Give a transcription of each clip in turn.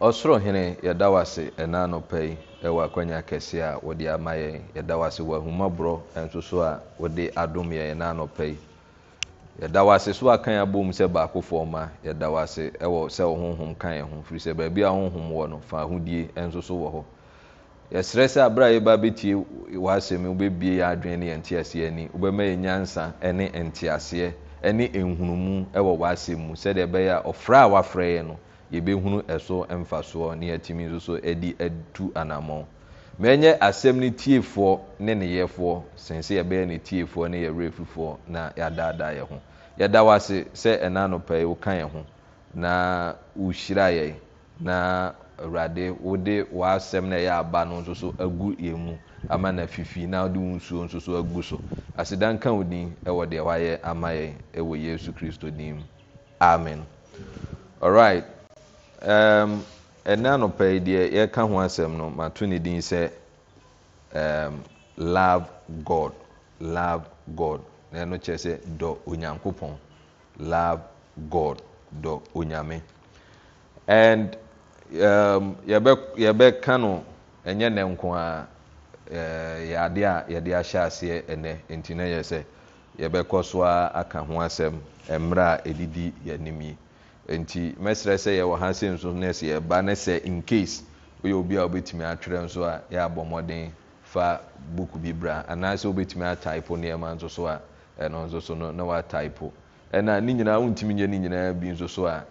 ɔsorohene yɛda w'ase ase ɛna nɔpa yi ɛwɔ akwanya kɛseɛ a wode ama yɛn yɛda w ase borɔ nso so a wode adom yɛn ɛna nɔpa yi yɛda w so akan abom sɛ baakofoɔ ma yɛda w'ase ɛwɔ sɛ wo honhom ka yɛn ho firi sɛ baabi a honhom wɔ no fa hodie nso so wɔ hɔ yɛsrɛ sɛ aberɛ a yɛba bɛtie w'asɛm wobɛbie yɛ adwene ne yɛnteaseɛ ni. wobɛma yɛ nyansa ɛne nteaseɛ ɛne nhunumu ɛwɔ w'asɛm mu sɛdeɛ ɛbɛyɛ a ɔfrɛ a wafrɛeɛ no yɛbɛhunu ɛso mfasoɔ ne yɛatumi nso so ɛde atu anammɔn maɛnyɛ asɛm no tiefoɔ ne neyɛfoɔ sen sɛ yɛbɛyɛ no tiefoɔ ne yɛwerɛ fifoɔ na yɛadaadaa yɛ ho yɛda w ase sɛ ɛna nopɛi woka yɛ ho na wohyira yɛ na awurade wode w'asɛm no ɛyɛ aba no nso so agu yɛ mu ama na fifi na wode wo nsuo nso so agu so aseda nka wo din ɛwɔ deɛ woayɛ ama yɛn ɛwɔ yesu kristo dim amen alright ɛna anɔpa yi deɛ yɛka ho asɛm no mato ne din sɛ love god love god na ɛno kyerɛ sɛ dɔ onyankopɔn love god dɔ onyame and yɛbɛka no ɛnyɛ nɛ nko a yɛadeɛ a yɛde ahyɛ aseɛ ɛnɛ nti na yɛ sɛ yɛbɛkɔ so a aka ho asɛm mmerɛ a ɛdidi yɛanim yi nti mɛsrɛ sɛ yɛwɔ ha sei nso no ɛsɛ yɛba ne sɛ incase woyɛ obi a wobɛtumi atwerɛ nso a yɛ abɔ mmɔden fa book bi bra anaasɛ wobɛtumi ataipo nneɛma nso so a ɛno nso so no na wataipo ɛna ne nyinaa wontumi nyɛ ne nyinaa bi nso so a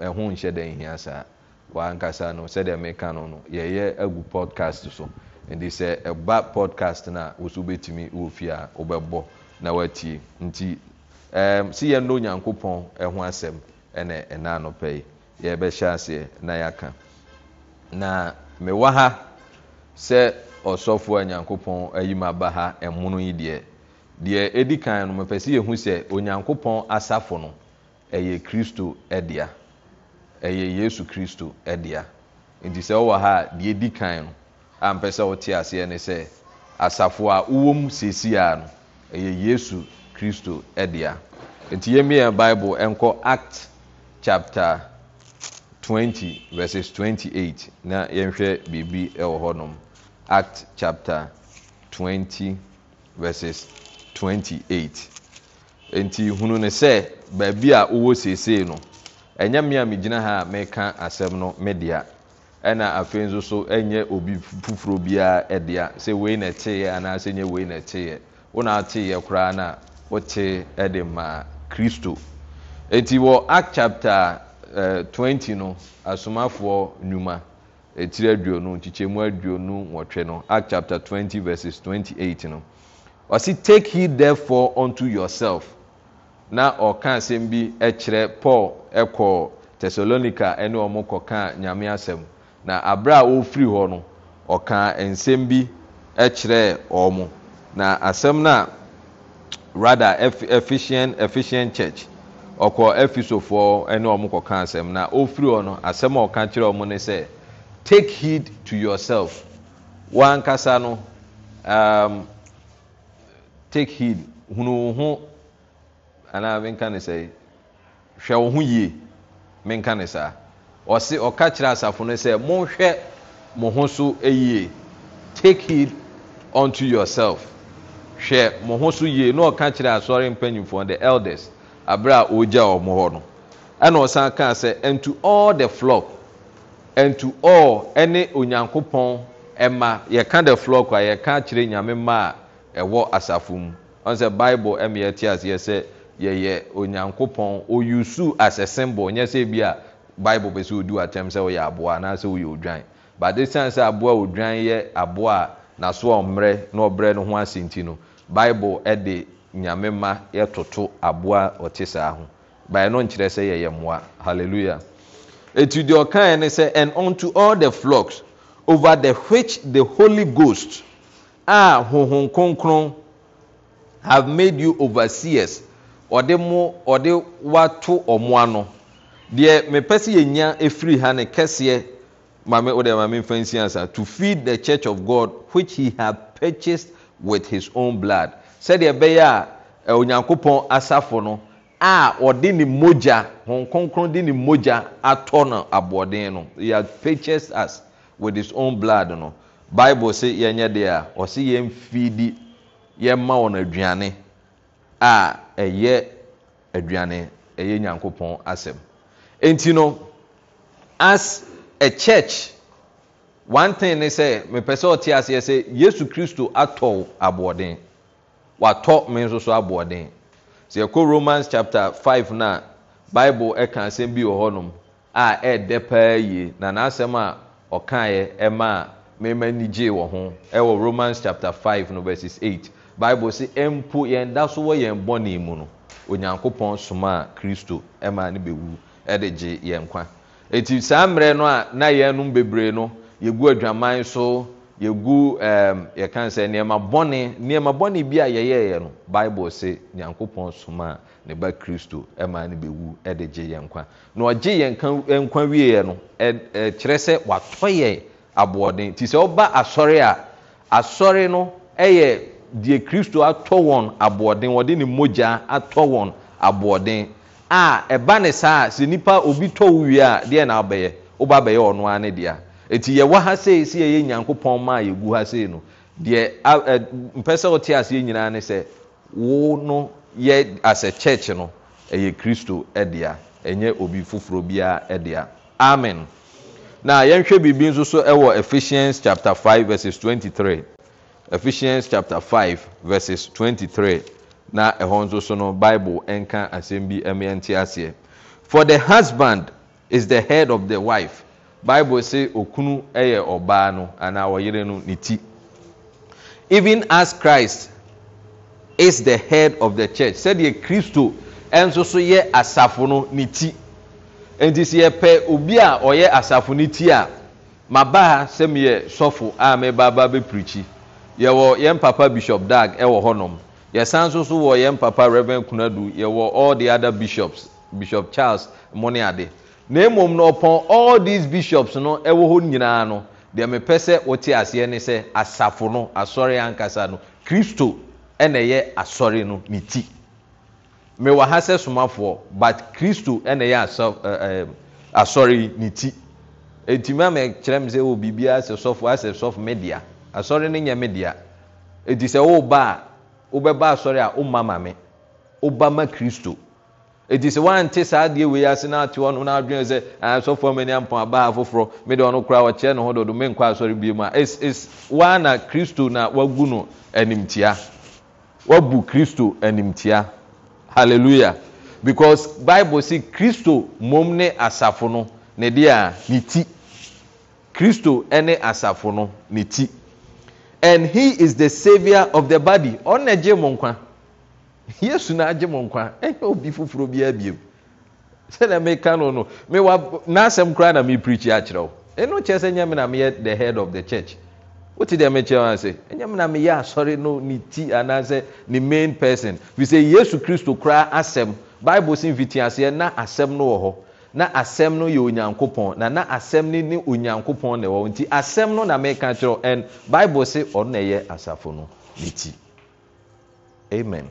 ɛho nhyɛ da nhia saa wankasa no sɛdeɛ meka no no yɛyɛ agu podcast so nti sɛ ɛba podcast no a wo so wobɛtumi wɔ fie a wobɛbɔ na watie nti sɛ yɛnnɔ onyankopɔn ɛho asɛm ɛne ɛnaanɔpɛ yi yɛbɛhyɛ aseɛ na yɛaka na mewɔ ha sɛ ɔsɔfo a nyankopɔn onyankopɔn ayim aba ha ɛmono yi deɛ deɛ edi kan no mepɛ sɛ yɛhu sɛ onyankopɔn asafo no ɛyɛ kristo dea ɛyɛ yesu kristo dea nti sɛ ɔwɔ ha a deɛ edi kan no a ampɛ sɛ ɔte aseɛ ne sɛ asafo a wɔwɔ wowɔm seesiea no ɛyɛ yesu kristo dea ɛnti yɛmiyɛ bible ɛnkɔ act cha 20 n yɛhwɛ biribi wɔ hɔnom act c2028 ɛnti hunu no sɛ baabi a wowɔ seesei no ɛnyɛ me a megyina ha a meka asɛm no medea ɛna afei nso so ɛnyɛ obi fufuro biara ɛdea sɛ wei no ɛteeɛ anaasɛnyɛ wei no ɛteeɛ wo na woteeɛ koraa na a wote de maa kristo ɛnti wɔ act chapter eh, twenty no asomafoɔ nnwuma etire aduonu nkyikyɛmu aduonu wɔtwe no act chapter twenty verses twenty eight no ɔsi take heed therefore unto yourself na ɔka asɛm bi ɛkyerɛ paul ɛkɔ thessalonica ɛne wɔn kɔka nyame asɛm na abere a wɔfiri hɔ no ɔka nsɛm bi ɛkyerɛ wɔn na asɛm na rather efficient efficient church ɔkɔ afisofoɔ ne ɔmo kɔka asɛm na ɔfiri hɔ no asɛm a ɔka kyerɛ ɔmo ne sɛ take heed to yourself woankasa no um, take heed hunu wo ho anaa menka ne sɛ hwɛ wo ho yie menka ne saa ɔse ɔka kyerɛ asafo no sɛ monhwɛ mo ho so yie take heed unto yourself hwɛ mo ho so yie na ɔka kyerɛ asɔre mpanyimfoɔ the elders abere a ɔgya ɔ mo hɔ no ɛna ɔsan kaa sɛ ɛnto all the flock ɛnto all ɛne onyankopɔn ɛma yɛka the flock a yɛka kyerɛ nyame ma a ɛwɔ asafo mu ɔn sɛ bible ɛma yɛte aseɛ sɛ yɛyɛ onyankopɔn oyusu as a symbol nyɛ sɛ bi a bible pɛ sɛ ɔdi atɛm sɛ woyɛ aboa anaasɛ woyɛ odwan but this time sɛ aboa odwan yɛ aboa a n'aso ɔmmerɛ na ɔbrɛ no ho ase nti no bible ɛde nyame ma yɛtoto aboa ɔte saa ho baɛ no nkyerɛ sɛ yɛyɛ mmoa halleluja ɛti deɛ ɔkaeɛ ne sɛ and unto all the flocks over the which the holy ghost a honhom kronkron have made you overseers ɔde mo ɔde woato ɔmoa no deɛ mepɛ sɛ yɛnya ɛfiri ha ne kɛseɛ mame wode mame mfa nsia sa to feed the church of god which he have purchased with his own blood sɛdeɛ ɛbɛyɛ a onyankopɔn asafo no a ɔde ne mogya hon kronkron de ne mogya atɔ no aboɔden no yɛ purchased us with his own blood no bible se yɛnyɛ deɛ a ɔse yɛn fiidi yɛmma wɔn aduane a ɛyɛ aduane ɛyɛ nyankopɔn asɛm enti no as a church one thing ne sɛ mepɛ sɛ ɔte aseɛ sɛ yesu kristo atɔw aboɔden watɔ me nso so aboɔden sɛ yɛkɔ romans chapter 5 na a bible ɛka asɛm bi wɔ hɔnom a ɛɛdɛ paa yie na n'asɛm a ɔkaeɛ ɛma a mmarima ni gyee wɔ ho ɛwɔ romans chapter 5 no verses 8 bible sɛ mpo yɛn da so wɔ yɛn bɔne mu no onyankopɔn soma a kristo ɛma ne bɛwu ɛde gye yɛn kwa ɛti saa mmerɛ no a na yɛnom bebree no yɛgu adwaman so yegu yɛgu ehm, yɛkan sɛ nneɛma bɔne nneɛma bɔne bi a yɛyɛeɛ no bible sɛ nyankopɔn soma a ne ba kristo ma no bɛwu de gye yɛn nkwa na ɔgye yɛ nkwa wieeɛ no kyerɛ sɛ watɔ yɛ aboɔden nti sɛ ɔba asɔre a asɔre no ɛyɛ deɛ kristo atɔ wɔn aboɔden wɔde ne mogya atɔ wɔn aboɔden a ɛba ne saa a sɛ nnipa obi tɔ wo wie a deɛ na wobɛyɛ woba bɛyɛ ɔno ara ne dea ɛnti yɛwɔ ha sei sɛ yɛyɛ nyankopɔn maa yɛgu ha sei no deɛ mpɛ sɛ wote aseɛ nyinaa ne sɛ wo no yɛ asɛ church no ɛyɛ e kristo e dea ɛnyɛ e obi foforɔ biara ɛdea amen na yɛnhwɛ biribi nso so ɛwɔ ephesians chapter five verses twenty three ephesians chapter five verses twenty three na ɛhɔ nso so no bible ɛnka asɛm bi ɛmɛ nte aseɛ for the husband is the head of the wife bible sɛ okunu yɛ ɔbaa no anaa ɔyere no ne ti even as christ is the head of the church sɛdeɛ kristo nso so yɛ asafo no ne ti nti sɛ yɛpɛ obi a ɔyɛ asafo ne ti a maba ha sɛ meyɛ sɔfo a mebaaba bɛpirikyi yɛwɔ yɛn papa bishop dag wɔ hɔnom yɛsan nso so wɔ yɛn papa reverend kunadu yɛwɔ all the other bishops bishop charles mo ade na mmom na ɔpɔn all these bishops no ɛwɔ hɔ nyinaa no deɛ mepɛ sɛ wote aseɛ ne sɛ asafo no asɔre ankasa no kristo ɛna ɛyɛ asɔre no ne ti mewɔ ha sɛ somafoɔ but kristo ɛna ɛyɛ asɔre ne ti etimi ama kyerɛ mi sɛ wɔ oh, biribiara sɛ sɔfo asɛ sɔfo media asɔre no nyɛ media eti sɛ wɔba a wɔbɛba asɔre a wɔma maame wɔba ma kristo. ɛti sɛ woante saa deɛ wei ase no ate ɔno no adwene sɛ asɔfoɔ mani ampɔ abaa foforɔ mede ɔno koraa wɔkyerɛ ne ho dodo menkɔ asɔre bio mu a woa na kristo na wagu no animtia wabu kristo animtia hallelujah because bible si kristo mmom ne asafo no ne deɛ a ne ti kristo ne asafo no ne ti and he is the saviour of the body ɔno na gye nkwa yesu na agye mo nkwa ɛnyɛ obi foforɔ biaa biom sɛdeɛ meka no no n'asɛm koraa na meprikyi akyerɛ wo ɛno kyerɛ sɛ nyɛme na meyɛ the head of the church wote deɛ mekyerɛ ase ɛnyɛme na meyɛ asɔre no ne ti anaasɛ ne main person firi sɛ yesu kristo koraa asɛm bible sɛ mfiti aseɛ na asɛm no wɔ hɔ na asɛm no yɛ onyankopɔn na na asɛm no ne onyankopɔn ne wɔ nti asɛm no na meka kyerɛ n bible se ɔno na ɛyɛ asafo no ne ti amen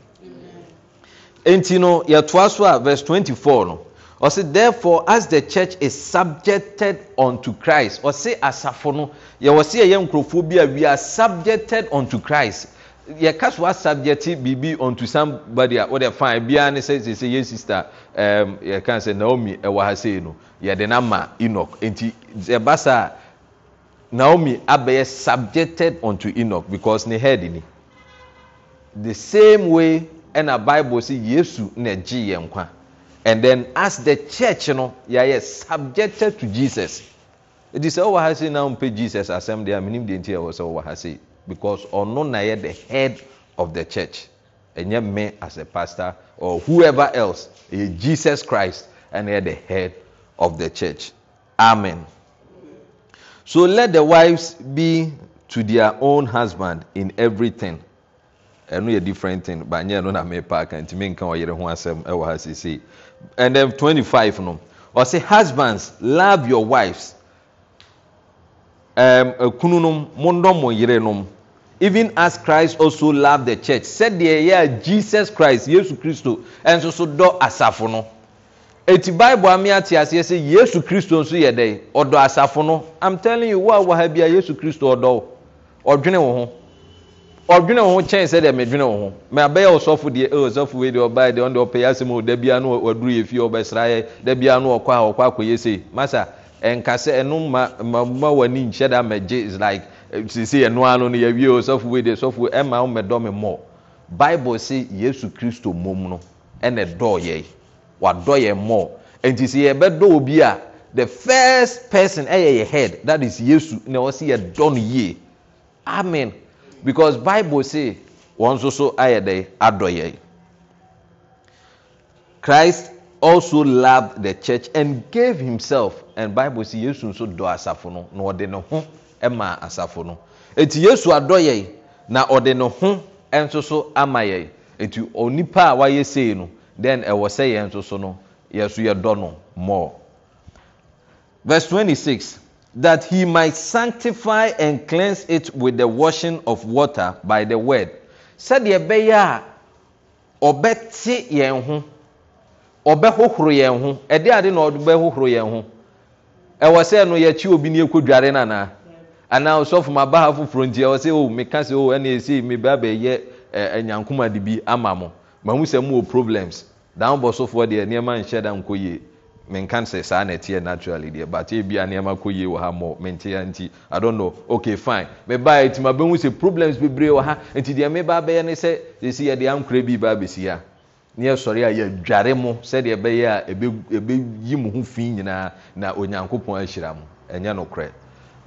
nti no yɛtoa so a verse four no ɔse therefore as the church is subjected unto christ ɔse asafo no yɛwɔ se yɛyɛ nkurɔfoɔ bi a we are subjected unto christ yɛka so asubjecte biribi unto somebody a wode fine biara ne sɛ sɛ yɛ sister um, yɛka sɛ naomi ɛwɔ ha sei no yɛde no ma enoch nti ɛba saa a naomi abɛyɛ subjected unto enoch because ne head ni the same way ɛna bible sɛ yesu na and then as the church no yɛayɛ subjected to jesus ɛti sɛ wowɔ ha sei na wompɛ jesus asɛm deɛ a menim deɛ nti ɛwɔ sɛ wowɔ ha sei because ɔno na yɛ the head of the church ɛnyɛ me as a pastor or whoever else ɛyɛ jesus christ and ɛyɛ the head of the church amen so let the wives be to their own husband in everything ɛno yɛ different thing but nyɛ no na mi paaka ntumi nka ɔyere ho asɛm ɛwɔ ha sisi and then twenty five no ɔsi husbands love your wives ɛm um, ekunu nom mo ndɔ mo yere nom even as Christ also loved the church sɛdeɛ yɛ a Jesus Christ Yesu Kristo ɛnso so dɔ asafo no eti Bible ami ate aseɛ sɛ Yesu Kristo nso yɛ dɛ ɔdɔ asafo no I'm telling you wo a wɔ ha bi a Yesu Kristo ɔdɔ ɔdwene wo ho ɔdwene wo ho kyɛn sɛ deɛ medwene wo ho mɛ abɛyɛ ɔsɔfo deɛ ɛ ɔsɔfo wei deɛ ɔbaa deɛ ɔnde ɔpɛ asɛm o dabia no waduru yɛ fie ɔbɛsra yɛ dabia no ɔkɔ a ɔkɔ akɔyɛ se masa ɛnka ɛno ma ma ma w'ani nhyɛ da mɛgye is like eh, sisi ɛno ano no yɛwie ɔsɔfo wei deɛ ɔsɔfo ɛma wo mɛdɔ mi mɔ bible si yesu kristo mom no ɛna ɛdɔɔ yɛ wadɔ yɛ mɔ nti sɛ yɛbɛdɔ obi a the first person ɛyɛ yɛ head that is yesu na ɔsi yɛ dɔ no yie amen. because bible say, wɔn nso so ayɛ dɛ christ also loved the church and gave himself and bible say, yesu nso dɔ asafo no na ɔde ne ho ɛma asafo no eti yesu adɔ na ɔde ne ho nso so ama yɛn eti onipa a wayɛ sei no then ɛwɔ sɛ yɛn nso so no yɛso yɛdɔ no more verse twenty six. that he might sanctify and cleanse it with the washing of water by the word sɛdeɛ ɛbɛyɛ a ɔbɛte yɛn ho ɔbɛhohoro yɛn ho ɛde ade na ɔbɛhohoro yɛn ho ɛwɔ sɛ no yɛkyi obi ne ɛkɔ dware nana anaa ɔsɔfo ma ba ha foforɔ nti ɛwɔ sɛ o oh, meka sɛ o oh, ɛna esi mi ba bɛyɛ ɛɛ ɛnyankoma de bi ama mo ma ho sɛ mo wɔ problems down bɔ sofoɔ deɛ nneɛma nhyɛ da nkɔ yie menka sɛ saa na ɛteɛ naturally deɛ but ebi a nneɛma kɔ yie wɔ ha mɔ mente ya nti i don't know okay fine meba eti ma bɛn sɛ problems bebree wɔ ha nti deɛ meba abɛyɛ ne sɛ esi yɛ de ankora bi ba abɛsi ha ne yɛsɔre a yɛdware mo sɛdeɛ ɛbɛyɛ a ebe ebe yi mo ho fi nyinaa na onyankopɔn ahyira mo ɛnyɛ no korɛ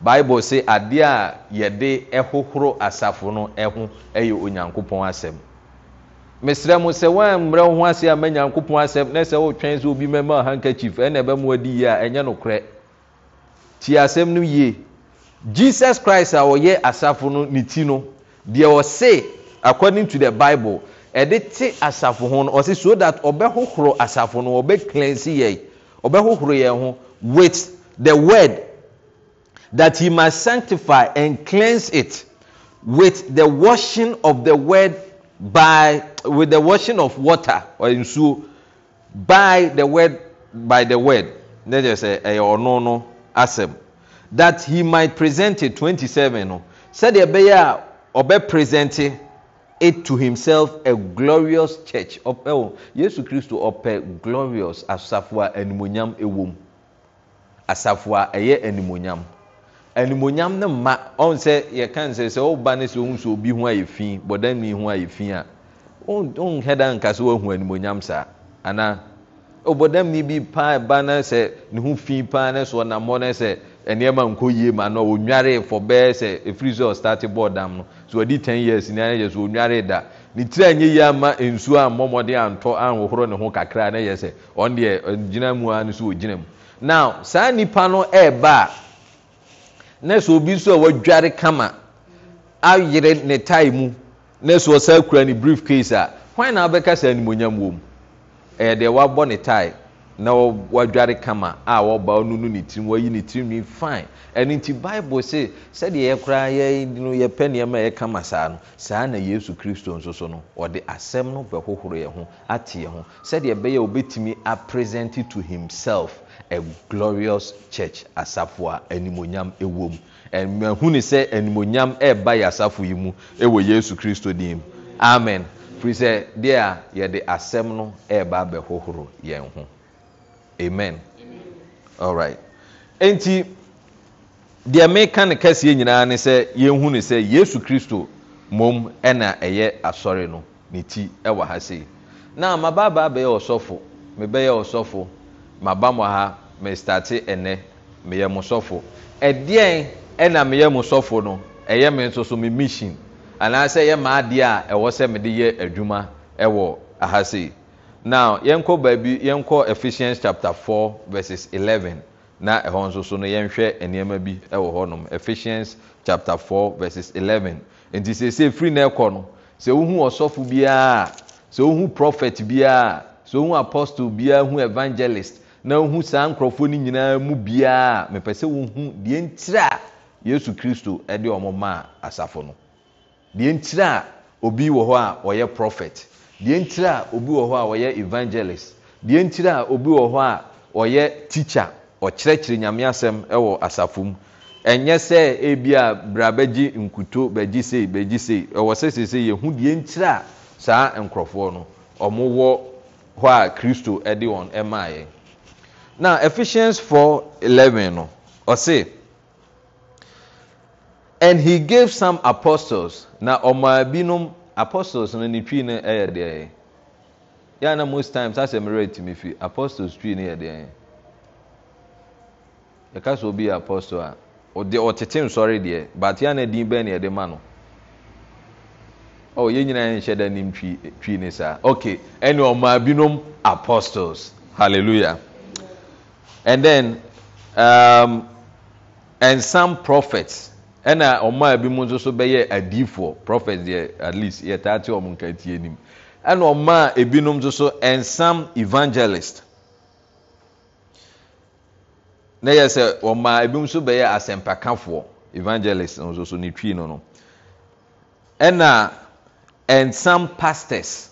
bible sɛ adeɛ a yɛde ɛhohoro asafo no ɛho ɛyɛ onyankopɔn asɛm mesrɛ mo sɛ woammrɛ wo ho ase ama nyankopɔn asɛm ne sɛ wotwɛn sɛ obi mɛma hankachief ɛna e ɛbɛmo adi yie a ɛnyɛ e nokorɛ tie asɛm no yie jesus christ a ɔyɛ asafo no ne ti no deɛ ɔse according to the bible ɛde te asafo ho no ɔse so that ɔbɛhohoro asafo no ɔbɛklɛnsi yɛn ɔbɛhohoro yɛn ho with the word that he must sanctify and cleanse it with the washing of the word by with the washing of water or nsuo by the word by the word ne de sɛ ɛyɛ ɔno no asɛm that he might present it twenty seven no sɛdeɛ ɛbɛyɛ a ɔbɛ present it to himself a glorious church ɔpɛ eh, o oh, yesu kristo ɔpɛ glorious asafo a animonyam ɛwɔ mu asafo a ɛyɛ animonyam. E animonyam no mma ɔhu sɛ yɛka n sɛ sɛ woba no sɛ ɔhu sɛ obi ho ayɛ fi bɔdani ho ayɛ fi a wonhɛda nka sɛ woahu animonyam saa anaa ni bi paa ba no sɛ ne ho fi paa no so ɔnammɔ no sɛ ɛnoɔma nkɔ yie ma no ɔnwaree fɔ bɛɛ sɛ ɛfiri sɛ ɔstarte bɔɔ dam no sɛ ɔde ten years nayɛ sɛ ɔnwaree da ne tira nyɛ yi ama nsuo ammɔmmɔde antɔ anhohoro ne ho kakraa no yɛ sɛ ɔndeɛ gyina mu a no so ɔgyina mu no saa nnipa no ɛba na sɛ obi nso a wadware kama ayerɛ ne tae mu na sɛ ɔsa kura ne brief case a hwan na wobɛka saa animonyam wɔ mu ɛyɛ deɛ wabɔ ne tae na wadware kama a wɔba ɔno no ne tirim wayi ne tirim ni fine ɛno nti bible se sɛdeɛ yɛ koraa yɛ no yɛpɛ nneɛma a yɛkama saa no saa na yesu kristo nso so no ɔde asɛm no bɛhohoro yɛ ho ate yɛ ho sɛdeɛ ɛbɛyɛ a obɛtumi apresent to himself a glorious church asafo a animonyam ɛwɔ mu ɛhu ne sɛ animonyam ɛreba yɛ asafo yi mu ɛwɔ yesu kristo dim amen firi sɛ deɛ a yɛde asɛm no ɛreba abɛhohoro yɛn ho amen alright nti deɛ meka ne kɛseɛ nyinaa ne sɛ yɛhu ne sɛ yesu kristo mmom ɛna ɛyɛ asɔre no ne ti ɛwɔ ha sei na mabaabaa bɛyɛ ɔsɔfo mebɛyɛ ɔsɔfo maba mo ha mestate ɛnɛ meyɛ mo sɔfo ɛdeɛn ɛna meyɛ mo sɔfo no ɛyɛ me nso so me mission anaasɛ ɛyɛ maadeɛ a ɛwɔ sɛ mede yɛ adwuma ɛwɔ ahasei now yɛnkɔ baabi yɛnkɔ Ephesians chapter four verses eleven na ɛhɔ nso so no yɛnhwɛ nneɛma bi ɛwɔ hɔnom Ephesians chapter four verses eleven nti sese firi na ɛkɔ no sɛ wohu ɔsɔfo biara sɛ wohu prophet biara sɛ wohu apostle biara hu evangelist na wohu saa nkurɔfoɔ no nyinaa mu biara a mepɛ sɛ wohu deɛ ntire a yesu kristo de ɔmo maa asafo no deɛ ntire a obi wɔ hɔ a ɔyɛ profet deɛ ntire a obi wɔ hɔ a ɔyɛ evangelist deɛ ntire a obi wɔ hɔ a ɔyɛ teacher ɔkyerɛkyerɛ nyame asɛm wɔ asafo mu ɛnyɛ sɛ ebi a bra bɛgye nkuto bɛgye sei bɛgye sei ɛwɔ sɛ seesei yɛhu deɛ ntire a saa nkurɔfoɔ no ɔmowɔ hɔ a kristo de wɔn maaeɛ na ephecians 4 11 no ɔse and he gave some apostles na ɔmaa binom apostles no ne twii no ɛyɛ deɛɛ yɛ na most time sasɛ mewerɛtimi fi apostles twii no yɛ deɛɛ yɛka sɛɔbi yɛ apostle a deɔtetem sɔre deɛ but yɛna din bɛno yɛde ma no ɔyɛnyinayɛnhyɛda nim twi ne saa ok ɛne ɔmaa binom apostles halleluia ndthen ɛnsam um, prophets ɛna ɔmaa bi mu nsoso bɛyɛ adiyifoɔ prohet deɛ at least yɛtaa te ɔm nka ti anim ɛna ɔmaa ebinom nso so ɛnsam evangelist ne yɛ sɛ ɔmaa bimu nso bɛyɛ asɛmpakafoɔ evangelist ososone twi no no ɛna ɛnsam pastors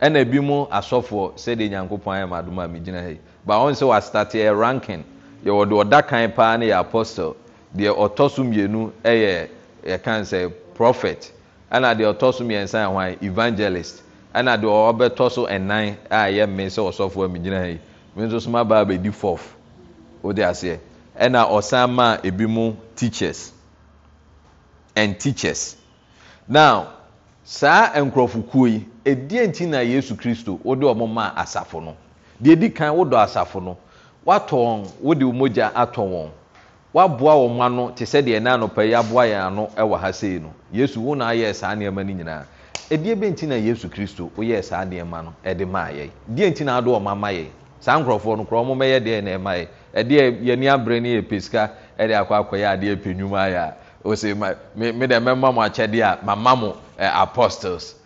ɛna bi mu asɔfoɔ sɛdeɛ nyankopɔn ayɛ maadoma a megyina hi but ɔn sɛ start yɛ ranking yɛwɔ deɛ ɔda kan paa no yɛ apostle eh, deɛ ɔtɔ so mmienu yɛ yɛkan sɛ prophet ɛna deɛ ɔtɔ so mmiɛnsa yɛ hwan evangelist ɛna deɛ ɔbɛtɔ so ɛnan a yɛ mme sɛ ɔsɔfoɔ mi gyina yi mi nso so ma baa bɛdi fourth ɔde aseɛ ɛna ɔsan maa ebi mu teachers and teachers now saa nkurɔfokuo yi edie nti na yesu kristo ɔde ɔmo maa asafo no deɛ di kan wodɔ asafo no woatɔn wode wo mogya atɔ wɔn woaboa wɔ ano te sɛdeɛ na anɔpa yi aboa yɛn ano wɔ ha sei no yesu wo na ayɛɛ saa nnoɔma no nyinaa ɛdeɛ bɛnti na yesu kristo woyɛɛ saa nnoɔma no ɛde maayɛ deɛ nti na ade ɔma ma yɛ saa nkurɔfoɔ no korɔ ɔmomɛyɛ deɛ na ɛma yɛ ɛdeɛ yɛni aberɛ no yɛ pesika ɛde akɔ akɔyɛ adeɛ pɛ nnwuma ayɛ a ɔsɛ mede mɛma mo akyɛdeɛ a mama mo apostles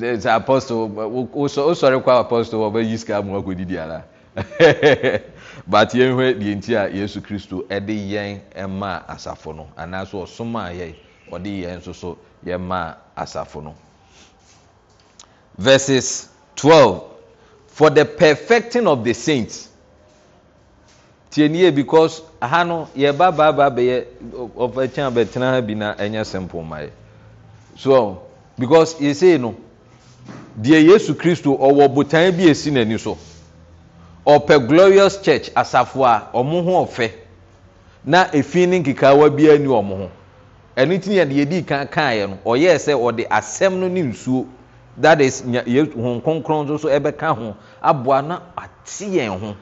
apstlwosɔre kɔ a apostle bɛyisika moakɔdidiaraa but yɛi h deɛnti a yesu kristo ɛde yɛn maa asafo no anaaso ɔsomaa yɛ ɔde yɛn so so yɛmaa asafo no vrse 12 for the perfecting of the saints ntiɛnie because ha no yɛbabaabaa bɛyɛ ɔfakyaa bɛtena ha bi na ɛnyɛ smple mayɛ so because yɛsei no deɛ yesu kristo ɔwɔ botan bi esi n'ani so ɔpɛ glorious church asafo a ɔmo ho ɔfɛ na efi ne nkekaawa biara ni ɔmo ho ɛno ti yɛ deɛ yɛdi kan kaayɛ no ɔyɛɛ sɛ ɔde asɛm no ne nsuo that is yɛ hon kronkron nso so ɛbɛka ho aboa na ate yɛn ho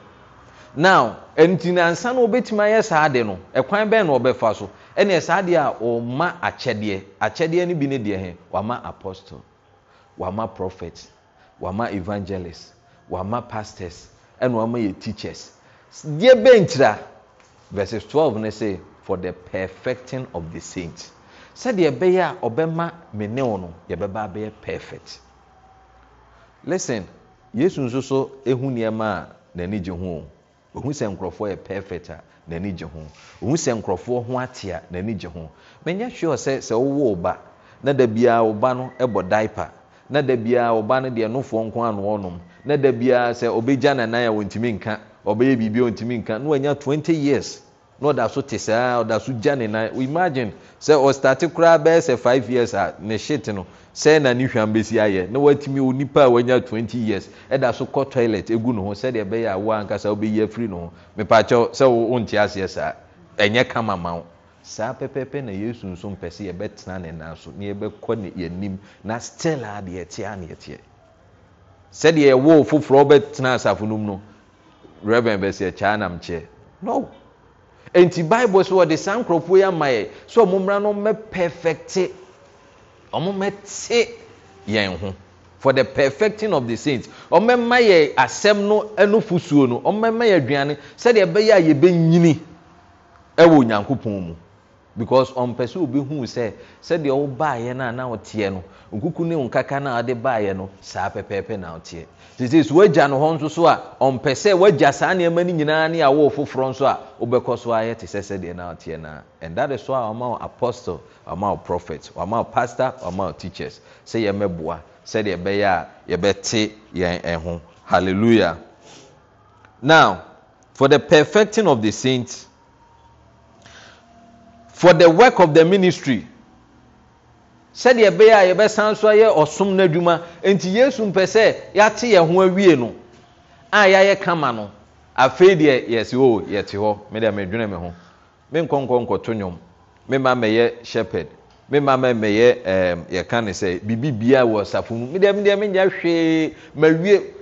now ɛnti na obetumi ayɛ saa de no ɛkwan bɛn na ɔbɛfa so ɛnna saa deɛ a ɔma akyɛdeɛ akyɛdeɛ no bi ne deɛ hɛ wama apostle. wama prophets wama evangelists wama pastors ɛna wama yɛ teachers deɛ bɛnkyira verse twelve ne say, for the perfecting of the saints sɛdeɛ ɛbɛyɛ a ɔbɛma me ne wo no yɛbɛba abɛyɛ perfect listen yesu nso so ehu nneɛma a n'ani gye ho ohu sɛ nkurɔfoɔ yɛ perfect a n'ani gye ho ohu sɛ nkurɔfoɔ ho ate a n'ani gye ho menya hwɛ sɛ sɛ wowɔ ɔba na da biara ɔba no bɔ diaper na da biara ɔba no deɛ nofoɔ nko ano ɔnom na da biara sɛ ɔbɛgya nanan a wɔntumi nka ɔbɛyɛ biribi a wɔntumi nka na wɔanya 20 years na ɔda so te saa ɔda so gya ne nan imagine sɛ ɔstate koraa bɛyɛ sɛ 5 years a ne hyete no sɛ na ne hwan bɛsi ayɛ na watumi onipa a wanya 20 years ɛda so kɔ toilet egu ne ho sɛdeɛ ɛbɛyɛ a wo ankasa wobɛyi afiri ne ho mepaakyɛw sɛ wo aseɛ saa ɛnyɛ kama ma wo saa pɛpɛɛpɛ na yesu nso mpɛ sɛ yɛbɛtena ne nan so na yɛbɛkɔ ne yɛnim na still a deɛ ɛte a neɛ teɛ sɛdeɛ ɛwɔ foforɔ ɔbɛtena asafo no mu no reverend bɛsɛ kyɛa nam kyɛ no nti bible so wɔde saa nkurɔfoɔ yi ama yɛ sɛ ɔmo mmra no mɛ pɛfɛkte ɔmo mɛte yɛn ho for the perfecting of the saints ɔmɛma yɛ asɛm no ɛno fosuo no ɔmɛma yɛ aduane sɛdeɛ ɛbɛyɛ a yɛbɛnyini ɛwɔ onyankopɔn mu because ɔmpɛ sɛ obi huu sɛ sɛdeɛ wobaeɛ no a na ɔteɛ no nkuku ne nkaka no a ɔde no saa pɛpɛɛpɛ na ɔteɛ This so woagya no hɔ nso so a ɔmpɛ sɛ woagya saa nnoɔma no nyinaa ne awoo foforɔ nso a wobɛkɔ so ayɛ te sɛ sɛdeɛ na ɔteɛ and that is why ɔma wo apostle ɔma wo prophet ɔma wo pastor ɔma wo teachers sɛ yɛmɛboa sɛdeɛ ɛbɛyɛ a yɛbɛte yɛn ho hallelujah now for the perfecting of the saints for the work of the ministry sɛdeɛ ɛbɛyɛ a yɛbɛsan so ayɛ ɔsom no adwuma nti yesu mpɛ sɛ yɛate yɛn ho awie no a yɛayɛ kama no afei deɛ yɛsi o yɛte hɔ me deɛ medwene me ho me nkɔnkɔ nkɔto nnwom me ma mɛyɛ shepherd me ma mɛmɛyɛ ɛɛm yɛka ne sɛ biribi biara wɔ safo mu me deɛ me deɛ me nya hwee ma wie.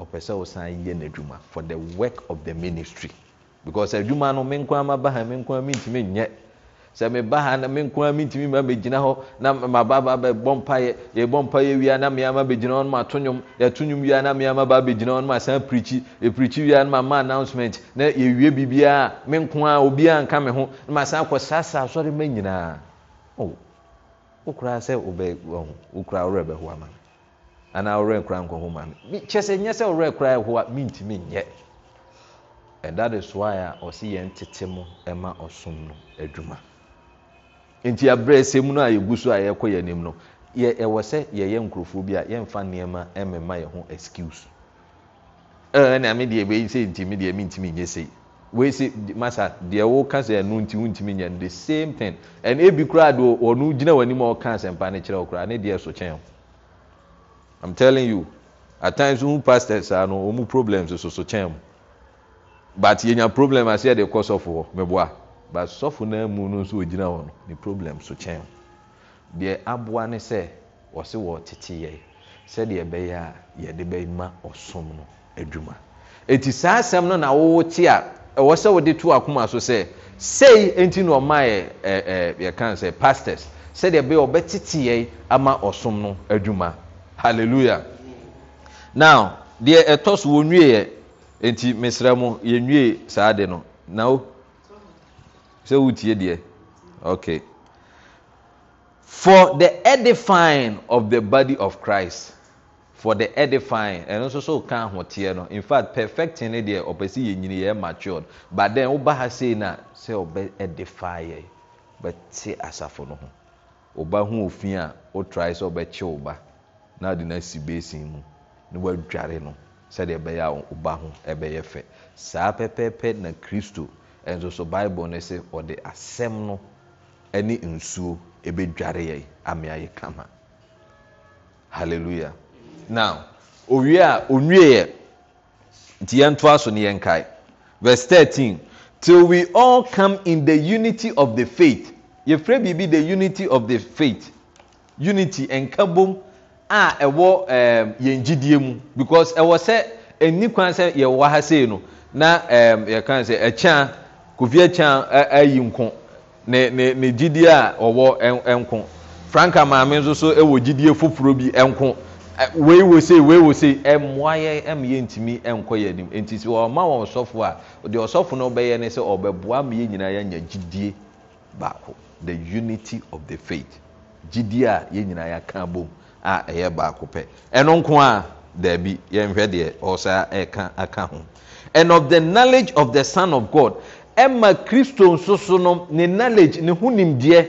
ɔpɛ sɛ wo sa yɛ no adwuma f he wrk of he ministry badwuma no menka n entmyɛ ɛmenegina hɔeaiea anoncement ɛe birbiae nkbianka me homasa kɔsasa sɔre ma nyinaawoa oh, anaa ɔwerɛ nkora nkɔho ma me kyɛ sɛ nyɛ sɛ ɔwerɛ kora ɛho a mentumi nyɛ ɛda de so a ɔsi yɛn tete mu ɛma ɔsom no adwuma nti abere ɛsɛ mu no a yɛgu so a yɛkɔ yɛn anim no yɛ ɛwɔ sɛ yɛyɛ nkurɔfoɔ bi a yɛmfa nneɛma ɛmɛma yɛn ho excuse ɛɛ na mi deɛ wei sɛ ntumi deɛ mi ntumi nyɛ sɛ wei sɛ masa deɛ wɔka sɛ ɛnu nti ntumi nyɛ no the same thing ɛn ebi koraa do ɔno gyina wɔn anim a ɔka asɛmpa ne kyerɛ ɔkora ne deɛ so kyɛn o. I'm telling you at times who um, pastors ano ah, wɔn mu problems So, so mu but yɛn nya problem ase yɛ de kɔ of hɔ mɛboa but sɔfo naa mu no nso ogyina hɔ the problem so kyɛn mu deɛ aboa ne sɛ wɔsi wɔ tete yɛ sɛdeɛ ɛbɛyɛ a yɛde bɛma ɔsom no adwuma eti saa asɛm no na wɔwɔ te a ɛwɔ eh, sɛ wɔde to akoma so sɛ sei enti na ɔma yɛ ɛɛ eh, ɛɛ eh, yɛ kan sɛ pastors sɛdeɛ ɛbɛyɛ ɔbɛtete yɛ ama ɔsom no adwuma. Hallelujah. now deɛ ɛtɔ so wɔnwieɛ ɛnti mesrɛ mo yɛnwie saa de no now, o sɛ wotie deɛ Okay. for the edifying of the body of christ for the edifying ɛno nso so ka ahoteɛ no in fact perfecting ne deɛ ɔpɛ sɛ yɛnyini yɛ matured but then woba ha sei no a sɛ ɔbɛ edify yɛ bɛte asafo no ho ɔba ho ofin a wotry sɛ ɔbɛkye wo ba na ade no asi besin mu ne woadware no sɛdeɛ ɛbɛyɛ a woba ho bɛyɛ fɛ saa pɛpɛpɛ na kristo ɛnso so bible no sɛ ɔde asɛm no ne nsuo bɛdware yɛ ame ayɛ kama halleluja no owie a ɔnwieeɛ nti yɛntoa so no yɛnkae vs 13 till we all come in the unity of the faith yɛfrɛ biribi the unity of the faith unity ɛnka bom a ɛwɔ yɛn gyidie mu because ɛwɔ sɛ ɛni kwan sɛ yɛ wɔ ha sei no na yɛka sɛ ɛkyɛn a kofi ɛkyɛn a ayi nko ne ne ne gyidie a ɔwɔ ɛnko franka maame nso so ɛwɔ gyidie foforɔ bi ɛnko wei wɔ sei wei wɔ sei ɛmmoa yɛ ɛm yɛ ntumi nkɔ yɛ anim nti sɛ ɔma wɔn sɔfo a deɛ ɔsɔfo no bɛyɛ ne sɛ ɔbɛboa ma yɛ nyinaa yɛanya gyidie baako the unity of the faith gyidie a yɛ nyinaa yɛaka abom a ɛyɛ baako pɛ ɛno nko a daabi yɛnhwɛ deɛ ɔsa ɛka aka ho and of the knowledge of the son of god ɛma kristo nso no ne knowledge ne ho nimdeɛ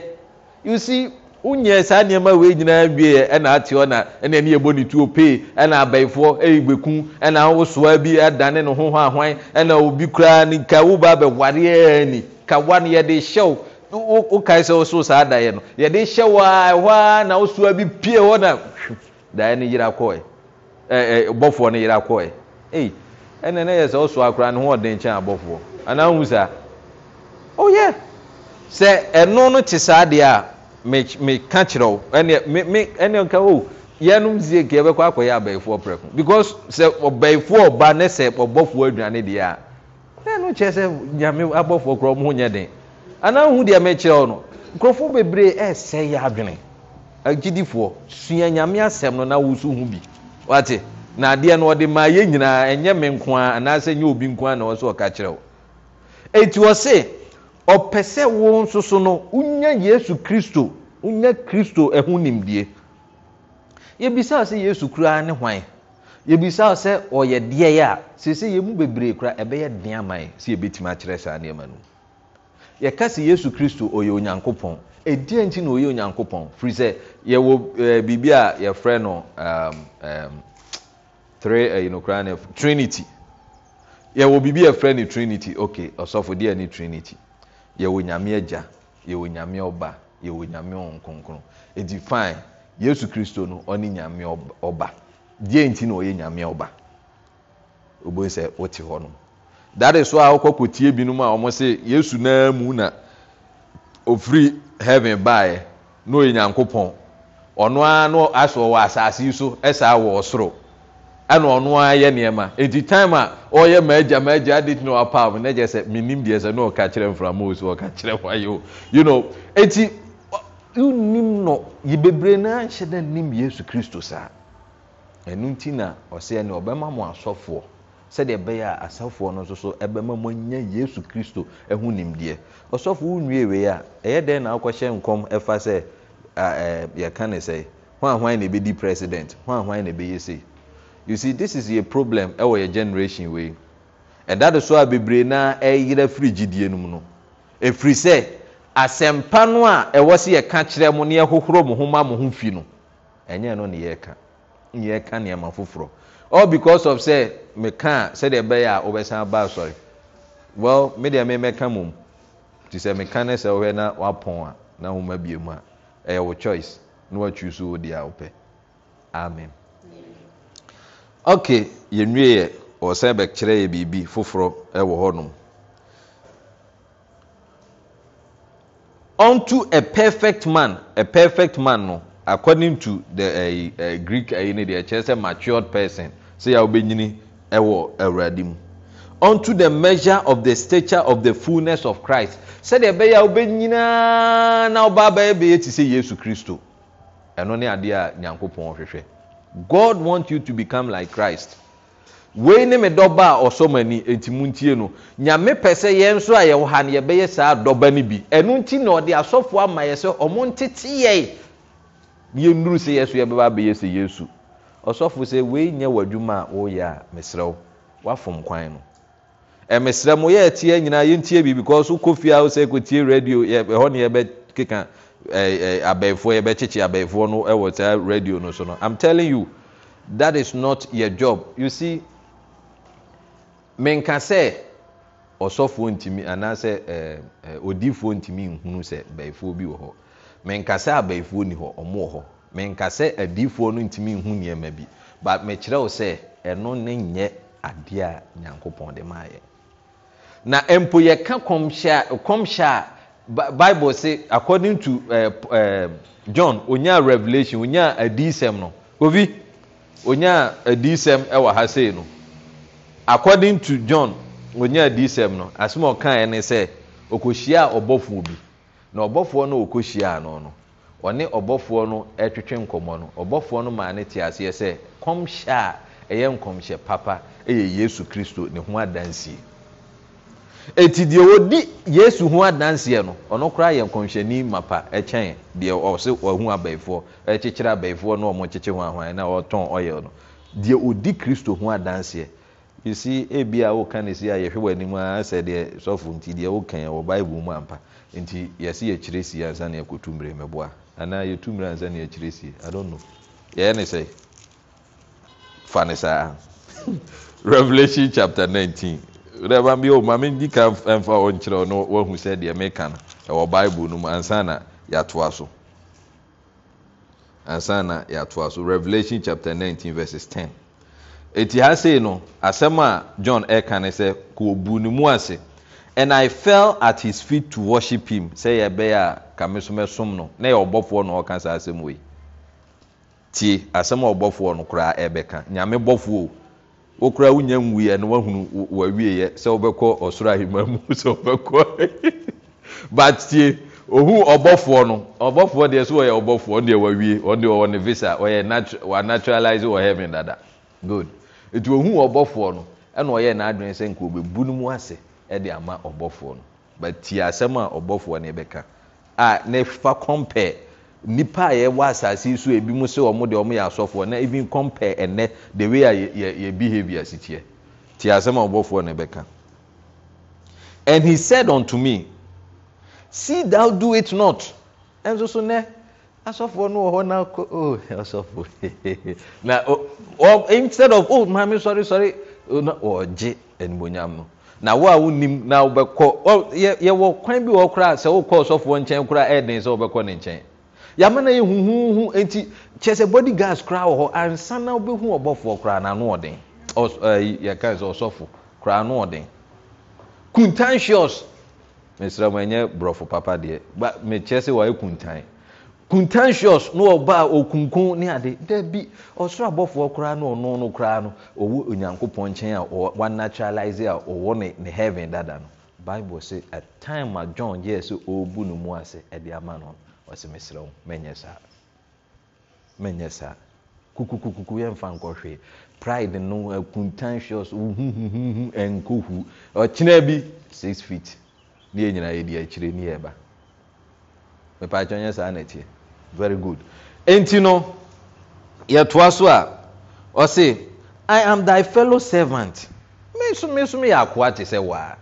you see wonyɛ saa nneɛma wei nyinaa wie ɛna ate hɔ ɛna ɛne yɛbɔ ne tuo pee ɛna abɛɛfoɔ ɛyɛ gbeku ɛna awosoa bi ɛdane ne ho ho ahwan ɛna obi kura ne kawo wo ba abɛwareɛ ni kawa no yɛde hyɛw wokae sɛ wo soo saa daeɛ no yɛde hyɛ wo a ɛhɔ na wosoa bi pie hɔ na daeɛ no yera kɔɛ bɔfoɔ no yera kɔɛ ɛnɛ no yɛ sɛ wosoa koraa no ho ɔden nkyɛn abɔfoɔ anaa wohu saa oyɛ oh, sɛ ɛno no te saa deɛ a meka kyerɛ wo ɛne ka o yɛnom sie ke yɛbɛkɔ akɔyɛ abayifoɔ prɛko because sɛ ɔbayifoɔ ɔba ne sɛ ɔbɔfoɔ aduane deɛ a ɛno kyerɛ sɛ nyame abɔfoɔ anaa hu deɛ mekyerɛ wo no nkurɔfoɔ bebree ɛsɛ yɛ adwene agyidifoɔ sua nyame asɛm no na wo so hu bi wate na adeɛ no ɔde maa yɛ nyinaa ɛnyɛ me nko a anaasɛ nyɛ obi nko a na ɔ sɛ ɔka kyerɛ wo ɛti ɔ se ɔpɛ sɛ wo nso no wonya yesu kristo wonya kristo ho nimdie yɛbisawo sɛ yesu koraa ne hwan yɛbisawo sɛ ɔyɛ deɛeɛ a seesei yɛmu bebree kura ɛbɛyɛ dea amae sɛ yɛbɛtimi akyerɛ saa nnoɔma no mu yɛka sɛ yesu kristo ɔyɛ onyankopɔn ɛdeɛ nti na ɔyɛ onyankopɔn firi sɛ yɛwɔ eh, biribi a yɛfrɛ no ehm, ehm, eh, nokoraa no trinity yɛwɔ biribi yɛfrɛ no trinity ok ɔsɔfo deɛ ne trinity yɛwɔ nyame agya yɛwɔ nyame ɔba yɛwɔ nyame ɔn kronkron ɛti fine yesu kristo no ɔne nyame ɔba deɛ nti na ɔyɛ nyame ɔba ɔbɛhu sɛ wote hɔ thatis so a wokɔ kɔtie binom a ɔmo se yesu naa mu na ɔfiri heaven baeɛ na ɔyɛ nyankopɔn ɔno ara no asɛ ɔwɔ asase so ɛsaa wɔ ɔsoro ɛna ɔno ara yɛ nneɛma enti time a ɔyɛ maagya maagya adi tena ɔpa mu na gye sɛ menim deɛ sɛ na ɔka kyerɛ mframa o so ɔka kyerɛ wayɛ o you know eti nnim no yi bebree naa nhyɛ dɛ nnim yesu kristo saa ɛnu ti na ɔsɛ ɛni ɔbɛma mo asɔfoɔ. sɛdeɛ ɛbɛyɛ a asafoɔ no nso so ɛbɛma moanya yesu kristo ho nimdeɛ ɔsɔfo wo wei a ɛyɛ dɛn na wokɔhyɛ nkɔm ɛfa sɛ yɛka ne sɛ ho hwan na ɛbɛdi president ho hwan na ɛbɛyɛ you see this is a problem ɛwɔ yɛ generation wei ɛda a bebree na ɛyerɛ firi gyidie no mu no efiri sɛ asɛmpa no a ɛwɔ yɛka kyerɛ mo yɛhohoro mo ho ma mo ho fi no ɛnyɛ no ne ne nneɛma foforɔ because of sɛ meka a sɛdeɛ bɛyɛ a wobɛsan ba sɔre medeɛ memɛka mom nti sɛ meka ne sɛ woɛ n wapɔ a nawomabiemu a yɛ wo choice na woatwiriso odeawoɛɛɔɔsan ɛkyerɛ biribi fofoɔwɔo nto acaperfect man no accoding to eh, eh, greek aindeɛ kyerɛ sɛ matured person sɛ yà wobɛnyini ɛwɔ awurade mu unto the measure of the stature of the fullness of Christ sɛdeɛ ɛbɛyɛ a wobɛnyinaa na ɔba abɛyɛ bɛyɛ ti sɛ Yesu Kristo ɛno ne adeɛ a Nyankopɔn hwehwɛ God want you to become like Christ wei ne me dɔba a ɔsɔ mo ani eti mu ntie no nyame pɛ sɛ yɛn nso a yɛwɔ ha no yɛbɛyɛ saa dɔba no bi ɛno nti na ɔde asɔfoɔ ama yɛ sɛ ɔmo ntete yɛe yɛn nuru sɛ yɛ yɛbɛba abɛyɛ sɛ Yesu ɔsɔfo sɛ wei nyɛ w'adwuma a woyɛ a mesrɛ wo woafom kwan no ɛmesrɛ mo yɛ ɛteɛ nyinaa yɛntie bi because wokɔ fie a wo sɛ kɔtie radio ɛhɔ ne yɛbɛkeka abɛɛfoɔ yɛbɛkyekye abɛɛfoɔ no ɛwɔ saa radio no so no i'm telling you that is not your job you see menka sɛ ɔsɔfoɔ ntumi anaasɛ ɛɛ odiifoɔ ntumi nhunu sɛ bɛɛfoɔ bi wɔ hɔ menka sɛ abɛɛfoɔ ni hɔ ɔmo wɔ hɔ menka sɛ adiyifoɔ no ntumi nhu nneɛma bi but mekyerɛ wo sɛ ɛno ne nyɛ adeɛ a nyankopɔn de maayɛ na mpo yɛka kɔmhyɛ a bible se according to eh, eh, john ɔnyaa revelation ɔnyaa adiisɛm no obi ɔnyaa adiisɛm ɛwɔ ha sei no according to john ɔnyaa adiisɛm no asoma ɔkaeɛ ne sɛ ɔkɔhyiaa ɔbɔfoɔ bi na ɔbɔfoɔ no ɔkɔhyiaa no no ɔne ɔbɔfoɔ no ɛtwetwe nkɔmmɔ no ɔbɔfoɔ no maa ne te aseɛ sɛ kɔmhyɛ a ɛyɛ nkɔmhyɛ papa ɛyɛ yesu kristo ne ho adansie ɛti deɛ wɔdi yesu ho adanseɛ no ɔno koraa yɛ nkɔmhyɛni mapa ɛkyɛn deɛ ɔse ɔhu abayifoɔ ɛkyekyere abayifoɔ na ɔmo kyekye ho ahwan na ɔtɔn ɔyɛ no deɛ ɔdi kristo ho adanseɛ yɛsi ebi a wɔka ne si a yɛhwɛ wɔ anim a sɛ deɛ sɔfo nti deɛ wɔka yɛ wɔ bible mu ampa nti yɛsi yɛkyerɛ si ansa na yɛkɔtu mmerɛ mɛboa. anaa yɛtu mmira ansa ne akyerɛ sie i don't know yɛyɛ ne sɛ fa ne saa revelation chapter 19 rɛba bi o maame ka mfa wɔn kyerɛ no woahu sɛ deɛ meka no ɛwɔ bible no mu ansa na yɛatoa so ansa na yɛatoa so revelation chapter 19 verses 10 eti ha sei no asɛm a john ɛka ne sɛ kò bu ne mu ase. and i fell at his feet to worship him Say, yɛ bɛyɛ a kame so mɛsom no na yɛ ɔbɔfoɔ na ɔka saa asɛm wei tie asɛm a ɔbɔfoɔ no koraa ɛbɛka nyame bɔfoɔ o wokura wonya nwuiɛ no wahunu wawieɛ sɛ wobɛkɔ ɔsoro ahema mu sɛ wobɛkɔ but tie ohu ɔbɔfoɔ no ɔbɔfoɔ deɛ so ɔyɛ ɔbɔfoɔ ɔno deɛ wawie ɔno deɛ ɔwɔ ne visa ɔyɛ natural naturalize wɔ heaven dada good etu ohu ɔbɔfoɔ no ɛna ɔyɛ n'adwene sɛ nka obebu ne mu ase. de ama ɔbɔfoɔ no bati asɛm a ɔbɔfoɔ no bɛka a ne fa compare nipa a yɛwɔ asase yi so ebi mu sɛ wɔn deɛ wɔn yɛ asɔfoɔ na even compare ɛnɛ the way a yɛ yɛ behaviour si teɛ ti asɛm a ɔbɔfoɔ no bɛka and he said unto me see thou do it not ɛnso so nɛ asɔfoɔ no wɔ hɔ na ko oh asɔfo na oh instead of oh maame sorry sorry na ɔgye enumonyam no. na wo a wonim na wobɛkɔ yɛwɔ kwan bi wɔ koraa sɛ wokɔ ɔsɔfoɔ nkyɛn koraa ɛden sɛ wobɛkɔ ne nkyɛn yɛama no yɛ huhuhu nti kyerɛ sɛ body gas koraa wɔ hɔ ansa na wobɛhu ɔbɔfoɔ koraa na ano ɔden yɛkae sɛ ɔsɔfo koraa ano ɔden contentious mesrɛ mo ɛnyɛ borɔfo papa deɛ mekyerɛ sɛ wɔayɛ kuntan contentious na ɔbaa okunkun ne ade dabi ɔsoro abɔfoɔ koraa na ɔno no koraa no ɔwɔ nkyɛn a wanaturalize a ɔwɔ ne ne heaven dada no bible sɛ at time a john yɛ sɛ ɔrebu ne mu ase ɛde ama no mɛnyɛ saa mɛnyɛ saa kukukukuku pride no contentious huhuhuhu nkohu bi six feet ne yɛ nyinaa di akyire ne yɛ ba very good enti no yɛtoa so a ɔse i am thy fellow servant mesom yɛ akoa te sɛ wɔ a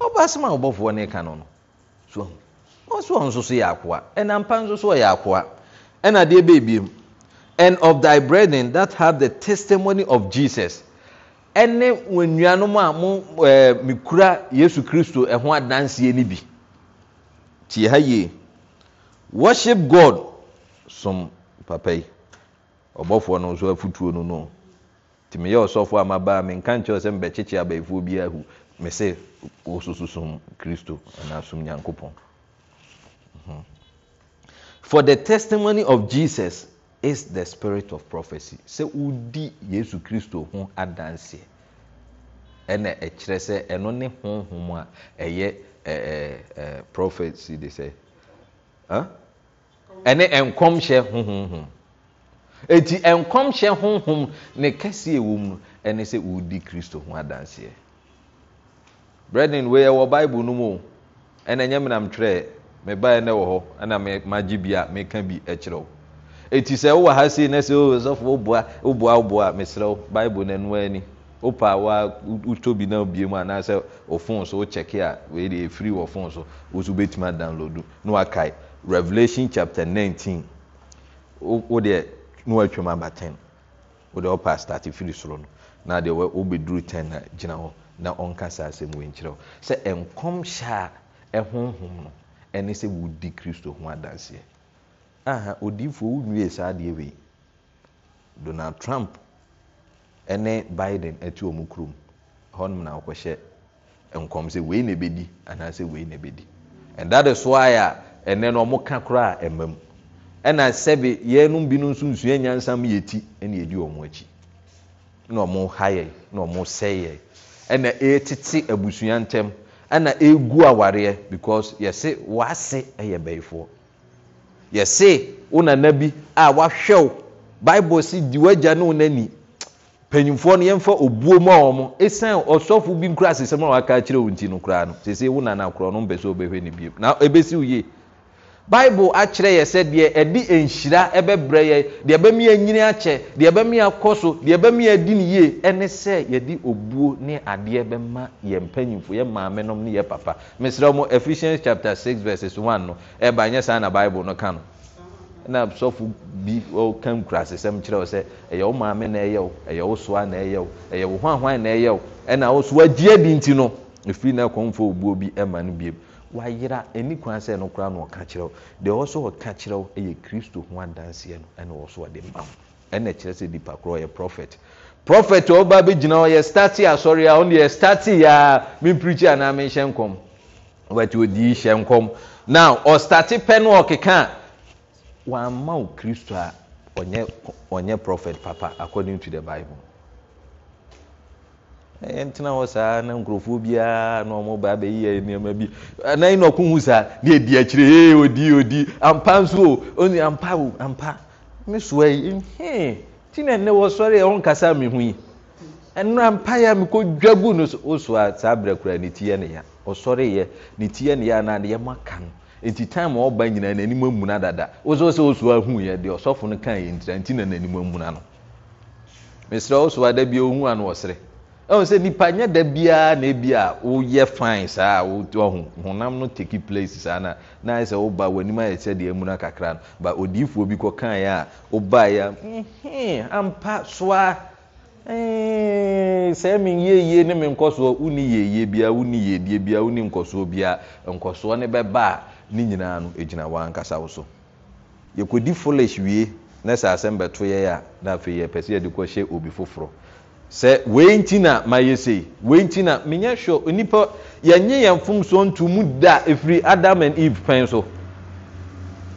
ɔbɔasom a wɔbɔfoɔ ne ka no no s ɔ nsoso yɛ aa ɛnampa nso so ɔyɛ akoa ɛnadeɛ bebiem and of thy bretdren that have the testimony of jesus ɛne wɔnuanom a mo eh, mekura yesu kristo ho adanseɛ ne bi ntiɛ ha yie worship god som papa yi ɔbɔfoɔ no so afutuo no noo nti meyɛ ɔsɔfoɔ a mabaa menka nkyɛɛwo sɛ mebɛkyekye aba yifoɔ biaahu me se wosososom kristo anaasom nyankopɔn mhm. for the testimony of jesus is the spirit of prophecy sɛ wodi yesu kristo ho adanseɛ ɛna ɛkyerɛ sɛ ɛno ne hohom a ɛyɛ prophecy de sɛ ɛne nkɔmhyɛ honhomhom ɛnti nkɔmhyɛ honhom ne kɛseɛ wɔ no ɛne sɛ wɔdi kristo ho adanseɛ brethren wei ɛwɔ bible no mu o ɛna ɛnyɛ menam twerɛ mebaeɛ no wɔ hɔ ɛna magye bi a meka bi kyerɛ wo ɛti sɛ wowɔ ha sei na sɛ sɔfo woboa woboa a mesrɛ wo bible no ɛnoa ani wopɛ a wotɔ bi no bie mu anaasɛ ɔfon so wokyɛke a wei deɛ ɛfiri e wɔ so wo so wobɛtumi na wakae revelation chapter 19 wodeɛ ne woatwam aba ten wode opɛ state firi soro no nadeɛwobɛduru1eagyina hɔ na ɔnka saasɛm wnkyerɛ hɔ sɛ nkɔm hyɛ a hohom none s wodi kristoho adsedifwonesade donad trump ne biden atiɔ mu krom mnokɔhyɛ nkɔ sɛeinebɛdianaeinthaiswy a ɛnɛ no ɔmo ka koraa ɛma mu ɛna sɛbi yɛnom bi no nso nsua nyansam yɛti ɛne yɛdi ɔmo akyi na ɔmo ha yɛ na ɔmo sɛ yɛ ɛna ɛtete abusua e ntɛm ɛna ɛgu e awareɛ because yɛse wase ɛyɛ e bɛyifoɔ wo nana bi a wahwɛw bible si di wagya ne wo nani panyimfoɔ no yɛmfa obuo mu a wɔ mo ɛsiane ɔsɔfo bi nkura asesɛm a waka akyerɛ wo nti no koraa no sɛsei wo nana korɔ no ne na ɛbɛsi wo yie bible akyerɛ yɛ sɛ deɛ ɛde nhyira bɛbrɛ yɛ deɛ bɛmi enyini akyɛ deɛ bɛmi akɔ so deɛ bɛmi edi ne yie ɛne sɛ yɛdi obuo ne adeɛ bɛma yɛ mpanyimfo yɛ maame nom ne yɛ papa chapter six verses one no ɛba nyɛ saa na bible no ka no na bi ɔka kyerɛ ɛyɛ maame na ɛyɛ o ɛyɛ na ɛyɛ wayera ɛni kwan sɛ ɛno koraa na ɔka kyerɛw deɛ ɔwɔ so ɔka kyerɛw ɛyɛ kristo ho adanseɛ no ɛna ɔwɔ so ɔde ma ho ɛna kyerɛ sɛ nipa korɔ ɔyɛ prɔfɛt prɔfɛt ɔba bi gyina hɔ yɛ stati asɔre a ɔno yɛ stati a mipirikyi anaa mehyɛ nkɔm ɔbɛti odi hyɛ nkɔm na ɔstati pɛ no ɔkeka wɔn ama wo kristo a ɔnyɛ ɔnyɛ prɔfɛt papa according to the bible. yɛntena hɔ saa na nkurɔfoɔ biara na ɔmo ba abɛyi yɛ nneɛma bi anan eh, na ɔko hu saa na edi akyire ee odi odi ampa nso o oni ampa o ampa me soa yi hee ti na ɛnɛ wɔsɔre yɛ ɔnkasa mi ho yi ɛnu mpa yɛ mi ko dwa gu no so o soa saa abirɛ kura ne ti yɛ ne ya ɔsɔre yɛ ne ti yɛ ne ya anaa ne yɛ mo aka no nti time a ɔba nyinaa n'anim amuna dada wosɔ sɛ osuo ahu yɛ deɛ ɔsɔfo no kan yɛ ntira nti na n'anim amuna no mesrɛ osuo ada bi ohun ano ɔsere. ɛwɔ sɛ nipa nyɛ da biara na ebi a woyɛ fine saa a wotu honam no take place saa na na ayɛ sɛ woba w'anim ayɛ sɛ deɛ emuna kakra no ba odiifoɔ bi kɔ kan yɛ a woba yɛ ampa soa sɛ mi yie yie ne mi nkɔsoɔ wuni yie yie bia wuni yie die bia wuni nkɔsoɔ bia nkɔsoɔ ne bɛba ba, ne nyinaa no egyina wɔn ankasa wo so yɛkɔdi foolish wie na sɛ asɛm bɛto yɛ a na afei yɛ pɛ sɛ yɛde kɔ hyɛ obi foforɔ sɛ wei nti na mayɛ sei wei nti na menyɛ sure nipa yɛnye yɛn fomso ntu mu da efiri adam and eve pɛn so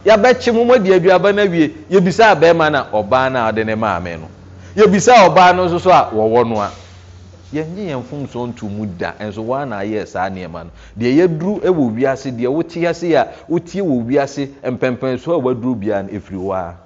yabɛkye mu mo di aduaba na wie yebisa bɛrima na ɔbaa na ɔde ne maame no yebisa ɔbaa no nso so a wɔwɔ no a yɛnye yɛn fomso ntu mu da nso wɔn na ayɛ saa nneɛma no deɛ yɛduru wɔ wiase deɛ wote ase a wotie wɔ wiase mpɛmpɛnso a wɔaduru biara no efiri hɔ ara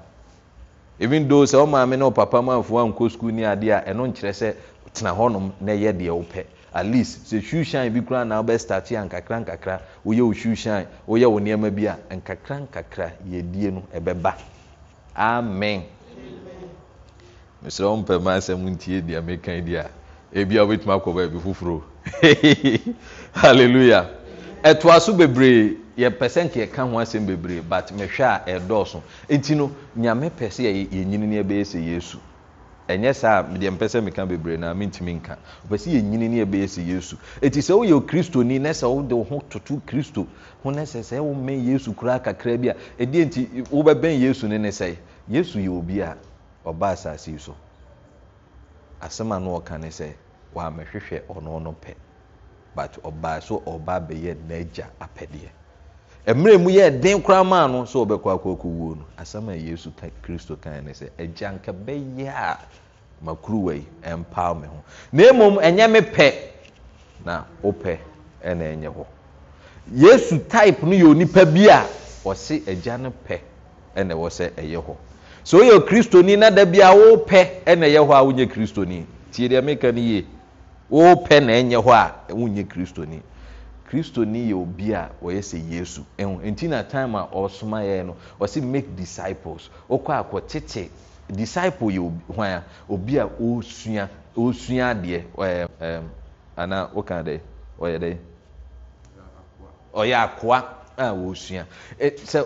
even though sɛ ɔmaame ne ɔpapa mu afoɔ ankɔ sukuu ne adeɛ a ɛno nkyerɛ sɛ tena hɔnom na ɛyɛ deɛ wopɛ at least sɛ shoe shine bi koraa na ɔbɛ start a nkakra nkakra woyɛ wo shoe shine woyɛ wo nneɛma bi a nkakra nkakra yɛdie no ɛbɛba amen mesrɛ wo mpɛ ma asɛm ntie deɛ meka di a ebi a wobɛtumi akɔ baabi foforɔ hallelujah ɛtoa so bebree yɛpɛ sɛ nka yɛka ho asɛm bebree but mehwɛ a ɛdɔɔso nti no nyame pɛ sɛ yɛnyini ni yɛbɛyɛ sɛ yesu ɛnyɛ saa deɛ mpɛ sɛ meka bebree na mentumi nka ɔpɛ sɛ yɛnyini no yɛbɛyɛ sɛ yesu ɛnti sɛ woyɛ ni, na sɛ de wo ho toto kristo ho na sɛ sɛ womɛn yesu koraa kakraa bi a ɛdeɛ nti wobɛbɛn yesu no ne sɛ yesu yɛ obi a ɔba asase yi so asɛm a no ɔka ne sɛ wɔamɛhwehwɛ ɔno no pɛ but ɔbaa so ɔba bɛyɛ n'agya apɛdeɛ mmerɛ mu yɛ den koraa maa no sɛ wɔbɛkɔ wuo no asɛm a yesu kristo kae no sɛ agya nka bɛyɛ a makuruwa yi mpaa me ho na mmom ɛnyɛ me pɛ na wopɛ ɛna ɛnyɛ hɔ yesu type no yɛ onipa bi a ɔse agya no pɛ ɛna ɛwɔ sɛ ɛyɛ hɔ sɛ woyɛ kristoni na da bi a wopɛ ɛna ɛyɛ hɔ a wonyɛ kristoni tie deɛ meka no yie wopɛ na ɛnyɛ hɔ a wonyɛ kristoni christo ne yɛ obi a wɔyɛ sɛ yesu hu ɛnti na time a ɔɔsomayɛɛ no ɔsi make disciples wokɔ akɔ tete disciple yɛ hwan a obi a ɔsaɔsua adeɛ anaa woka dɛ ɔyɛ dɛ ɔyɛ akoa a wɔsua sɛ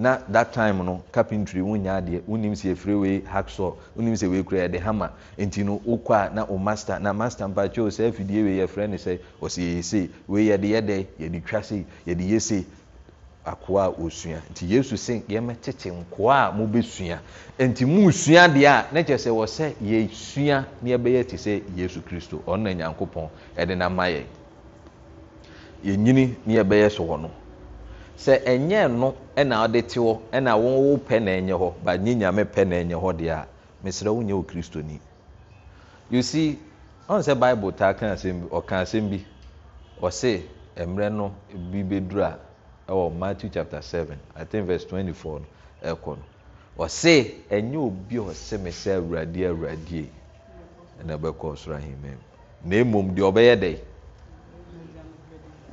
na that time no carpentry wonya adeɛ wonim sɛ yɛfrɛ wei hacksaw wonim sɛ wei kura yɛde hammer nti no wokɔ a na o master na master mpakyɛw sɛ afidie wei yɛfrɛ ne sɛ ɔsɛ yɛyɛsei wei yɛde yɛdɛ yɛde twa sei yɛde yɛsei akoa a osua nti yesu se yɛmɛtete nkoa a mobɛsua nti musua deɛ a ne kyerɛ sɛ wɔsɛ yɛsua na yɛbɛyɛ te sɛ yesu kristo ɔno na nyankopɔn ɛde e na ma yɛ yɛnyini na yɛbɛyɛ so wɔ no sɛ ɛnyɛ no ɛna ɔde te hɔ ɛna wɔwo pɛ na ɛnyɛ hɔ ba nye nyame pɛ na ɛnyɛ hɔ deɛ a mesrɛ wonyɛ wo ni you see ɔn sɛ bible taa ka asɛm bi ɔka asɛm bi ɔse mmerɛ no bi bɛduru a ɛwɔ matthew chapter seven i think verse twenty-four no ɛkɔ no ɔse ɛnyɛ obi a ɔse me sɛ awurade awurade ɛna ɛbɛkɔ ɔsoro ahemman mu na emom deɛ ɔbɛyɛ dɛ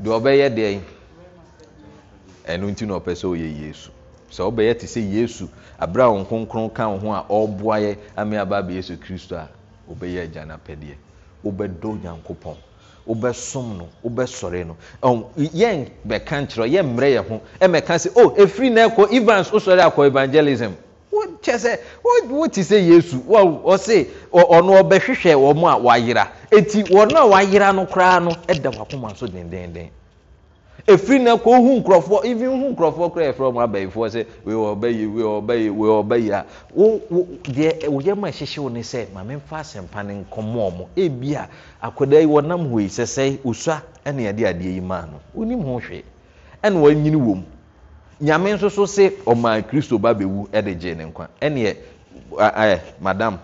deɛ ɔbɛyɛ dɛ yi. ɛno nti na ɔpɛ sɛ ɔyɛ yesu sɛ wobɛyɛ te sɛ yesu aberɛ a wo kronkron ka wo ho a ɔboayɛ ame abaaba yesu kristo a wobɛyɛ agya nopɛdeɛ wobɛdɔ onyankopɔn wobɛsom no wobɛsɔre no yɛn bɛka nkyerɛ yɛ mmerɛ yɛ ho mɛka sɛ o ɛfiri no ɛkɔ evans wosɔre akɔ evangelism wokyɛ sɛ wote sɛ yesu ɔse ɔno ɔbɛhwehwɛ wɔ m a wayera eti wɔno a wayera no koraa no ɛda wakoma so dendenden ɛfiri no kɔ hu nkurɔfoɔ even hu nkurɔfoɔ kora yɛfrɛ mu abayifoɔ sɛ ɔbɛyi a deɛ woyɛ ma ɛhyehye wo ne sɛ ma memfa asɛmpa no nkɔmmɔɔ mo ebia akwadaa yi wɔnam hɔ yi sɛ sɛ osua ɛne yɛde adeɛ yi maa no wonim ho hwee ɛne wɔanyini wɔ nyame nso so se ɔmaa oh, kristo ba bɛwu ɛde eh, gye ne nkwa ɛneɛ eh, ɛɛ eh, madam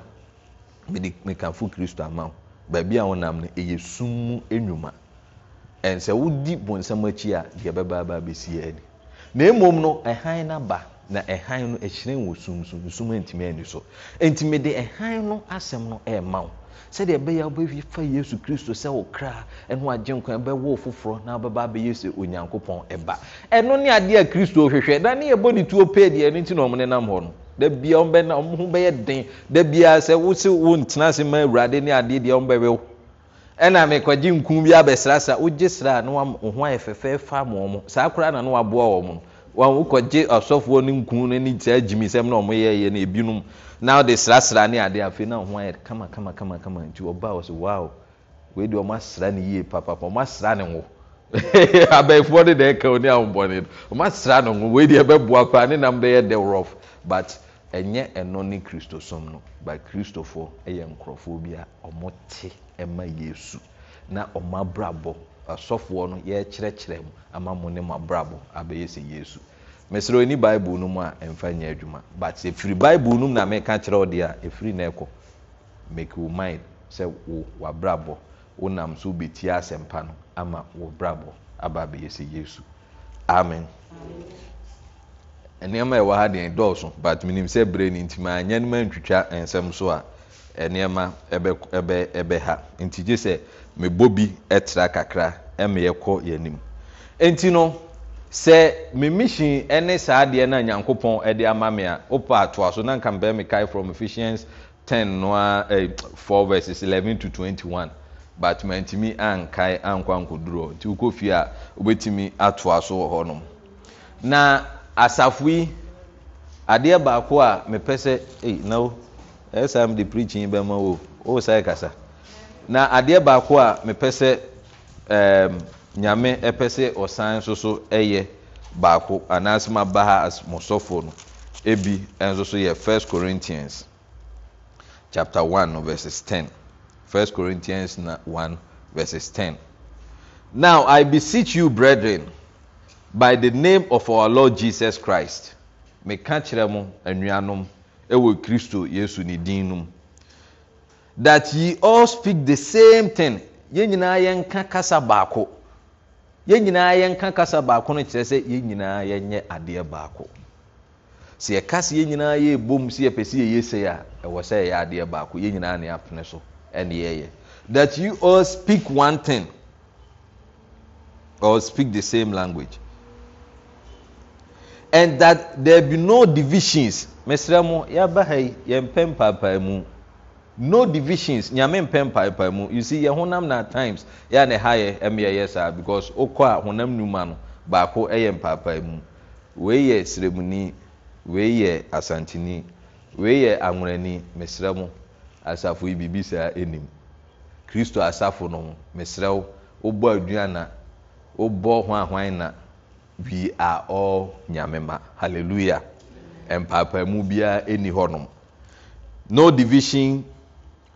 mede mekafo kristo ama wo baabi a wonam no ɛyɛ ɛnsɛ wodi bonsam akyi a deɛ bɛba aba abɛsi ani na mmom no ɛhan no aba na ɛhan no ɛhyerɛn wɔ sumsum nsum ntumi ani so ntumi de ɛhan no asɛm no ɛɛma wo sɛdeɛ ɛbɛyɛ wobɛhwi fa yesu kristo sɛ wo kra ɛno agye nkwa ɛbɛwɔ wo foforɔ na wobɛba abɛyɛ sɛ onyankopɔn ɛba ɛno ne adeɛ a kristo hwehwɛ na ne yɛbɔ ne tuo pee deɛ ɛno nti na ɔmo ne nam hɔ no da bia ɔmo bɛyɛ den da sɛ wo wo ntena ase ma awurade ne adeɛ deɛ ɔmo bɛwɛ ɛna mekɔgye nkum bi abɛsra wogye sra a na ho ayɛ fɛfɛɛ fa mɔ saa koraa na ne waboa wɔ mo no wokɔgye ɔsɔfoɔ no nku no ne na ɔmoyɛyɛ no ebinom na wode srasra ne afei na ho ayɛ kamakamakama nti ɔba wɔ so wow ne yie papapa ne no deɛ ɛka ne no ɛbɛboa koraa ne nam bɛyɛ ɛnyɛ ɛno ne kristo som no ba kristofoɔ ɛyɛ nkurɔfoɔ bi a te ɛma yesu na abrabɔ asɔfoɔ no yɛɛkyerɛkyerɛ m ama mo ne mabrabɔ abɛyɛ sɛ yesu mesrɛ oni bible no mu a ɛmfa nyɛ adwuma but efiri baibul no mu na meka kyerɛ wo deɛ a ɛfiri no ɛkɔ make wo mind sɛ wo wabrabɔ nam so wobɛtie asɛmpa no ama wo abrabɔ aba abɛyɛ sɛ yesu amen nnoɔma ɛwɔ ha deɛ dɔɔso but menim sɛ berɛ no nti maanyɛ no ma ntwitwa nsɛm so a nnoɔma bɛ ha nti gye sɛ mebɔ bi tra kakra meyɛkɔ yɛanim ɛnti no sɛ me mission ne saa deɛ no a nyankopɔn de ama me a wopɛ atoa so na nka mbɛɛ mekae from Ephesians ten noa a 4 eh, verses eleven to twenty one, but mantumi ankae ankɔ ankɔduro nti wokɔ fie a wobɛtumi atoa so wɔ hɔ na asafo yi adeɛ baako a mepɛ sɛnao ɛs m de pretchinyi bɛma wo ɔe sae kasa na adeɛ baako a mepɛ sɛ ehm, nyame ɛpɛ sɛ ɔsan nso so ɛyɛ baako anaasɛmaba a a mosɔfo no bi nso so yɛ 1s corinthians chae 110 cornns110 now i beseach you brethren by the name of our lord jesus christ meka kyerɛ mo anuanom ɛwɔ kristo yesu ne din nom that ye all speak the same thing yɛn nyinaa yɛnka kasa baako yɛn nyinaa yɛnka kasa baako no kyerɛ sɛ yɛn nyinaa yɛnyɛ adeɛ baako sɛ yɛka sɛ yɛn nyinaa yɛ ebom sɛ yɛpɛ sɛ yɛyɛ sɛ yɛ a ɛwɔ sɛ yɛyɛ adeɛ baako yɛn nyinaa na yɛapene so ɛne yɛyɛ that you all speak one thing or speak the same language and that there be no divisions mesrɛ yaba ha yi yɛn mpɛ mu no divisions nyame mpɛ mpaepaa mu you see yɛn na times yɛa na ɛha yɛ ɛm yɛ yɛ saa because okɔ a honam numa no baako ɛyɛ mpaepaa mu wei yɛ sremuni wei yɛ asantini wei yɛ anwurani mesrɛ mo asafo yi biribi saa anim kristo asafo no mesrɛ wobɔ aduana wobɔ ho ahwan na. we are all nyamema hallelujah mpaapaemu Mubia ɛni hɔnom no division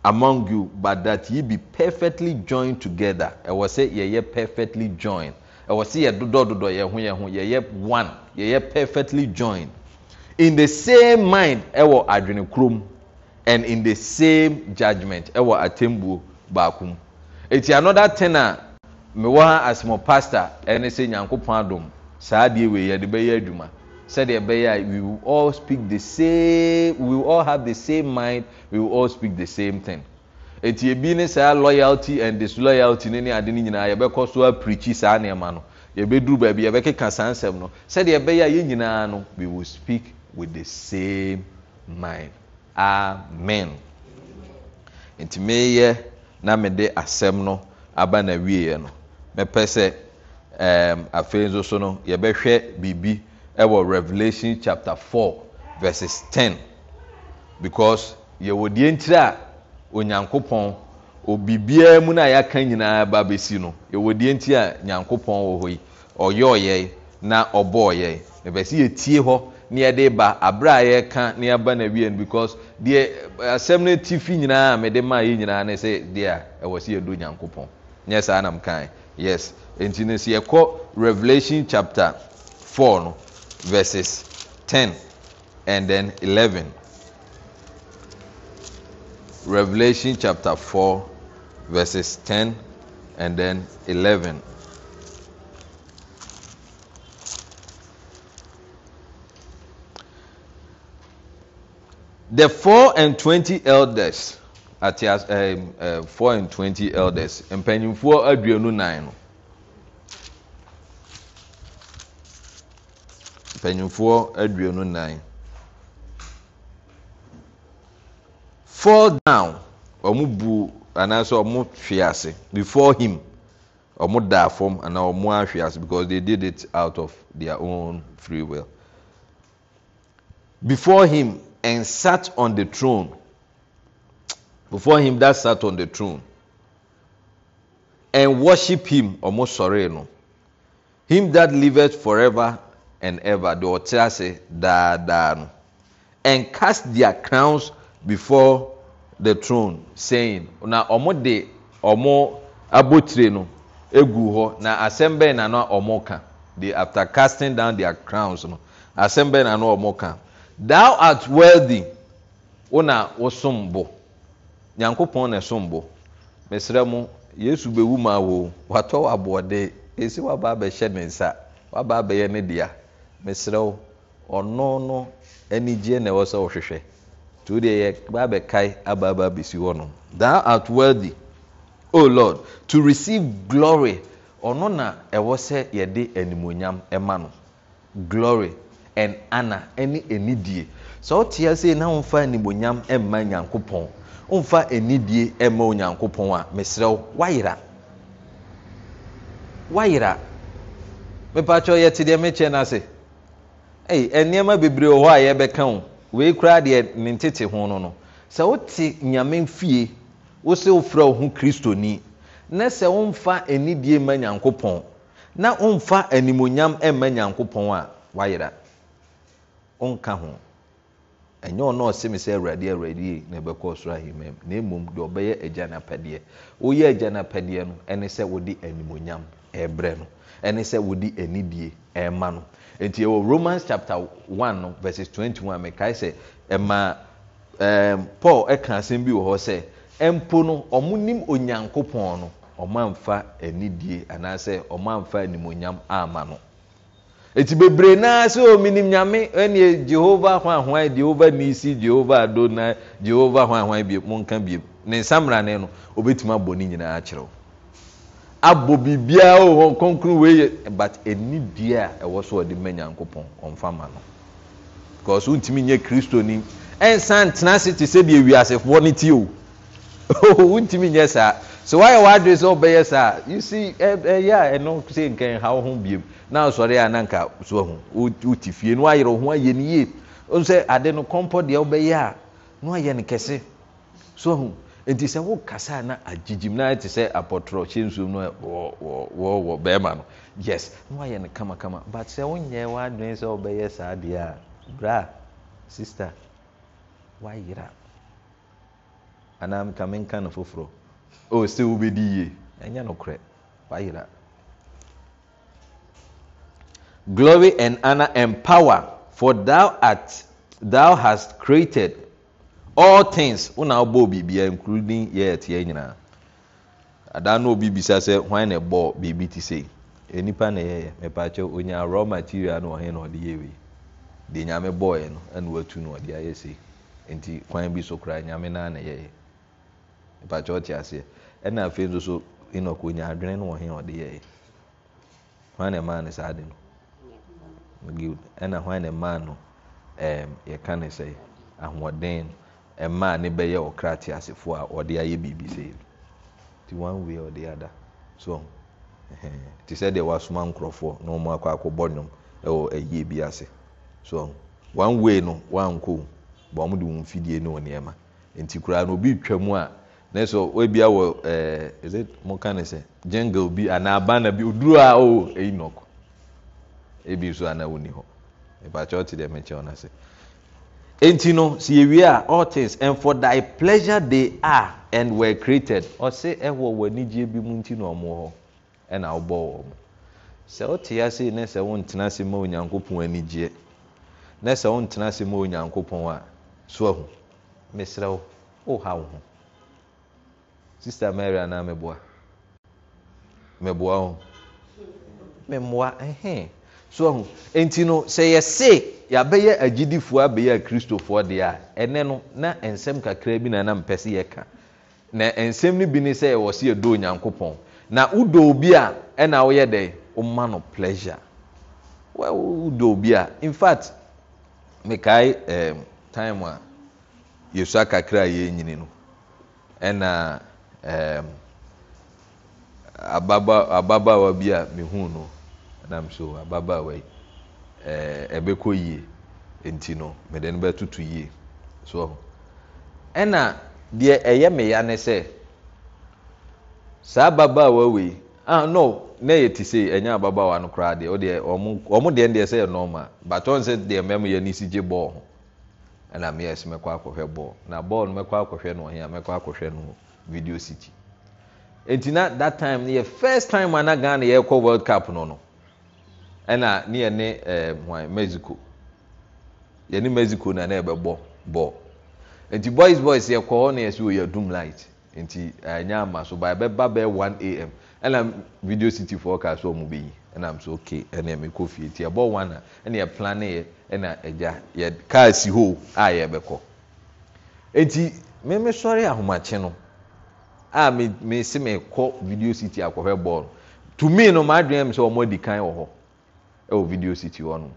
among you but that ye be perfectly joined together I say ye ye perfectly joined I do do do do yɛ ho yɛ ye ye one ye perfectly joined in the same mind ewo adwene and in the same judgment ewo atembuo bakum. mu another tenor me wa as my pastor ɛne sɛ nyankopɔn adom saa adeɛ wei yɛde bɛyɛ adwuma sɛdeɛ ɛbɛyɛ a we will all speak the same we will all have the same mind we will all speak the same thing eti ebi ne saa loyalty and disloyalty ne ne ade ne nyinaa yɛbɛkɔ so apirikyi saa nneɛma no yɛbɛduru baabi yɛbɛkeka saa nsɛm no sɛdeɛ ɛbɛyɛ a yɛn nyinaa no we will speak with the same mind amen nti meyɛ na mede asɛm no aba na wieɛ no mɛpɛ sɛ. afei nso so no yɛbɛhwɛ biribi wɔ revelation chapter 4 vs 10 because yɛwɔ deɛ nkyirɛ a onyankopɔn obiribiaa mu no a yɛaka nyinaa ba besi no yɛwɔ deɛ nti a nyankopɔn wɔ hɔ yi ɔyɛ ɔyɛe na ɔbɔɔyɛe ɛbɛ sɛ yɛtie hɔ ne yɛde ba aberɛ a yɛka ne yɛba na wie no because deɛ asɛm no fi nyinaa a mede maa yi nyinaa ne sɛ deɛ a ɛwɔ si yɛdo nyankopɔn nyɛ saa namkae yes nti no sɛ yɛkɔ revelation chapter 4 no verses 10 and then 11 revelation chapter 4 verses 10 and then 11 the four and twenty elders Atias as ɛɛ eh, ɛɛ eh, four and twenty elders mpanyinfoɔ aduonu nan no mpanyinfoɔ aduonu nan fall down wɔn bu anaasɛ wɔn hwe ase before him wɔn da fam anaa wɔn ahwe ase because they did it out of their own free will before him and sat on the throne before him that sat on the throne and worship him almost sɔre him that liveth forever and ever deɛ ɔte ase no and cast their crowns before the throne saying na ọmọ de omo abotire no egu hɔ na asɛm na no a ka after casting down their crowns no asɛm bɛn na no a ka thou art worthy wo na wosom bo. nyankopɔn na ɛso mbɔ mesrɛ mu yesu bɛwu ma woo watɔ waboɔde esi waba abɛhyɛ ne nsa waba abɛyɛ ne dea mesrɛ wo ɔno no anigyeɛ na ɛwɔ sɛ wohwehwɛ nti wodeɛ yɛ baa aba aba bɛsi hɔ no thou art worthy o lord to receive glory ɔno na ɛwɔ sɛ yɛde animonyam ɛma no glory and honor ɛne anidie sɛ wotea sei na womfa animonyam ɛmma nyankopɔn mfa anidie mma onyankopɔn a mesrɛ wo wayera wayera mepɛakyɛ yɛte deɛ mekyɛ no ase ɛnnoɔma bebree wɔ hɔ a yɛbɛka wo wei koraa deɛ ne ntete ho no no sɛ wote nyame fie wo se wofrɛ wo ho kristoni na sɛ womfa anidie mma nyankopɔn na womfa animonyam mma nyankopɔn a wayera wonka ho ɛnyɛ ɔno ɔse me sɛ awurade awurade na ɛbɛkɔ ɔsoro ahemam na mmom deɛ ɔbɛyɛ agya n'apɛdeɛ oyɛ agya n'apɛdeɛ no ɛne sɛ wode animonyam ɛrebrɛ no ɛne sɛ wode anidie ɛrema no nti ɛwɔ romans chapter one no verses twenty one mekae sɛ ɛma ɛɛm paul ɛka asɛm bi wɔ hɔ sɛ ɛmpo no ɔmo nim onyankopɔn no ɔmo amfa anidie anaasɛ ɔmo amfa animonyam ama no eti bebree naa sɛ ominim nyame ɛne jehova ho ahoan jehova nisi jehova adona jehova ho ahoan bi mo nka bi ne nsamra ne no obetumi abɔ ne nyinaa akyerɛw abɔ biribiara wɔ hɔ kɔnkɔn wei yɛ but eni dua a ɛwɔ so ɔde mɛ nyankopɔn ɔnfa ma no because ntumi nye kristo ni ɛnsa ntena se te sɛ deɛ wiasefoɔ ne ti o. wontumi nyɛ saa so sɛ wobɛyɛ saa ɛyɛ a ɛno sɛ a nanka so ahu wote fie no woayerɛ ho ayɛ no yie sɛ ade no kɔmpɔ deɛ wobɛyɛ a na woayɛ no kɛse so ahu ɛnti sɛ kasa na agyigyim na ɛte sɛ apɔtrɔ hyɛ nsuom no bɛrima yes but sɛ wonyɛ sɛ wobɛyɛ saa deɛ a anaka menka no foforɔsɛ oh, wbɛdyɛoglrn npower fɔ tou hast created all tins wona wobɔɔ biribia incding ɛt yinaaa nbisa sɛ wan ɔɔ biri ateria mpakyɛ ɔte aseɛ ɛna afei nso so enoch adwene no wɔ ɔde hwan na ɛmaa no saa ade no ɛna hwan na ɛmaa no ɛɛm yɛka ne sɛ ahoɔden ɛmaa ne bɛyɛ ɔkra te asefoɔ a ɔde ayɛ biribi ti one way ɔde ada so te sɛ deɛ wasoma nkurɔfoɔ na wɔn akɔ akɔbɔ nnwom ɛwɔ ayie bi ase so one way no wankɔ bɔn de wɔn mfidie ne wɔn nneɛma nti koraa no obi twɛ mu a. naso ebia wɔ ɛɛ eh, is it mo ka ne sɛ jungle bi anaa bana bi oduro a o oh, eyi nɔko ebi nso anaa wɔn ni hɔ ìbàtsɛ ɔte deɛ mɛkyɛ ɔna sɛ eti no si ewie a all things and for thy pleasure they are and were created ɔsɛ ɛwɔ wɔn anigye bi mu nti na ɔmo hɔ ɛna ɔbɔ wɔn sɛ ɔte ase ne sɛ wɔn ntena ase ma onyankopɔn anigyeɛ ne sɛ wɔn ntena ase ma onyankopɔn a so ɛho mesrɛ wo ɔha wo ho. sister mary anaa meboa meboa ho memmoa ɛhɛn so ɔho nti no sɛ yɛse yɛabɛyɛ agyidifoɔ abɛyɛ a kristofoɔ deɛ a ɛnɛ no na nsɛm kakraa bi na nam pɛ sɛ yɛka na nsɛm no bi ne sɛ yɛwɔ sɛ yɛdɔ onyankopɔn na wodɔ obi a ɛna woyɛ dɛ woma no pleasure wodɔ obi a fact, mekae ɛɛ time a yɛsua kakra a yɛnyini no ɛna. ababaawa bi a mehu no nam so ababaawa yi ɛbɛkɔ e, e yie nti no mede no bɛtoto yie so ɛna deɛ ɛyɛ meya ne sɛ saa ababaawa wei no ne ɛyɛ te sei ɛnyɛ ababaawa no koraa deɛ wodeɛ ɔmo deɛ deɛ sɛ ɛnɔɔma but ɔn sɛ deɛ mɛmo yɛ ne si gye bɔɔl ɛna ɛna meyɛ sɛ mɛkɔ akɔhwɛ bɔɔl na bɔɔl no mɛkɔ akɔhwɛ no ɔhia mɛkɔ akɔhwɛ no mu video city nti na that time no yɛ first time ana ghana yɛrekɔ world cup no no ɛna ne yɛne ɛɛ eh, mexico yɛne mexico na na yɛbɛbɔ ball nti boys boys yɛkɔ hɔ na yɛsɛ oyɛ oh, doom light nti ɛnyɛ eh, ama so ba ba bɛɛ one am ɛna video city forecast wɔn bɛ oh, yi ɛna m so okay ɛna ɛmɛ kɔ fie ti ɛbɔ one a ɛna yɛplan yɛ ɛna ɛgya yɛ car si hɔ a yɛbɛkɔ nti mɛmɛ sɔre ahomakye no a ah, mese mekɔ video city akɔhwɛ bɔɔl To me, no maadwene m sɛ ɔmɔ adi kan wɔ hɔ ɛwɔ video city hɔ no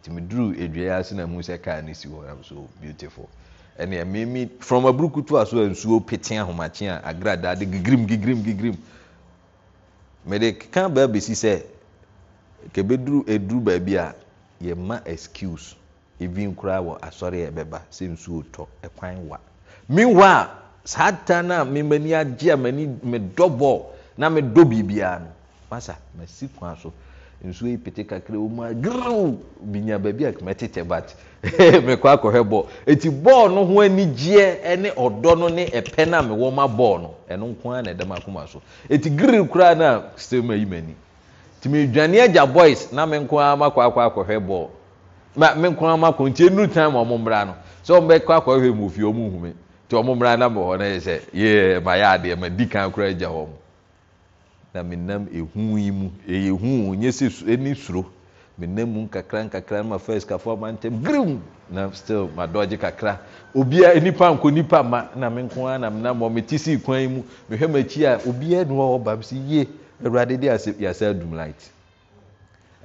nti meduru adua ase na mu sɛ kaa no si hɔ am so beautiful ɛnna mmemme from aburukutu aso a nsuo pete ahomakye a agrada de gigirim gigirim gigirim mede kan baa besi sɛ kebeduru eduru baabi a yɛ ma excuse ebi nkura wɔ asɔre a ɛbɛba sɛ nsuo tɔ ɛkwan wa meanwhile. saa ta no a agye a medɔ bɔɔl na medɔ biribiara no masa masi so nsuo yi pete kakra binya baabi a mɛtetɛ bat mekɔ akɔhwɛ bɔɔl ɛti bɔɔl no ho anigyeɛ ɛne ɔdɔ no ne ɛpɛ na a ma bɔɔl no ɛno nko na ɛdam akoma so a m'ani na nko ara makɔ akɔ bɔɔl nko ara makɔ nti time nti ɔmo mmra nam hɔ no yɛ sɛ yɛ ma yɛ adeɛ ma di kan koraa gya hɔ na menam ehu yi mu ɛyɛ ehu nyɛ sɛ ɛni suro menam mu nkakra nkakra ma first kafo ama ntɛm grim na still ma dɔgye kakra obiara nipa nko nipa ma na me nko ara na menam hɔ me ti si kwan yi mu mehwɛ ma akyi a obiara nu hɔ ba si yie awurade de ase yasa adum light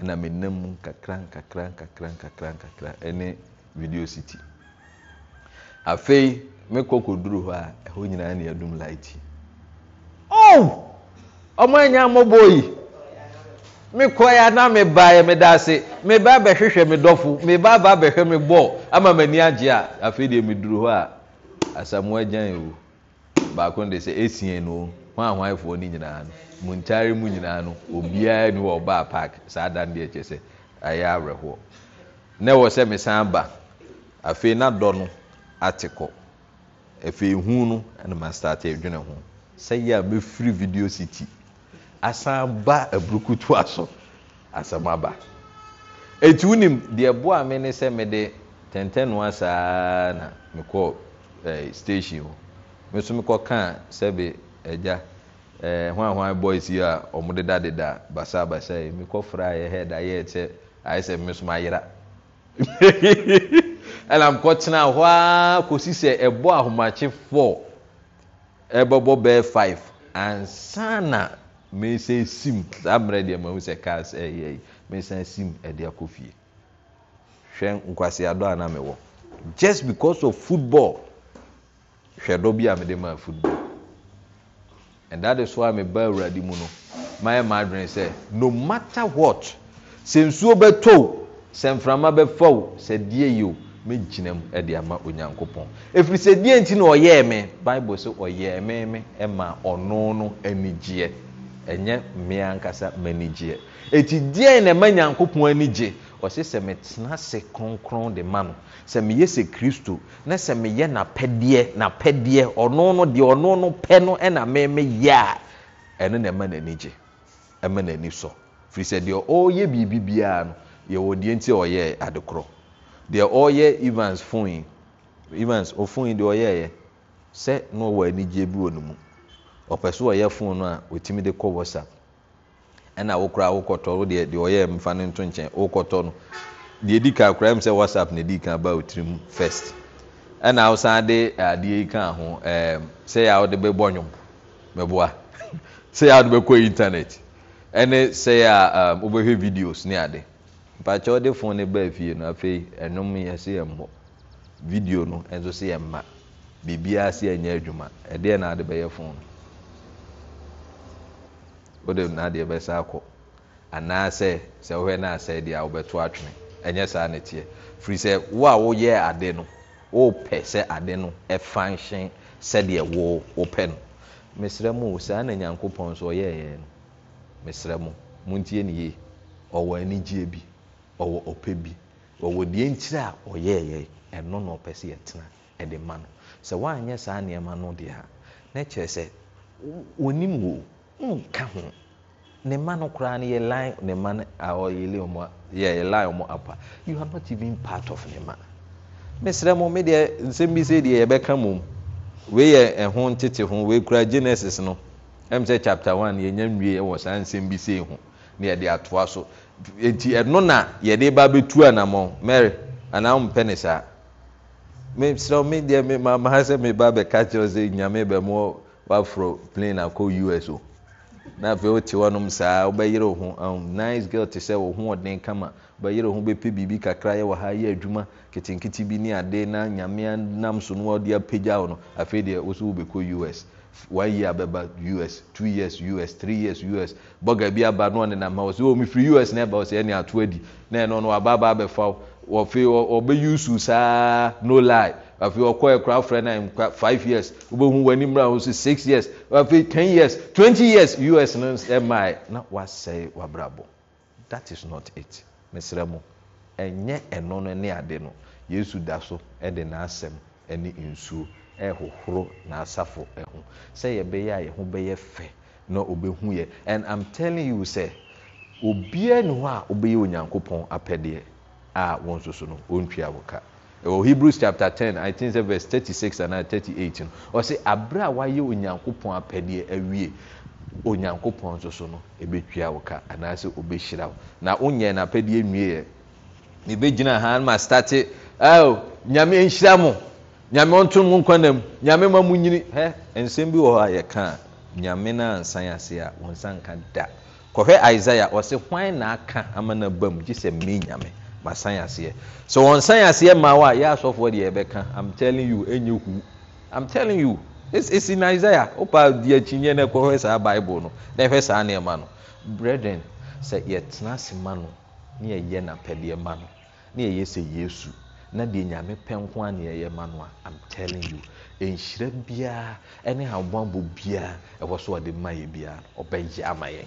ɛna menam mu nkakra nkakra nkakra nkakra nkakra ɛne video city afei. mekɔ duru hɔ a ɛhɔ nyinaa ne adum light ɔmo anya mmɔbɔ yi mekɔ ya na ba mebaeɛ meda ase meba bɛhwehwɛ me dɔfo meba ba bɛhwɛ me bɔɔl ama m'ani agye a afei deɛ duru hɔ a asamoa gyan o baako de sɛ esie no hwanhwanfoɔ no nyinaa no mu ntaare mu nyinaa no obiara ni wɔ ɔbaa park saa dan deɛ kyɛ sɛ ayɛ awerɛhoɔ na ɛwɔ e sɛ mesan ba afei na dɔ no ate kɔ. afei hu no ɛna ma start adwene ho sɛ yɛ a mɛfiri video city asan ba aburukutua aso. asɛm aba etu nim deɛ boa mi ne sɛ mede tɛntɛn no asaa na mekɔ ɛɛ eh, station hɔ me nso mekɔ kaa eh, sɛbi ɛgya eh, ɛɛ hwan hwan boys yi a wɔn deda deda basa basa yi mekɔ fura yɛ head ayɛ sɛ ayɛ sɛ me nso ayera. ɛnam kɔtena hɔ ara kɔsi sɛ ɛbɔ ahomakye four ɛbɛbɔ bɛɛ five ansa na mmesan sim saa mmerɛ deɛ mo sɛ cars ɛyɛ yi mmesan sim ɛde akɔ fie hwɛ nkwasi adɔ anam ɛwɔ just because of football hwɛ dɔ bi a mede maa football and that is why me ba awurade mu no mayɛ maa adwene sɛ no matter what sɛ nsuo bɛtɔ o sɛ nframa bɛfa o sɛ die yi o mɛgyinam de ama onyankopɔn ɛfiri sɛ deɛ nti no ɔyɛɛ me bible sɛ ɔyɛɛ me me ma ɔno no anigyeɛ ɛnyɛ mmea ankasa m'anigyeɛ ɛti deɛn ne ɛma nyankopɔn anigye ɔse sɛ metena se kronkron de ma no sɛ meyɛ se kristo na sɛ meyɛ napɛdeɛ napɛdeɛ ɔno no deɛ ɔno no pɛ no ɛna memeyɛ a ɛno ne ɛma n'ani gye ɛma n'ani sɔ firi sɛ deɛ ɔreyɛ biribi biara no yɛwɔ deɛ nti ɔyɛɛ deɛ ɔyɛ evans foyi evans ofoyi deɛ ɔyɛyɛ sɛ na ɔwɔ anigye bi wɔ ne mu ɔpɛ so ɔyɛ fon no a ɔtumi de kɔ whatsapp ɛna wokora wokɔtɔ deɛ deɛ ɔyɛ mfa no nto nkyɛn wokɔtɔ no deɛ di kan mu sɛ whatsapp na di kan ba otiri mu first ɛna de adeɛ yi kan ho sɛ yɛ a wɔde bɛbɔ nwom mɛboa sɛ yɛ a wɔde bɛkɔ internet ɛne sɛ yɛ a videos ne mpakyɛ ɔde fon ne baa fie no afei ɛnum yɛ se yɛ mbɔ video no nso se yɛ mma biribiara se ɛnyɛ adwuma ɛdeɛ na ade bɛyɛ fon no wode na adeɛ bɛsa akɔ anaasɛ sɛ wohɛ na asɛ deɛ a wobɛto atwene ɛnyɛ saa ne teɛ firi sɛ wo a woyɛ ade no wopɛ sɛ ade no ɛfanhyɛn sɛdeɛ wo wopɛ no mesrɛ mu saa na nyankopɔn so ɔyɛɛyɛ no mesrɛ mu montie ne yie ɔwɔ anigyeɛ bi ɔwɔ ɔpɛ bi ɔwɔ deɛ nkyire a ɔyɛyɛ ɛno na ɔpɛ sɛ yɛtena ɛde ma no sɛ woanyɛ saa no a na kyerɛ sɛ ɔnim wɔ nka ho ne ma no koraa no yɛlan ne ma no a ɔmo ɔmo apa you are not even part of ne ma mesrɛ mo me deɛ nsɛm bi sɛ deɛ yɛbɛka wei yɛ ɛho ho wei kura genesis no ɛm sɛ chapter one yɛnya bi sɛ ho na nti ɛno na yɛde ba bɛtu anammɔn mary anaa wompɛ ne saa mesrɛ me deɛ maha sɛ meba bɛka kyerɛ sɛ nyame bɛmoɔ woaforɔ plane akɔ us o na afei wote hɔnom saa wobɛyere wo ho um, nice girl te sɛ wo ho ɔden kama wobɛyere wo ho bɛpɛ biribi kakra yɛ wɔ ha yɛ adwuma ketenkete bi ne ade na nyame nam so no wɔde apagya wo afei deɛ wo so wobɛkɔ us one year abɛba us two years us three years us bɔga bi aba no ɔne nam ha ɔsɛ ɔmo firi us ne ɛba ɔsɛ ɛne ato adi na ɛno no aba aba abɛfa ɔfe ɔbɛ yusu saa no lie afei ɔkɔ ɛkora frɛ na nkwa five years ɔbɛhu wɔn anim ra six years afei ten years twenty years us no mi na wasɛe wabrabɔ that is not it mesrɛ mo ɛnyɛ ɛno no ne ade no yesu da so ɛde n'asɛm ɛne nsuo. hohoro n'asafo ho sɛ yɛbɛyɛ a bɛyɛ fɛ na ɔbɛhu yɛ and im telling you sɛ obiaa ne hɔ a onyankopɔn apɛdeɛ a no ɛwɔ hebrews chapter i think anaa 38 no ɔsɛ a wayɛ onyankopɔn apɛdeɛ awie onyankopɔn nso so no ɔbɛhyira na nyame ɔntom nyame ma mu nyini hɛ nsɛm bi wɔ hɔ nyame na nsan ase a nsa nka da kɔhwɛ hwan na aka ama na bam gye sɛ nyame masan aseɛ so wɔn nsan aseɛ maa wa yɛ asɔfoɔ deɛ yɛbɛka i'm telling you i'm telling you esi na opa di na saa na ɛhwɛ saa nneɛma no brethren sɛ yesu. na deɛ nyame pɛ nko a neɛ yɛ ma no a i'm telling you nhyira biara ɛne aboabɔ biara ɛwɔ so ɔde ma yɛ biara ɔbɛyɛ ama yɛn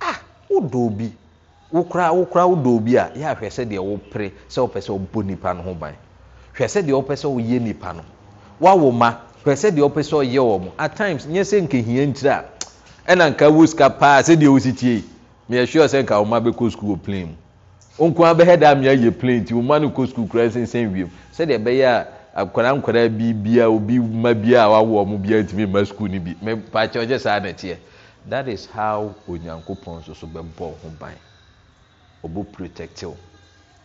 ah wodɔɔ bi wokora wokora wodɔɔ bi a yɛ ahwɛ sɛdeɛ wopere sɛ wopɛ sɛ wobɔ nipa no ho ban hwɛ sɛdeɛ wopɛ sɛ woyɛ nipa no wawo ma hwɛ sɛdeɛ wopɛ sɛ ɔyɛ wɔ mo at times nyɛ sɛ nkehia ntira a ɛna nka wo sika paa sɛdeɛ wosi tie meyɛ sure sɛ nka wo ma bɛkɔ sukuu wɔ plane mu nkwa a bɛhɛ da mmea yɛ plane nti ɔma no kɔ sukuu kura sɛnsɛn wiem sɛdeɛ ɛbɛyɛ a akwadaa nkwadaa bi bia obi mma bia a wawo ɔmo bia ntumi mma sukuu no bi mɛ paakyɛ ɔgyɛ saa nɛteɛ that is how onyanko onyankopɔn nso bɛ bɔ ho ban ɔbɔ protective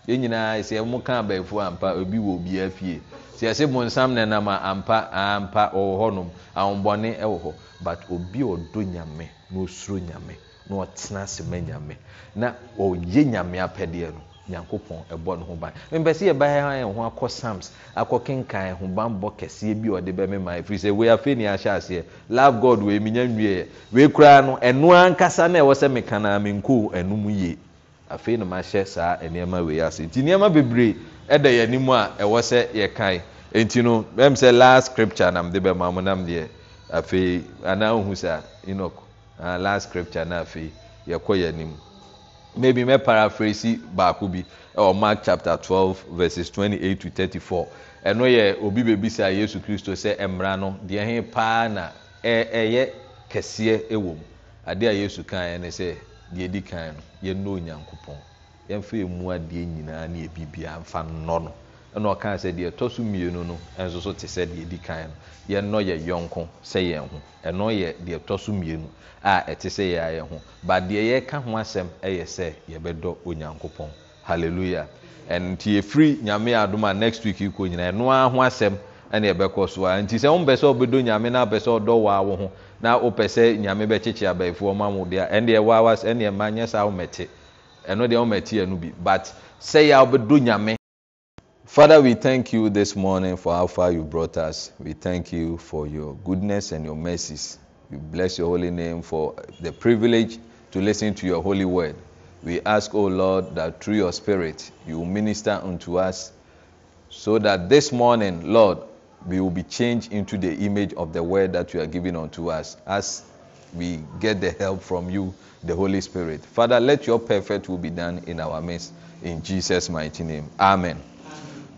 yɛn nyinaa sɛ ɛmo ka abɛɛfo ampa obi wɔ obi afie sɛ ɛsɛ mo nsam na nam ampa ampa ɔwɔ nom ahombɔne ɛwɔ hɔ but obi ɔdo nyame na osuro nyame. na ɔtena ase ma nyame na ɔyɛ nyame apɛdeɛ no nyankopɔn ɛbɔ ne ho ban mpɛ sɛ yɛbɛha yɛn ho akɔ psalms akɔkenkan ahobanbɔ kɛseɛ bi ɔde bɛmema ɛfiri sɛ wei afei ne ahyɛ aseɛ love god wei menya nwieɛ wei koraa no ɛno ankasa na ɛwɔ sɛ meka naa menkoo ɛnom yie afei na mahyɛ saa nneɛma wei ase nti nneɛma bebree ɛda yɛn anim a ɛwɔ sɛ yɛkae nti no ɛm sɛ last scripture nam de bɛma mo nam deɛ afei anaa ohu saa enoch Ah, last scripture no afei yɛkɔ yɛ anim maybi paraphrase baako bi wɔ mark chapter 12 twenty eight to thirty four ɛno yɛ obi bebi bebisaa yesu kristo sɛ mmara no deɛ he paa na ɛyɛ kɛseɛ wɔm adeɛ a yesu kaeɛ ne sɛ deɛ di kan no yɛnɔ onyankopɔn yɛmfa yɛmu adeɛ nyinaa ne yɛbibiaa mfa nnɔ no ɛna ɔkaa sɛ deɛ ɛtɔ so mmienu no nso so te sɛ deɛ di kan no yɛnɔ yɛ yɔnko sɛ yɛn ho ɛnɔ yɛ deɛ ɛtɔ so mmienu a ɛte sɛ yɛ ayɛ ho ba deɛ yɛka ho asɛm ɛyɛ sɛ yɛbɛdɔ onyankopɔn hallelujah ɛnti efiri nyame adum a next week yi kɔ nyinaa ɛnoa ho asɛm ɛna ɛbɛkɔ so a nti sɛ wɔn pɛ sɛ ɔbɛdɔ nyame na pɛ sɛ ɔdɔ waa ho na wopɛ sɛ nyame bɛkyekye abayifoɔ ma mo deɛ ɛndeɛ waa wa ɛndeɛ mma nyɛ saa wɔmɛte ɛno deɛ wɔmɛte ɛno bi but sɛ yɛ a wɔbɛdɔ nyame Father, we thank you this morning for how far you brought us. We thank you for your goodness and your mercies. We bless your holy name for the privilege to listen to your holy word. We ask, O oh Lord, that through your spirit you minister unto us so that this morning, Lord, we will be changed into the image of the word that you are giving unto us as we get the help from you, the Holy Spirit. Father, let your perfect will be done in our midst. In Jesus' mighty name. Amen.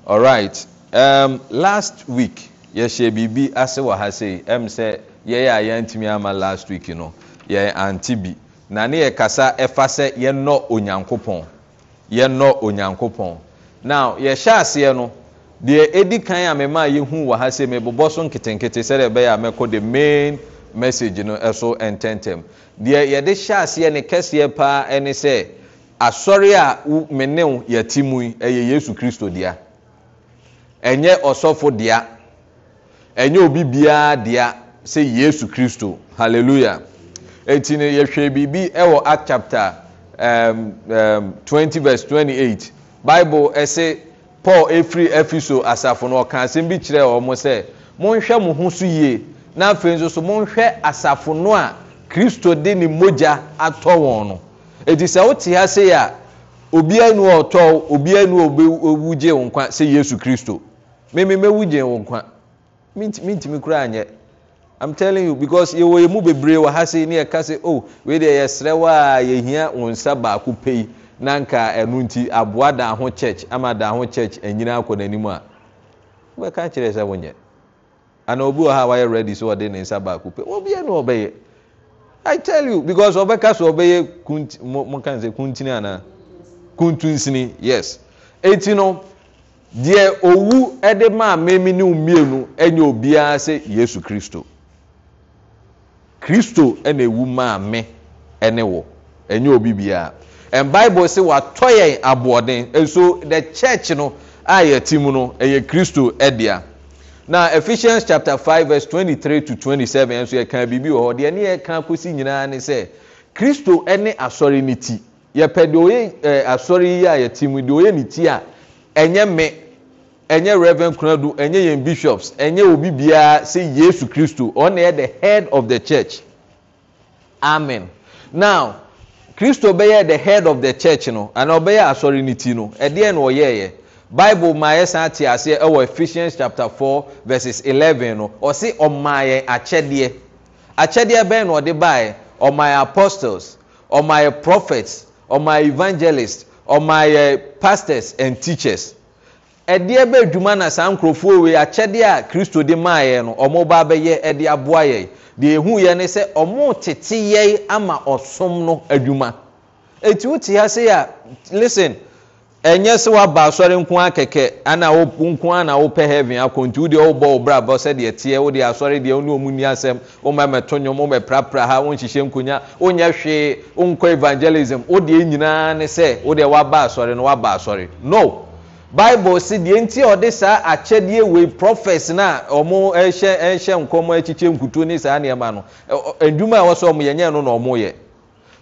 alright um, last week yɛhyɛ biribi ase wɔ ha sei ɛm sɛ yɛyɛ a yɛntumi ama last week no yɛn ante bi na ne yɛ kasa ɛfa sɛ yɛnɔ onyankopɔn yɛnɔ onyankopɔn now yɛhyɛ aseɛ no deɛ ɛdi kan a mema a yɛhu wɔ ha sei mebobɔ so nketenkete sɛdeɛ ɛbɛyɛ a mɛkɔ the main message no ɛso ntɛntɛm deɛ yɛde hyɛ aseɛ ne kɛseɛ paa ɛne sɛ asɔre a me ne yɛte mu yi ɛyɛ yesu kristo dea ɛnyɛ ɔsɔfo dea ɛnyɛ obi biara dea sɛ yesu kristo hallelujah eti no yɛhwɛ biribi ɛwɔ act chapter um, um, twenty verse twenty-eight bible ɛsɛ paul efiri efiso asafo no ɔka asɛm bi kyerɛ wɔn sɛ monhwɛ mo ho so yie na afei nso so monhwɛ asafo no a kristo de ne mogya atɔ wɔn no eti sɛ wote ha se a obiara nu ɔtɔ obiara nu obi owu gye wɔn kwa sɛ yesu kristo. meme mɛwu gyen wo nkwa mentimi koraa nyɛ im telling you because yɛwɔ yɛ mu bebree wɔ ha sei ne yɛka sɛ o oh, wei deɛ yɛsrɛ w a yɛhia wo nsa baako pɛyi na anka ɛno nti aboa daa ho church ama daa ho church anyina akọ n'anim a wobɛka kyerɛ sɛ wonyɛ anaa obi wɔ ha wayɛ ready sɛ ɔde ne nsa baako pɛ obiara na ɔbɛyɛ i tell you because ɔbɛka so ɔbɛyɛ kunti mo mo kan sɛ kuntini anaa kuntunsini yes eti no. deɛ owu ɛde maa mmɛmi ne mmienu ɛnyɛ obiara sɛ yesu kristo kristo ɛna ewu maa me ɛne wɔ ɛnyɛ obi biara ɛn bible sɛ watɔ yɛn aboɔden nso the church no a yɛte mu no ɛyɛ kristo ɛdea na ephesians chapter five verse twenty-three to twenty-seven nso yɛka biribi wɔ hɔ deɛ ne yɛka kosi nyinaa ne sɛ kristo ɛne asɔre ne ti yɛpɛ deɛ oyɛ ɛɛ asɔre yi a yɛte mu deɛ oyɛ ne ti a. ɛnyɛ me ɛnyɛ reverend kunadu ɛnyɛ yɛn bishops ɛnyɛ obi biara sɛ yesu kristo ɔna yɛ the head of the church amen now kristo bɛyɛ the head of the church no ana ɔbɛyɛ asɔre ne ti no ɛdeɛ na ɔyɛɛyɛ bible maa yɛ san te aseɛ ɛwɔ ephesians chapter four verses eleven no ɔsi ɔmaa yɛ akyɛdeɛ akyɛdeɛ bɛyɛ na ɔde baeɛ my apostles ɔmaa oh, my prophets ɔmaa oh, my evangelists ɔmaa yɛ uh, pastors and teachers ɛdeɛ bɛ adwuma na saa nkurɔfoɔ wei akyɛdeɛ a kristo de maa yɛ no ɔmo ba bɛyɛ ɛde aboa yɛ deɛ ehu yɛ ne sɛ ɔmo tete yɛ ama ɔsom no adwuma etu te ha se a listen. ɛnyɛ sɛ waba asɔre nko a kɛkɛ ana nko a na wopɛ heaven akɔ nti wodeɛ wobɔ wo brabɔ sɛdeɛ teɛ wode asɔre deɛ wone ɔmu nni asɛm woma mɛto nwom ha wonhyehyɛ nkonnwa wonyɛ hwee wonkɔ evangelism wodeɛ nyinaa ne sɛ wodeɛ waba asɔre no waba asɔre no bible se deɛ nti ɔde saa akyɛdeɛ wei no a ɔmo ɛhyɛ nkɔm akyikyɛ saa nneɛma no no na ɔmo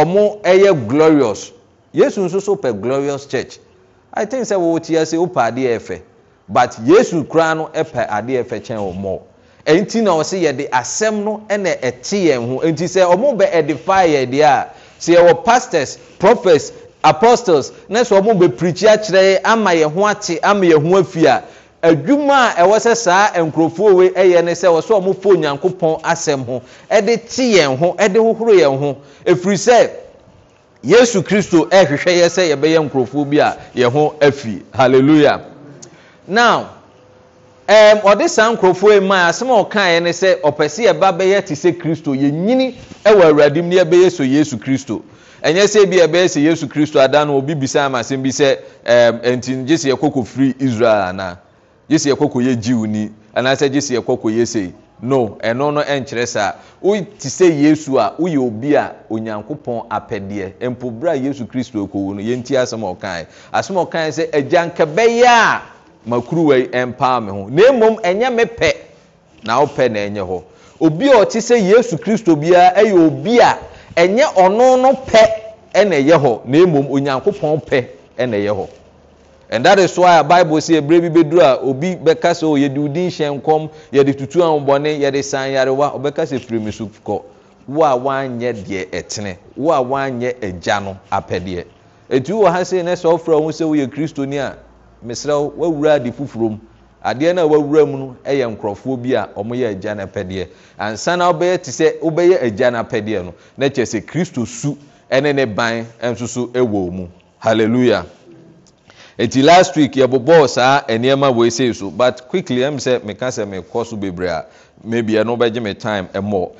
ɔmo yɛ glorious yesu nso so pɛ glorious church i think sɛ wɔwɔ tia sɛ wopɛ adeɛ ɛfɛ but yesu koraa no pɛ adeɛ ɛfɛ kyɛn wɔn mɔ ɛnti na ɔsi yɛde asɛm no ɛna ɛte yɛn ho ɛnti sɛ ɔmo bɛ edify yɛ deɛ a sɛ yɛwɔ pastors prophets apostles na sɛ ɔmo bɛ pirikyi akyerɛ ama yɛn ho ate ama yɛn ho afi a adwuma a ɛwɔ sɛ saa nkurɔfoɔ wei ɛyɛ ne sɛ wɔsɛ ɔmofo onyankopɔn asɛm ho ɛde kye yɛn ho ɛde hohoro yɛn ho ɛfiri sɛ yesu kristo ɛhwehwɛ yɛ sɛ yɛbɛyɛ nkurɔfoɔ bi a yɛn ho afi halleluya now ɛm ɔde saa nkurɔfoɔ yi maa asɛm a ɔkaeɛ ne sɛ ɔpɛ sɛ yɛba bɛyɛ te sɛ kristo yɛnyini ɛwɔ awurade mu ne yɛbɛyɛ so yesu kristo ɛnyɛ sɛ bi ɛbɛyɛ sɛ yesu kristo ada no obi bisa ama asɛm bi sɛ ɛm ɛnti gye sɛ yɛkɔkɔ firi israel anaa gye sɛ yɛkɔkɔ yɛ gyiw ni anaasɛ gye sɛ yɛkɔkɔ yɛ sei no ɛno no nkyerɛ saa wote sɛ yesu a woyɛ obi a onyankopɔn apɛdeɛ mpo a yesu kristo kɔwu no yɛnti asɛm a ɔkae asɛm a ɔkae sɛ agya nka bɛyɛ a makuruwa yi mpaa me ho na mmom ɛnyɛ me pɛ na wopɛ na ɛnyɛ hɔ obi a ɔte sɛ yesu kristo biara ɛyɛ obi a ɛnyɛ ɔno no pɛ ɛna ɛyɛ hɔ na mmom onyankopɔn pɛ ɛna ɛyɛ hɔ and that is why bible say ebire bi beduru a obi bɛka sɛ o oh, yɛde odi nhyɛn nkɔm yɛde tutu ahobɔne yɛde san yarewa ɔbɛka sɛ firi mi so kɔ wo a wanyɛ deɛ ɛtene wo a wanyɛ agya no apɛdeɛ etu wɔ ha sɛ nɛsɛ ɔfra ho sɛ woyɛ kristoni a mesrɛw wawura ade foforɔ mu adeɛ no a wawura mu no yɛ nkurɔfoɔ bi a ɔmoyɛ agya no apɛdeɛ ansa na wobɛyɛ te sɛ wobɛyɛ agya no apɛdeɛ no na kyerɛ sɛ kristo su ne ne ban nso so wɔ mu hallelujah nti last week yɛbobɔɔ saa nnoɔma wɔɛsei so but quickly m sɛ meka sɛ mekɔ so bebree a maybi ɛno wobɛgye me time mmɔ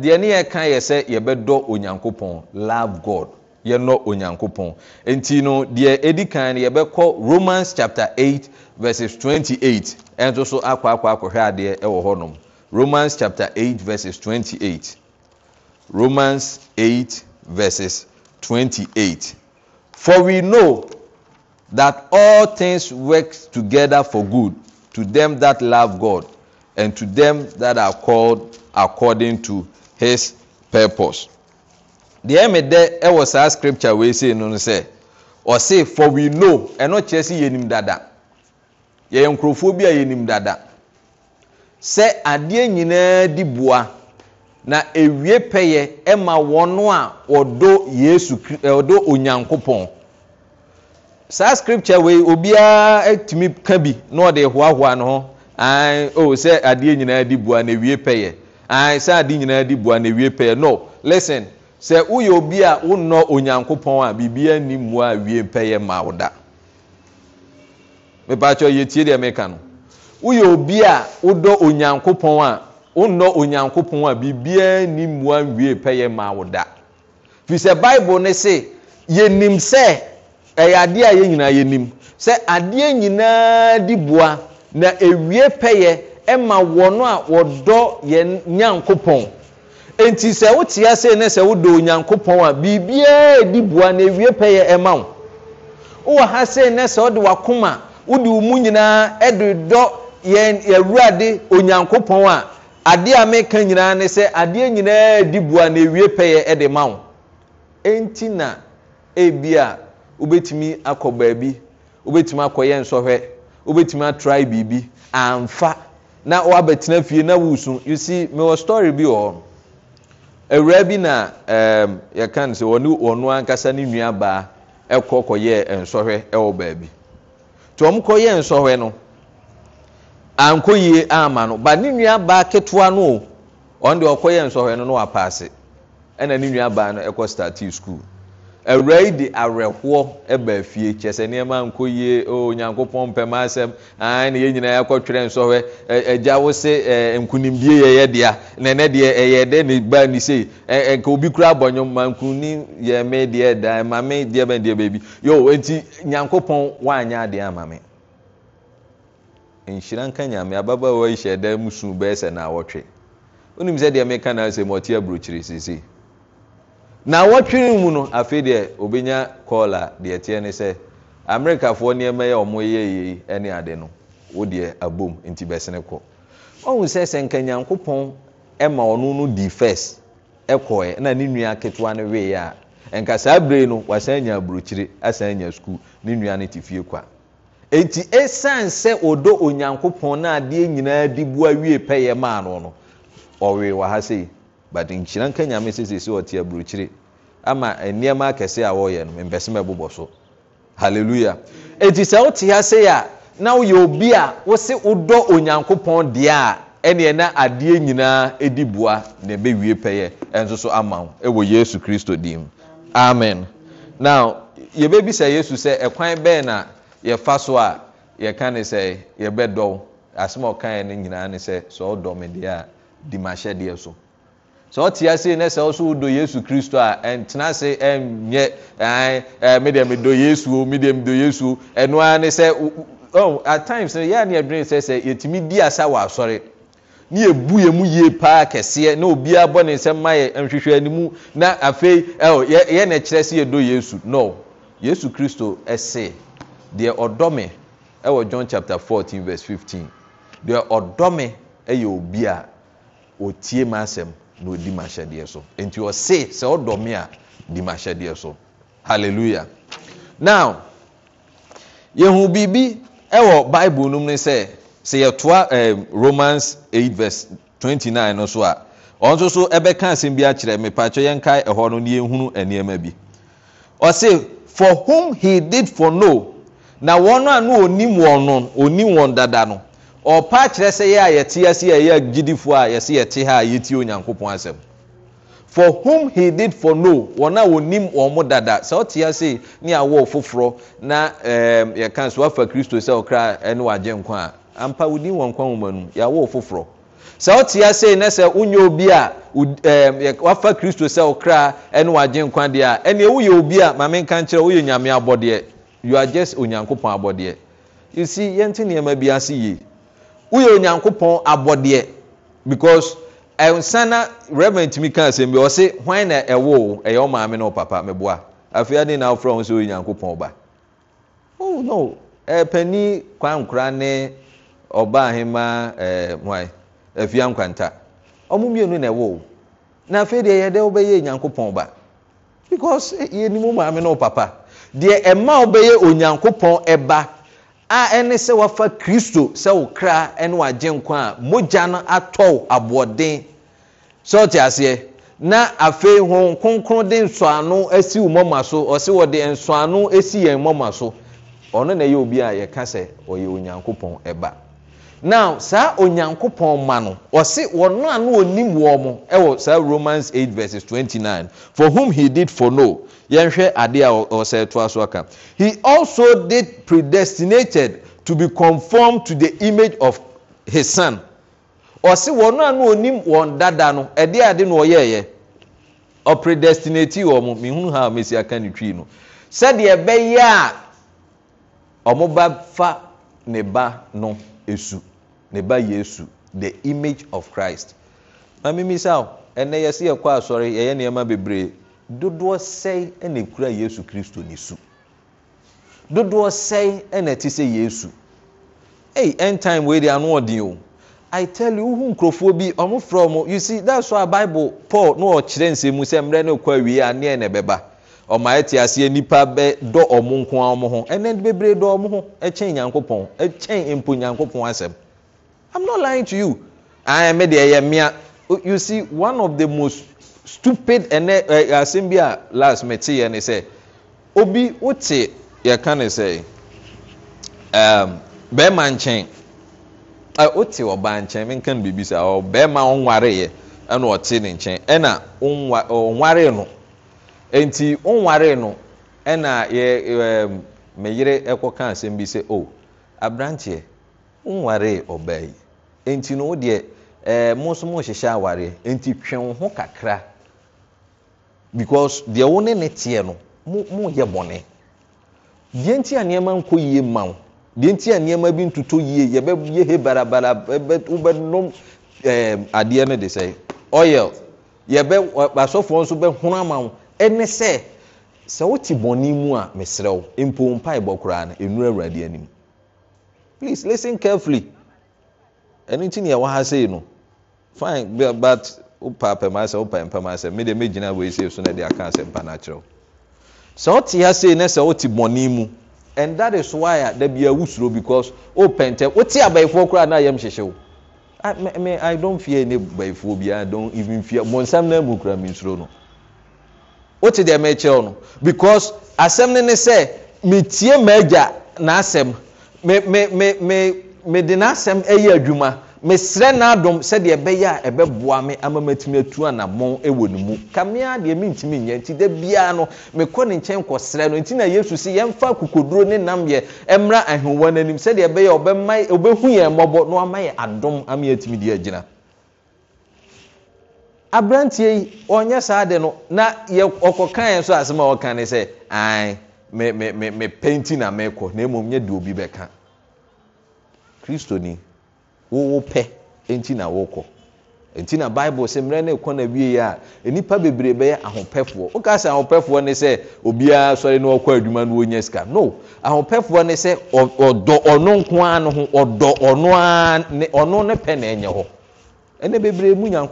deɛ ne yɛka yɛ sɛ yɛbɛdɔ onyankopɔn love god yɛnɔ onyankopɔn nti no deɛ ɛdi kan no yɛbɛkɔ romans chapter eight 8 twenty-eight. ɛnso so akɔ akɔ akɔhwɛ adeɛ e wɔ hɔnom romans chapter eight 8 twenty-eight. romans eight 8 twenty-eight. for we know that all things work together for good to them that love God and to them that are called according to his purpose. Deɛ ɛmɛ dɛ ɛwɔ saa scripture wei sei no no sɛ ɔse for we know ɛno kyerɛ sɛ yɛnim dada yɛyɛ nkurɔfoɔ bi a yɛnim dada sɛ adeɛ nyinaa di boa na ewie pɛyɛ ɛma wɔn a wɔdɔ yesu ɔdɔ onyankopɔn saa scripture wei obiara atumi ka bi na ɔde hoahoa ne ho an o sɛ adeɛ nyinaa di bua na ewie pɛyɛ an sɛ adeɛ nyinaa di bua na ewie pɛyɛ no listen sɛ woyɛ obi a wonɔ onyankopɔn a biribiara ni mua a wie pɛyɛ ma wo da mipatwa yɛ tie deɛ meka no woyɛ obi a wodɔ onyankopɔn a wonɔ onyankopɔn a biribiara ni mua wie pɛyɛ ma wo da fi sɛ bible ne se yɛnim sɛ. ɛyɛ adeɛ a yɛn nyinaa yɛnim sɛ adeɛ nyinaa di bua na ewie pɛyɛ ɛma wɔn a wɔdɔ yɛn nyanko nyankopɔn nti sɛ wote ase ne sɛ nyanko onyankopɔn a biribiara edi bua na ewie pɛyɛ ɛma wo wowɔ ha se ne sɛ ɔde wakoma wode wo mu nyinaa ɛde dɔ yɛn awurade onyankopɔn a adeɛ a meka nyinaa ne sɛ adeɛ nyinaa di bua na ewie pɛyɛ ɛde ma wo enti na ebia. wobɛtumi akɔ baabi wobɛtumi akɔyɛ nsɔhwɛ wobɛtumi atrae biribi amfa na wabɛtena fie na wusu wosu us mewɔ story bi wɔ hɔ awura bi na ehm, yɛka no sɛ ɔno ankasa ne nnuabaa ɛkɔ kɔyɛɛ nsɔhwɛ wɔ baabi nti ɔm kɔyɛ nsɔhwɛ no anko yie ama no ba ne nnuabaa ketewa no o ɔn deɛ ɔkɔyɛ nsɔhwɛ no na wapaase ɛna ne nnuabaa no ɛkɔ startee sukuul awura yi de awerɛhoɔ ba afie kyɛ sɛ nnoɔma nkɔ yie onyankopɔn mpɛm asɛm ne yɛ nyinaa ɛkɔtwerɛ nsɔhwɛ agya wo se nkonimdie yɛyɛ dea na ɛnɛ deɛ ɛyɛ dɛ ne baa ni sei nka obi kora abɔnwom ma nkonim yɛ me deɛ da ma me deɛ bɛn deɛ baabi yo nti nyankopɔn woanyɛ adeɛ ama me nhyira nka nyame ababaa wɔyi hyɛ da mu su bɛyɛ sɛ naawɔtwe wonim sɛ deɛ meka no asɛm ɔte na watwere mu no afei deɛ ɔbɛnya call a deɛ teɛ ne sɛ amerikafoɔ nneɛma yɛ ɔmo yɛyei ne ade no wo deɛ abom nti bɛsene kɔ ɔhu sɛ sɛ nka nyankopɔn ma ɔno no di first kɔɛ na ne nua ketewa no weeɛ a ɛnka saa berei no wasan anya aborokyire asan anya sukuu ne nua no te fie kɔ a ɛnti sɛ ɔdɔ onyankopɔn na adeɛ nyinaa de boa wie pɛyɛ maa no no ɔwee wɔ ha sei but nkyina nka nyame sesesi ɔte aburukyire ama nneɛma akɛse a wɔyɛ no mpɛsɛ mɛ so hallelujah eti sɛ wote ha se a na woyɛ obi a wose wodɔ onyankopɔn deɛ a ɛneɛ na adeɛ nyinaa edi bua na ɛbɛwie pɛyɛ ɛnso so ama wo ɛwɔ yesu kristo dim amen now yɛbɛbisa yesu sɛ ɛkwan e bɛɛ na yɛfa so a yɛka ne sɛ yɛbɛdɔw asɛm a ɔkaeɛ no nyinaa ne sɛ sɛ ɔdɔ me deɛ a di m'ahyɛdeɛ so sɛ ɔte ase ne sɛ ɔso do yesu kristo a ntena ase nyɛ ɛn ɛn mi deɛ mi do yesu o mi deɛ mi do yesu o ɛnoa ne sɛ ɔn at times no eh, yɛa ne ɛdwene sɛ sɛ yɛtumi di asa wɔ asɔre ne yɛbu yɛn mu yie paa kɛseɛ na obiara bɔ ne nsɛm ma yɛ nhwehwɛ anim na afei ɛwɔ yɛ yɛ na kyerɛ sɛ yɛdo yesu no yesu kristo ɛse deɛ ɔdɔ me ɛwɔ john chapter fourteen verse fifteen deɛ ɔdɔ me ɛyɛ obi a otie ma asɛm na ɔdi m'ahyɛdeɛ so nti ɔse sɛ ɔdɔ me a di m'ahyɛdeɛ so hallelujah now yehu biribi ɛwɔ bible no mu sɛ sɛ yɛtoa ɛɛ romans eight verse twenty nine no so a ɔn nso so ɛbɛka asɛm bi akyerɛ mipatwa yɛn kae ɛhɔ no na yɛhunu nneɛma bi ɔse for whom he did for no na wɔn a no onim wɔn no onim wɔn dada no ɔpa kyerɛ sɛ yɛ a yɛte ase yɛ yɛ a yɛsɛ yɛte ha a yɛti onyankopɔn asɛm for whom he did for no wɔn a wɔnim wɔn mo dada sɛ ɔte ase ne awɔ foforɔ na ɛɛm ehm, yɛka so afa kristo sɛ ɔkra ɛne wagye nkwa a ampa wodi wɔn nkwa wɔn anum yɛawɔ foforɔ sɛ ɔte ase na sɛ wonyɛ obi a ɛɛm ehm, yɛ wafa kristo sɛ ɔkra ɛne wagye nkwa deɛ a ɛne woyɛ obi a maame nka nkyerɛ woyɛ nyame abɔdeɛ you are just onyankopɔn abɔdeɛ you see yɛnte nneɛma bi ase yie woyɛ onyankopɔn abɔdeɛ because eh, nsana na reverend tumi ka asɛm bi ɔse hwan na ɛwɔ o ɛyɛ wɔn maame na ɔpapa mɛboa afei adi na afra wɔn sɛ ɔyɛ onyankopɔn ɔba oh no ɛpɛni eh, kwankora ne ɔba ahema ɛɛ eh, hwan afia nkwanta ɔmo mmienu na ɛwɔ o na afei deɛ yɛ dɛ ɔbɛyɛ onyankopɔn ɔba because yɛ nimu maame na ɔpapa deɛ ɛma ɔbɛyɛ onyankopɔn ɛba. a ɛne sɛ wafa kristo sɛ wo kra ne wagye nkwa a mogya no atɔw aboɔden sɛ ɔte aseɛ na afei ho kronkron de nsɔano asi wo mmɔma so ɔse wɔde nsɔano si yɛn mmɔma so ɔno na ɛyɛ obi a yɛka sɛ ɔyɛ onyankopɔn ɛba now saa onyankopɔn ma no ɔse wɔno a no ɔnim wɔ mo ɛwɔ saa romans eight 8 twenty nine for whom he did for know. yɛnhwɛ adeɛ a ɔsɛ toa so aka he also did predestinated to be conformed to the image of his son ɔsi wɔn a no onim wɔn dada no ɛde ade na ɔyɛɛyɛ ɔpredestinate wɔn mo mihunu ha a mesi aka ne twi no sɛdeɛ ɛbɛyɛ a ɔmo ba fa ne ba no esu ne ba yɛ esu the image of christ maame mi sa ɛnɛ yɛsi yɛ kɔ asɔre yɛyɛ nneɛma bebree dodoɔ sɛe na ɛkura yesu kristo ne su dodoɔ sɛe na ɛte sɛ yesu end time wei de ano ɔden o i tell you wohu nkurɔfoɔ bi ɔmo frɛ ɔmo you see that's why bible paul na ɔkyerɛ nsɛm sɛ mmerɛ ne kɔ awie a neɛ na ɛbɛba ɔmo ayɛ te aseɛ nipa bɛ dɔ ɔmo nko a ɔmo ho ɛnɛ bebree dɔ ɔmo ho ɛkyɛn nyankopɔn ɛkyɛn mpo nyankopɔn asɛm i'm not lying to you ɛn mɛ deɛ ɛyɛ mmea you see one of the most stupid ɛnɛ ɛ asɛm bi a last yɛ ne sɛ obi wote yɛka ne sɛ ɛɛm bɛrima nkyɛn ɛ wote ɔbaa nkyɛn menka no biribi sa ɔ bɛrima ɔnware yɛ ɛna ɔte ne nkyɛn ɛna ɔnwa ɔnware no nti ɔnware no ɛna yɛ ɛɛm meyere ɛkɔka asɛm bi sɛ o oh, aberanteɛ ɔnware ɔbaa yi nti no wodeɛ ɛɛ mo nso mo hyehyɛ awareɛ nti twɛn ho because deɛ wo ne ne teɛ no mo yɛ bɔne deɛ nti a nneɛma nkɔ yie ma wo deɛ nti a nneɛma bi ntutu yie yɛbɛ yɛhe barabara ɛbɛ wobɛnom ɛɛ adeɛ no de sɛ oil yɛbɛ asɔfoɔ nso bɛ hono ama wo ɛne sɛ sɛ wote bɔne mu a mesrɛ mpo mpa ɛbɔ koraa no enura awurade anim please listen carefully ɛno nti na yɛwɔ ha sei no fine but wopɛapɛm asɛ wopɛ mpɛm asɛ mede mɛgyina weisei so no de aka asɛmpa no akyerɛ wo sɛ wote ha sei ne sɛ wote bɔne mu and that is why a da bia because wopɛ ntɛm wote abayifoɔ koraa na yɛm hyehye wo I don't fear any bayifoɔ biara I don't even fear bɔnsam na mu kura mi nsuro no wote deɛ mɛkyerɛ wo no because asɛm ne ne sɛ metie m'agya n'asɛm me me me me mede n'asɛm ɛyɛ e adwuma mesrɛ n'adom sɛdeɛ ɛbɛyɛ a ɛbɛboa me ama matumi atu anammɔn wɔ ne mu kamea deɛ ntumi nyɛ nti da biara no mekɔ ne nkyɛn kɔsrɛ no nti na yesu si yɛmfa akokoduro ne nam yɛ mmra ahenwa n'anim anim sɛdeɛ ɛbɛyɛ a ɔbɛhu yɛn mmɔbɔ na wama yɛ adom ama yɛatumi deɛ agyina aberantiɛ yi ɔnyɛ saa de no na ɔkɔkaɛ so asɛm a ɔka ne sɛ a mepɛ nti na mɛkɔ na mmom nyɛ de obi bɛka kristoni wowo pɛ nti na wokɔ ɛnti na bible sɛ na a nnipa bebree bɛyɛ ahopɛfoɔ woka sɛ ahopɛfoɔ ne sɛ obiara sọrọ ne ọkọ adwuma no wɔnya sika no ahopɛfoɔ ne sɛ ɔdɔ ɔno nko ho ne na bebree mu nyame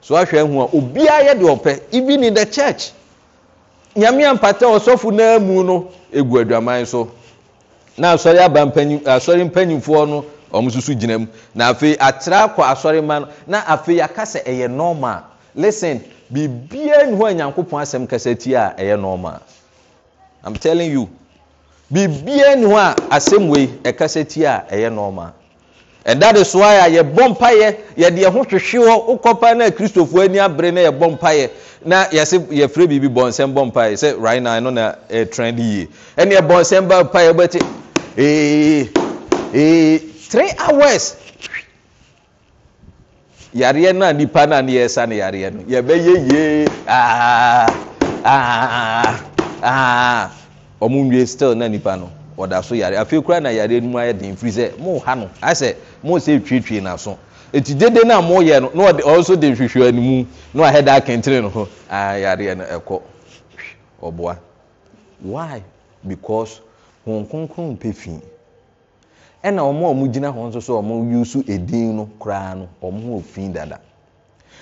so a obiara even in the church nyame mu no adwaman so na asɔre aba mpanyin asɔre mpanyinfoɔ no wɔn nso so gyina mu na afei atra akɔ asɔre ma no na afei akasa ɛyɛ normal listen biribiara ni hɔ a nyankopɔn asɛm kasa ti a ɛyɛ normal i'm telling you biribiara ni hɔ a asɛm wei ɛkasa ti a ɛyɛ normal ɛda de so ayɛ a yɛbɔ mpaeɛ yɛde ɛho hwehwe hɔ wokɔpa na kristofoɔ ani abere na yɛbɔ mpaeɛ na yɛse yɛfrɛ biribi bɔ nsɛm bɔ mpaeɛ sɛ right now ɛno na ɛtrɛn de yie ɛne yɛbɔ nsɛm ba mpaeɛ wobɛte ee ee three hours yareɛ no a nipa no a ne yɛresa no yareɛ no aa aa ɔmo nwie still na nipa no ɔda so yare afei koraa na yareɛ no mu ayɛ den firi sɛ mo ha no asɛ mo sɛ twitwi n'aso eti dede na mo yɛ no na ɔde ɔso de hwehwɛ ne mu na ɔhɛ da kɛntɛn no ho aa yareɛ no ɛkɔ ah, ɔboa why because. wɔn kronkron mpɛ fi ɛna wɔn a wɔgyina hɔ nso so wɔn yusu edin no koraa no wɔn ho fi dada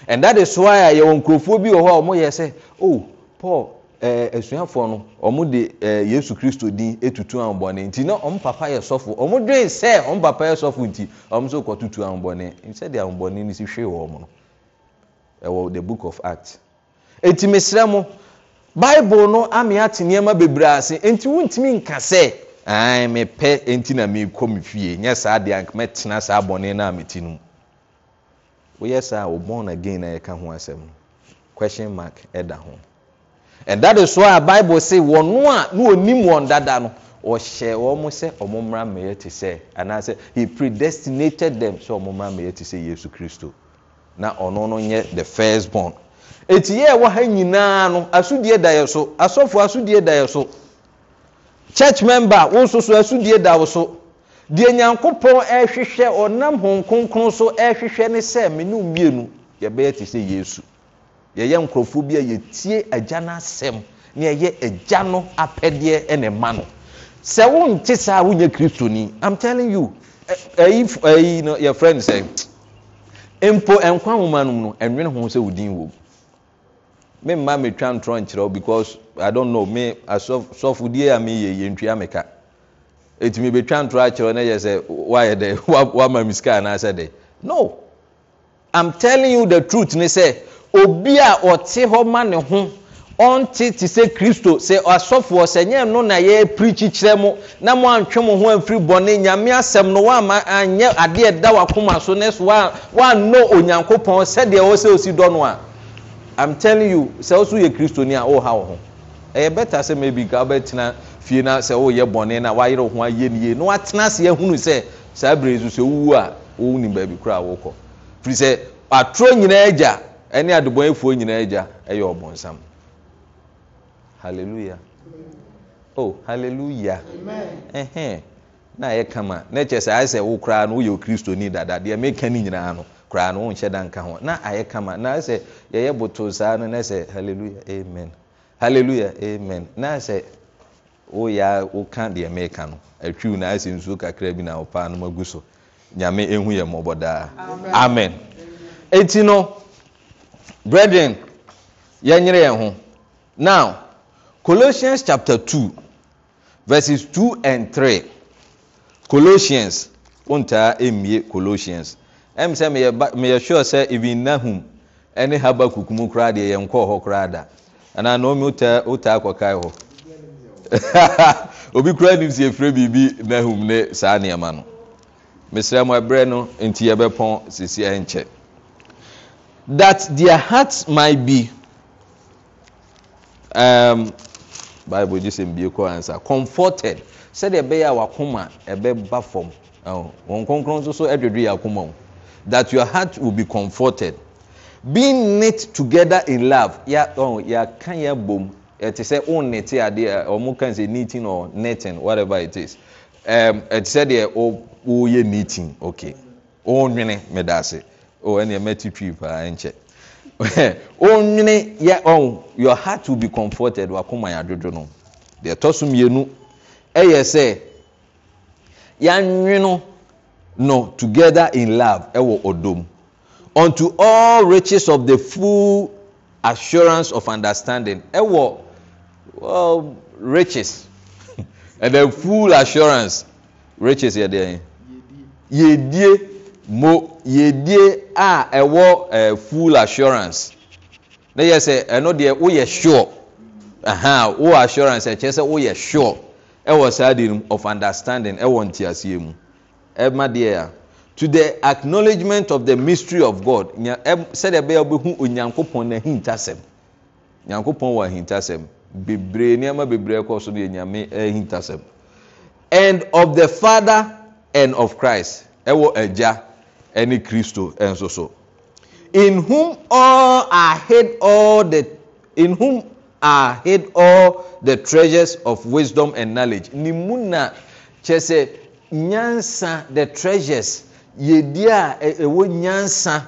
and that is why a yɛwɔ nkurɔfoɔ bi wɔ hɔ a wɔyɛ sɛ oh paul ɛɛ asuafoɔ no wɔn de ɛɛ yesu kristo din etutu ahobɔne nti na wɔn papa yɛ sɔfo wɔn dwen sɛ wɔn papa yɛ sɔfo nti wɔn nso kɔ tutu ahobɔne nsɛdeɛ ahobɔne no si hwee wɔn no ɛwɔ the book of acts etimesrɛ mo bible no ame ate nneɛma bebree ase nti wontumi nka sɛ ae mepɛ nti na merekɔ me fie nyɛ saa deɛ mɛtena saa bɔne no a meti no mu woyɛ saa wo born again na yɛka ho asɛm no question mark ɛda ho and that is why bible say wɔn a na onim wɔn dada no ɔhyɛ wɔn sɛ wɔn mmra mmɛyɛ te sɛ anaasɛ he predestinated them sɛ wɔn mmra mmɛyɛ te sɛ yesu kristo na ɔno no nyɛ the first born ɛtiyɛ ɛwɔ ha nyinaa no asodie da yɛ so asɔfoɔ asodie da yɛ so church member wo nso so asodie da wo so deɛ nyankopɔn ɛrehwehwɛ ɔnam hon kronkron so ɛrehwehwɛ ne sɛ me ne mmienu yɛbɛyɛ te sɛ yesu yɛyɛ nkurɔfoɔ bi a yɛtie agya no asɛm na yɛyɛ agya no apɛdeɛ ɛna ɛma no sɛ wonte saa wonyɛ kristoni i'm telling you ɛyi ɛyi no yɛfrɛ no sɛ mpo nkwa nwoma no mu no ɛnwene ho sɛ wodin wɔ mu me mma metwa ntorɔ nkyerɛw because i don't know me asɔfodie a meyɛ yɛ ntua meka ɛtumi bɛtwa ntorɔ akyerɛw no yɛ sɛ woayɛ dɛ woama me sika anaasɛ dɛ no i'm telling you the truth ne sɛ obi a ɔte hɔ ma ne ho ɔnte te sɛ kristo sɛ asɔfoɔ sɛ nyɛ no na yɛ pirikyi kyerɛ mu na mo antwe mo ho amfiri bɔne nyame asɛm no woama anyɛ adeɛ da wakoma so ne so woannɔ onyankopɔn sɛdeɛ ɛwɔ sɛ osi dɔ no a I'm telling you sɛ woso yɛ kristoni a woha wo ho ɛyɛ bɛta sɛ maybi ka wobɛtena fie no sɛ woyɛ bɔne na woayere wo ho ayɛ no yie na woatena ase ahunu sɛ saa berɛ so sɛ wowu a wowu nim baabi koraa wokɔ firi sɛ atoro nyinaa agya ɛne adebɔnɛfoɔ nyinaa agya ɛyɛ ɔbɔnsam Hallelujah. oh halleluya ɛhɛn na ayɛ kama na kyɛ saa sɛ wo koraa no woyɛ okristoni dada deɛ meka ne nyinaa no koraa no wonhyɛ da nka ho na ayɛ kama na sɛ yɛyɛ botoo saa no na sɛ hallelujah amen hallelujah amen na sɛ woyɛa woka deɛ meeka no atwiw na asɛ nsuo kakra bi na wopaa nom agu so nyame ɛhu yɛ mmɔbɔ daa amen eti no brethren yɛnyere yɛn ho now colossians chapter 2 verses 2 and 3 colossians wontaa ɛmmie uh, colossians ɛm sɛ meyɛ sure sɛ even nahum ɛne habakuk mu koraa deɛ yɛnkɔɔ hɔ koraa da anaa na ɔmi wotaa kɔkae hɔ obi koraa nim sɛ yɛfrɛ biribi nahum ne saa nneɛma no mesrɛ mo ɛberɛ no nti yɛbɛpɔn sisi ɛnkyɛ that their hearts might be um, bible gye sɛ mbie kɔ ansa comforted sɛdeɛ ɛbɛyɛ a wakoma ɛbɛba fam wɔn kronkron nso so ɛdwedwe yɛ akoma o that your heart will be comforted being knit together in love ya ɔn oh, ya kan ya bom ɛte sɛ o nete adeɛ ɔmo kan sɛ knitting or netting whatever it is ɛm um, ɛte sɛ deɛ o o yɛ knitting okay o nwene mɛdaase o ɛnna ɛmɛ ti twi paa e ɛnkyɛ o nwene ya ɔn oh, your heart will be comforted wakoma ya dodo no deɛ ɛtɔ so mmienu ɛyɛ e sɛ ya nwene no together in love ɛwɔ ɔdɔ unto all riches of the full assurance of understanding ɛwɔ well, riches and then full assurance riches yɛ deɛ yɛdie mo yɛdie a ɛwɔ ɛɛ full assurance ne yɛ sɛ ɛno deɛ woyɛ sure ɛhan wo assurance ɛkyɛ sɛ woyɛ sure ɛwɔ saa of understanding ɛwɔ ntiaseɛ mu. ɛma deɛ a to the acknowledgement of the mystery of God sɛdeɛ ɛbɛyɛ wobɛhu onyankopɔn no ahintasɛm nyankopɔn wɔ ahintasɛm bebree nneɛma bebree kɔ so no yɛ nyame ahintasɛm and of the father and of Christ ɛwɔ agya ɛne Kristo ɛnso so in whom all are hid all the in whom are hid all the treasures of wisdom and knowledge ne mu na kyerɛ sɛ. nyansa the treasures yɛdi a ɛwɔ nyansa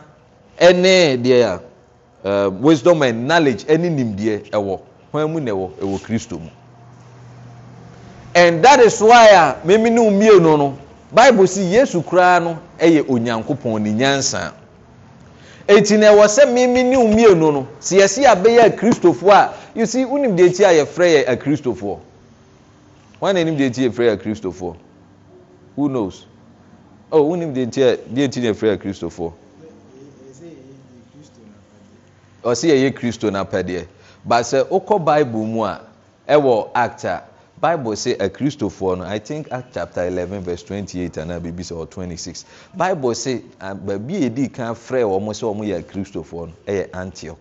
ɛne deɛ wisdom and knowledge ɛne nimdeɛ ɛwɔ hwan mu na ɛwɔ ɛwɔ kristo mu and that is why a mímí ne mmienu no bible si yesu koraa no ɛyɛ onyankopɔn ne nyansa eti na ɛwɔ sɛ mímí ne mmienu no si yɛsi abɛyɛ akristofoɔ a you see wunim deɛ ti a yɛfrɛ yɛ akristofoɔ wɔn na anim deɛ ti yɛfrɛ yɛ akristofoɔ. who knows oh wonim deɛ nti a deɛ nti na efirɛ kristofoɔ ɔsi yɛ yɛ kristo n'apɛdeɛ ba sɛ okɔ bible mu a ɛwɔ act a bible sɛ akristofoɔ no i think act chapter eleven verse twenty-eight anaa baabi sɛ ɔ twenty-six bible sɛ baabi a yɛdi kan frɛ wɔn sɛ wɔn yɛ akristofoɔ no ɛyɛ antioch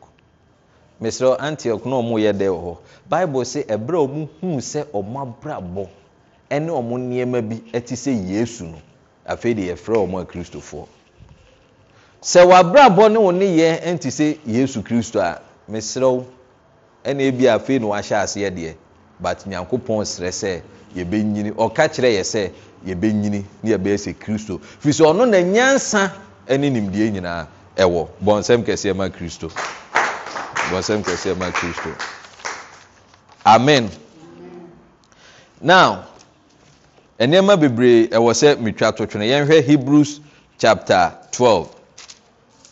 mesrɛ antioch na wɔn yɛ dɛ wɔ hɔ bible sɛ ɛbrɛ a wɔn hu sɛ wɔn abrabɔ. ɛne ɔmo nnoɔma bi te sɛ yesu no afei de yɛfrɛ ɔ m akristofoɔ sɛ wabrabɔ ne wo neyɛ nti sɛ yesu kristo a mesrɛ wo ne bia afei ne wahyɛ aseɛ deɛ but nyankopɔn srɛ sɛ yɛbɛyini ɔka kyerɛ yɛ sɛ yɛbɛnyini ne yɛbɛyɛ sɛ kristo firi ɔno na nyansa ne nimdeɛ nyinaa ɛwɔ bɔnsɛm kɛseɛ ma kristo bɔnsɛm kɛseɛ ma kristo amen now nneɛma bebree ɛwɔ sɛ metwa totwene yɛnhwɛ hebrews chapter twelve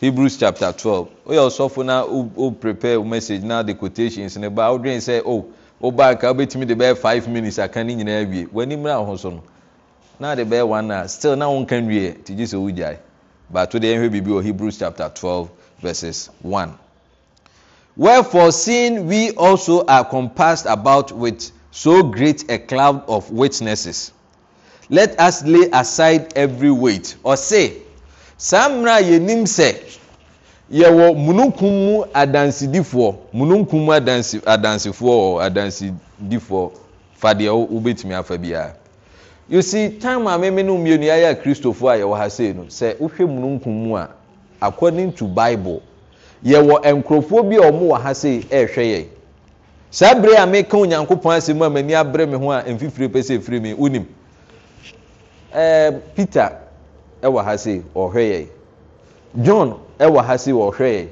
hebrews chapter twelve oyɛ ɔsɔfo na o prepare o message na the quotations ne ba ɔdwen sɛ o oh, o baaka obetumi de bɛyɛ five minutes aka ne nyinaa wie w'anim na ahosuo so no na de bɛyɛ one hour still na wɔn nkan wie ti gye sɛ o gyae baato de yɛnhwɛ biribi wɔ hebrews chapter twelve verses one wherefore seeing we also are compassed about with so great a cloud of witnesses let us lay aside every weight ɔse saa mmerɛ a yɛnim sɛ yɛwɔ mununkum mu adansedifoɔ mununkum mu adansi adansifoɔ ɔ adansedifoɔ fadeɛ wobɛtumi afa biara you see time a mɛmɛ no mmienu yɛayɛ kristofoɔ a yɛwɔ ha sei no sɛ wohwɛ mununkum mu a according to bible yɛwɔ nkurɔfoɔ bi a wɔn wɔ ha sei ɛrehwɛ yɛn saa bere a mɛka onyankopɔn asɛm a m'ani abere me ho a mfifiri pɛ sɛ efiri mi wonim. Eh, peter ɛwɔ eh, ha sei ɔhwɛ yɛn john ɛwɔ eh, ha sei ɔhwɛ yɛn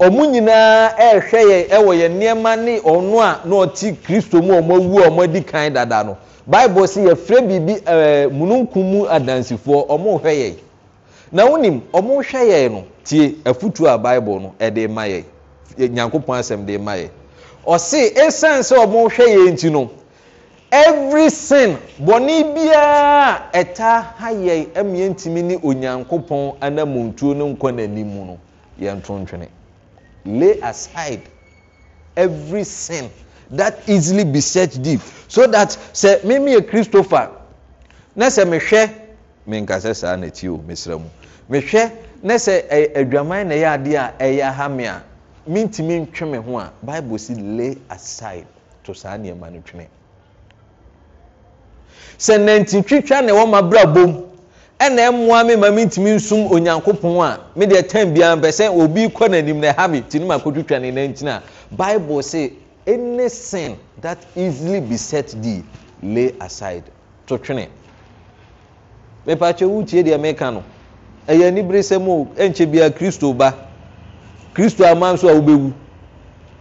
ɔmo nyinaa ɛrehwɛ yɛn ɛwɔ yɛn nneɛma ne ɔno a na ɔte kristo mu ɔmo awu a ɔmo adi kan dada no bible sɛ yɛfrɛ biribi ɛɛ mununkum mu adansifoɔ ɔmo hwɛ yɛn na wonim ɔmo hwɛ yɛn no tie afutuo a bible no ɛde ma yɛn nyankopɔn asɛm de ma yɛn ɔse esan sɛ ɔmo hwɛ yɛn ti no. every sin bɔne biara ɛta ha yɛn ɛmɛ ntumi ne onyankopɔn anamontuo ne nkɔ n'anim no yɛn to lay aside every sin that easily beset deep, so that sɛ mímí yɛ Christopher na sɛ mehwɛ menkasɛ saa n'akyi o mesra mu mehwɛ na sɛ ɛyɛ e, adwaman na ɛyɛ adeɛ a ɛyɛ e, ahame a mintumi ntwe me ho a Bible si lay aside to saa nneɛma no twene sɛ nantintwitwa na ɛwɔ ma bra bom ɛna ɛmoa mi ma mi ntumi nsum onyankopɔn a mi deɛ tɛn biara mpɛ sɛ obi kɔ n'anim na ɛha mi ti ne ma ko twitwa ne nantin a bible say any sin that easily beset thee lay aside to twene mipatwa wutie deɛ meka no ɛyɛ anibere sɛm o ɛnkyɛ biara kristo ba kristo ama nso a wobɛwu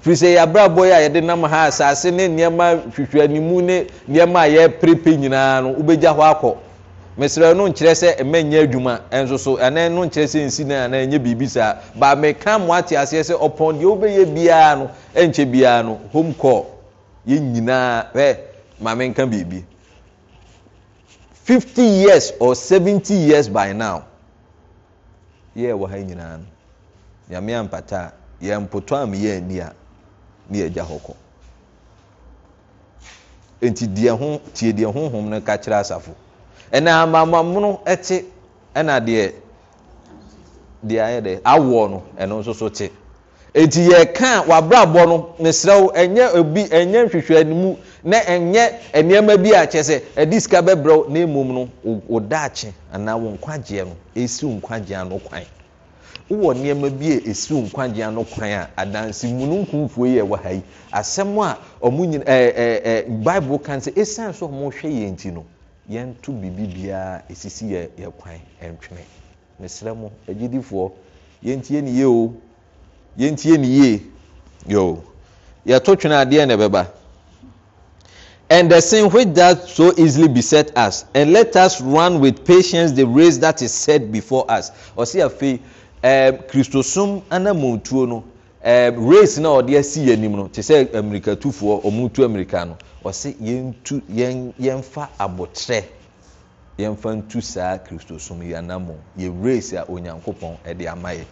firi sɛ yɛabrabɔ yi a yɛde nam ha asase ne nneɛma hwehwɛnimu ne nneɛma a yɛreperepe nyinaa no wobɛgya hɔ akɔ mesrɛ no nkyerɛ sɛ ɛmɛ nyɛ adwuma ɛnso so ɛnɛ no nkyerɛ sɛ nsi no anaa ɛnyɛ biribi saa baa meka mo ate aseɛ sɛ ɔpɔn deɛ wobɛyɛ biara no ɛnkyɛ biara no home call yɛ nyinaa ɛ maame nka biribi 50 years or seventy years by now yɛ wɔ ha nyinaa no nyame ampata a yɛmpotɔ a meyɛ ani a ne yɛagya hɔ kɔ ho tie deɛ honhom no ka kyerɛ asafo ɛna amamamono te ɛna deɛ deɛ ayɛ dɛ awoɔ no ɛno nso so te ɛnti yɛkaa wabrabɔ no ne serɛ ɛnyɛ obi ɛnyɛ nhwehwɛne mu na ɛnyɛ nneɛma bi a kyɛ sɛ ɛde sika bɛbrɛw na mmom no wo daakye anaa wo nkwagyeɛ no esi wo nkwagyeɛ ano kwan wowɔ nneɛma bi a ɛsiw nkwagye no kwan a adanse mu no nkumfuo ɛwɔ ha yi asɛm a ɔmo nyina ɛɛ bible kan sɛ ɛsiane so ɔmo hwɛ yɛn ti no yɛnto biribi biara ɛsisi yɛ yɛ kwan ɛntwene mesrɛ mo agyidifoɔ yɛntie ne yie o yɛntie ne yie yoo yɛto twene adeɛ na ɛbɛba. and the sin which does so easily beset us and let us run with patience the race that is set before us ɔsi afei kristosom eh, ana mɔntuo no eh, race no ɔde asi yɛ nim no te sɛ amirikatufoɔ ɔmotu amirika no ɔsɛ yɛmfa abotrɛ yɛmfa ntu saa kristosom yi anammɔ yɛ race a onyankopɔn ɛde amayɛ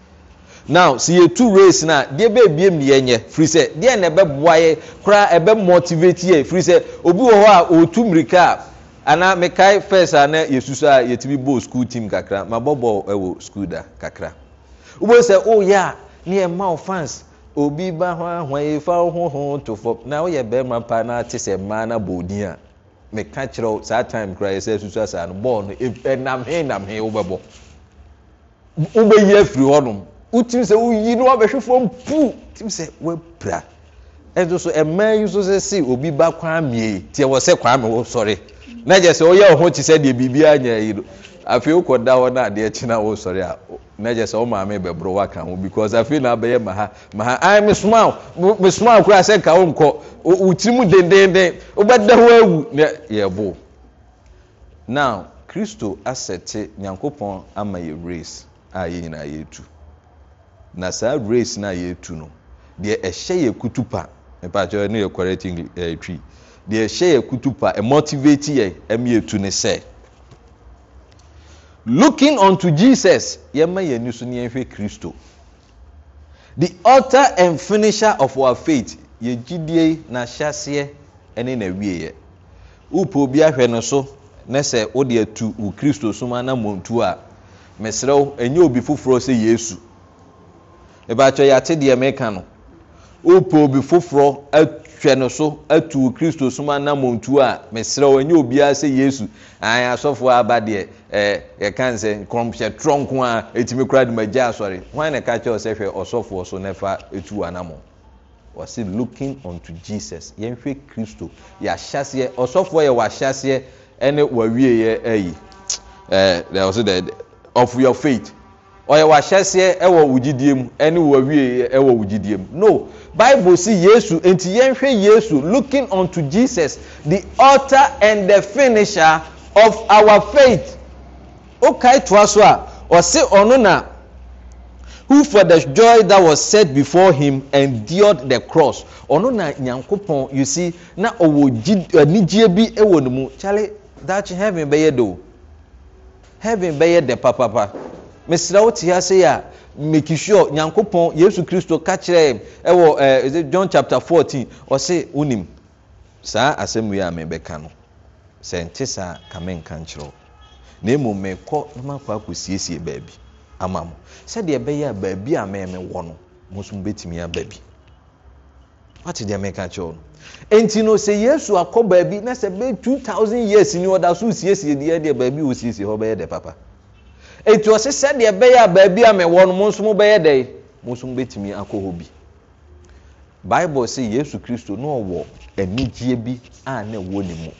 now sɛ yɛtu race no a deɛ bɛbiem ne yɛnyɛ firi sɛ deɛ ne ɛbɛboa yɛ koraa ɛbɛmotivate yɛ firi sɛ obi wɔ hɔ a ɔɔtu mmirika ana anaa mekae firs a na yɛsu so a yɛtibi bɔɔ sukuul team kakra mabɔbɔɔ ɛwɔ school da kakra wobɛhu sɛ woyɛ a ne yɛma wo fans obi ba e ho ahwaefa wo hoho to fam na woyɛ bɛrima paa na ate sɛ mmaa no bɔɔdin a meka kyerɛ wo saa time kora yɛ e sɛ susu asaa no bɔɔl no ɛnamhe e, namhe wobɛbɔ wobɛyi afiri hɔnom wotumi sɛ woyi no wabɛhwe fam puu tumi sɛ woapira ɛnso so mmaa yi nso sɛ si obi ba kwamie tiɛ wɔ sɛ kwame wo sɔre na gye sɛ woyɛ wo ti te sɛ deɛ biribiara nyɛ yi no afei wokɔda hɔ no adeɛ kyena wosɔre a na gye sɛ wo maame bɛborɔ waka ho because afei na abɛyɛ ma ha ma ha ai mesoma wo mesoma wo koraa sɛ ka wo nkɔ wo tiri mu dendenden wobɛda hɔ awu na yɛbo now kristo asɛte nyankopɔn ama yɛ race a yɛ nyinaa yɛtu na saa race no a yɛtu no deɛ ɛhyɛ yɛ kutu pa mpaakyɛ ne yɛ correct eh, twi deɛ ɛhyɛ yɛ kutu pa ɛmotivate yɛ ɛm yɛtu ne sɛ looking unto jesus yɛma yɛn ani so ne yɛnhwɛ kristo the author and finisher of our faith yɛ gyidie n'ahyɛseɛ ne n'awieɛ wopɛ obi ahwɛ no so ne sɛ wode atu wo kristo soma na mmɔntu a mesrɛ wo ɛnyɛ obi foforɔ sɛ yesu ɛbɛatwɛ yɛate deɛ meka no wopɛ obi foforɔ atu hwɛ no so atu kristo soma namɔntuo a mesrɛ wo ɛnyɛ obiara sɛ yesu a asɔfoɔ aba deɛ yɛkan sɛ krɔmhyɛ trɔnko a ɛtumi kora de magya asɔre hwan ne ka kyɛwo sɛ hwɛ ɔsɔfoɔ so no ɛfa ɛtu anamɔ wɔse looking unto jesus yɛnhwɛ kristo yɛahyɛseɛ ɔsɔfoɔ yɛ wɔahyɛseɛ ne wawieɛ ayi ɔs of your faith ɔyɛ wɔahyɛseɛ wɔ wogyidie mu ne wawieɛ wɔ wogyidie mu no bible si yesu nti yɛnhwɛ yesu looking unto jesus the author and the finisher of our faith okae to so a ɔse ɔno na who for the joy that was set before him endured the cross ɔno na nyankopɔn you see na ɔwɔ gyi anigyeɛ eh, bi wɔ ne mu kyale dakye heaven bɛyɛ do heaven bɛyɛ dɛ papapa. Pa mesrɛ wo tea sɛ yɛ a make sure nyankopɔn yesu kristo ka kyerɛ ɛwɔ john chapter fourteen, ɔse wonim saa asɛm wei a mebɛka no sɛ nte saa ka menka nkyerɛ na mmom mekɔ na makɔ akɔsiesie baabi ama mo sɛdeɛ ɛbɛyɛ a baabi a mɛmewɔ no mo nso mobɛtumi aba bi wate deɛ meka kyerɛ no ɛnti no sɛ yesu akɔ baabi na sɛ bɛ 2000 years ni ɔda so siesie deɛ deɛ baabi ɔsiesie hɔ bɛyɛ dɛ papa etu ɔsi sɛdeɛ bɛyɛ a baabi a mɛwɔ no mo nso mo bɛyɛ dɛ mo nso mo bɛtumi akɔ hɔ bi bible sɛ yesu kristo no ɔwɔ anigyeɛ bi a na ɛwɔ ne mu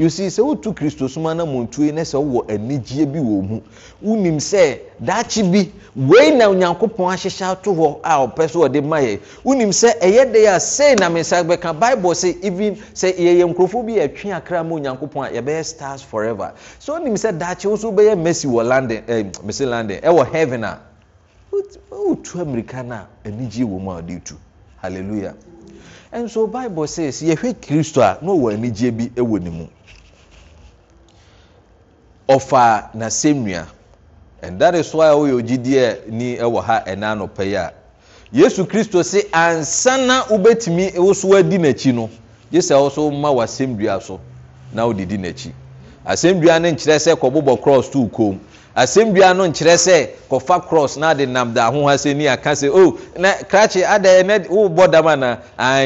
yosi sɛ wotu kristo soma na mɔntue na sɛ wowɔ anigyeɛ bi wɔ mu wonim sɛ daakye bi wei na onyankopɔn ahyehyɛ ato hɔ a ɔpɛ so ɔde ma yɛ wonim sɛ ɛyɛ de a sei na mensa bɛka bible sɛ even sɛ yɛyɛ nkurɔfoɔ bi yɛtwe akra ma onyankopɔn a yɛbɛyɛ stars forever so wonim sɛ daakye wo so wobɛyɛ mercy wɔ london eh, mese london ɛwɔ eh, heaven a wotu amirika no anigyeɛ wɔ mu a ɔde tu hallelujah ɛnso bible says yɛhwɛ kristo a na ɔwɔ anigyeɛ bi wɔ ne mu ɔfaa n'asɛnnua and that a why woyɛ ogyideɛ ni wɔ ha ɛna anɔpa yi a yesu kristo si ansana na wobɛtumi wo adi n'akyi no gye sɛ ɔso so ma w'asɛmdua so na wodedi n'akyi asɛmdua no nkyerɛ sɛ kɔbobɔ cross too kom asɛmdua no nkyerɛ sɛ kɔfa cross na ade nam da ahoha sɛ ni aka sɛ o na krakye adɛ ɛnɛ wobɔ dam ana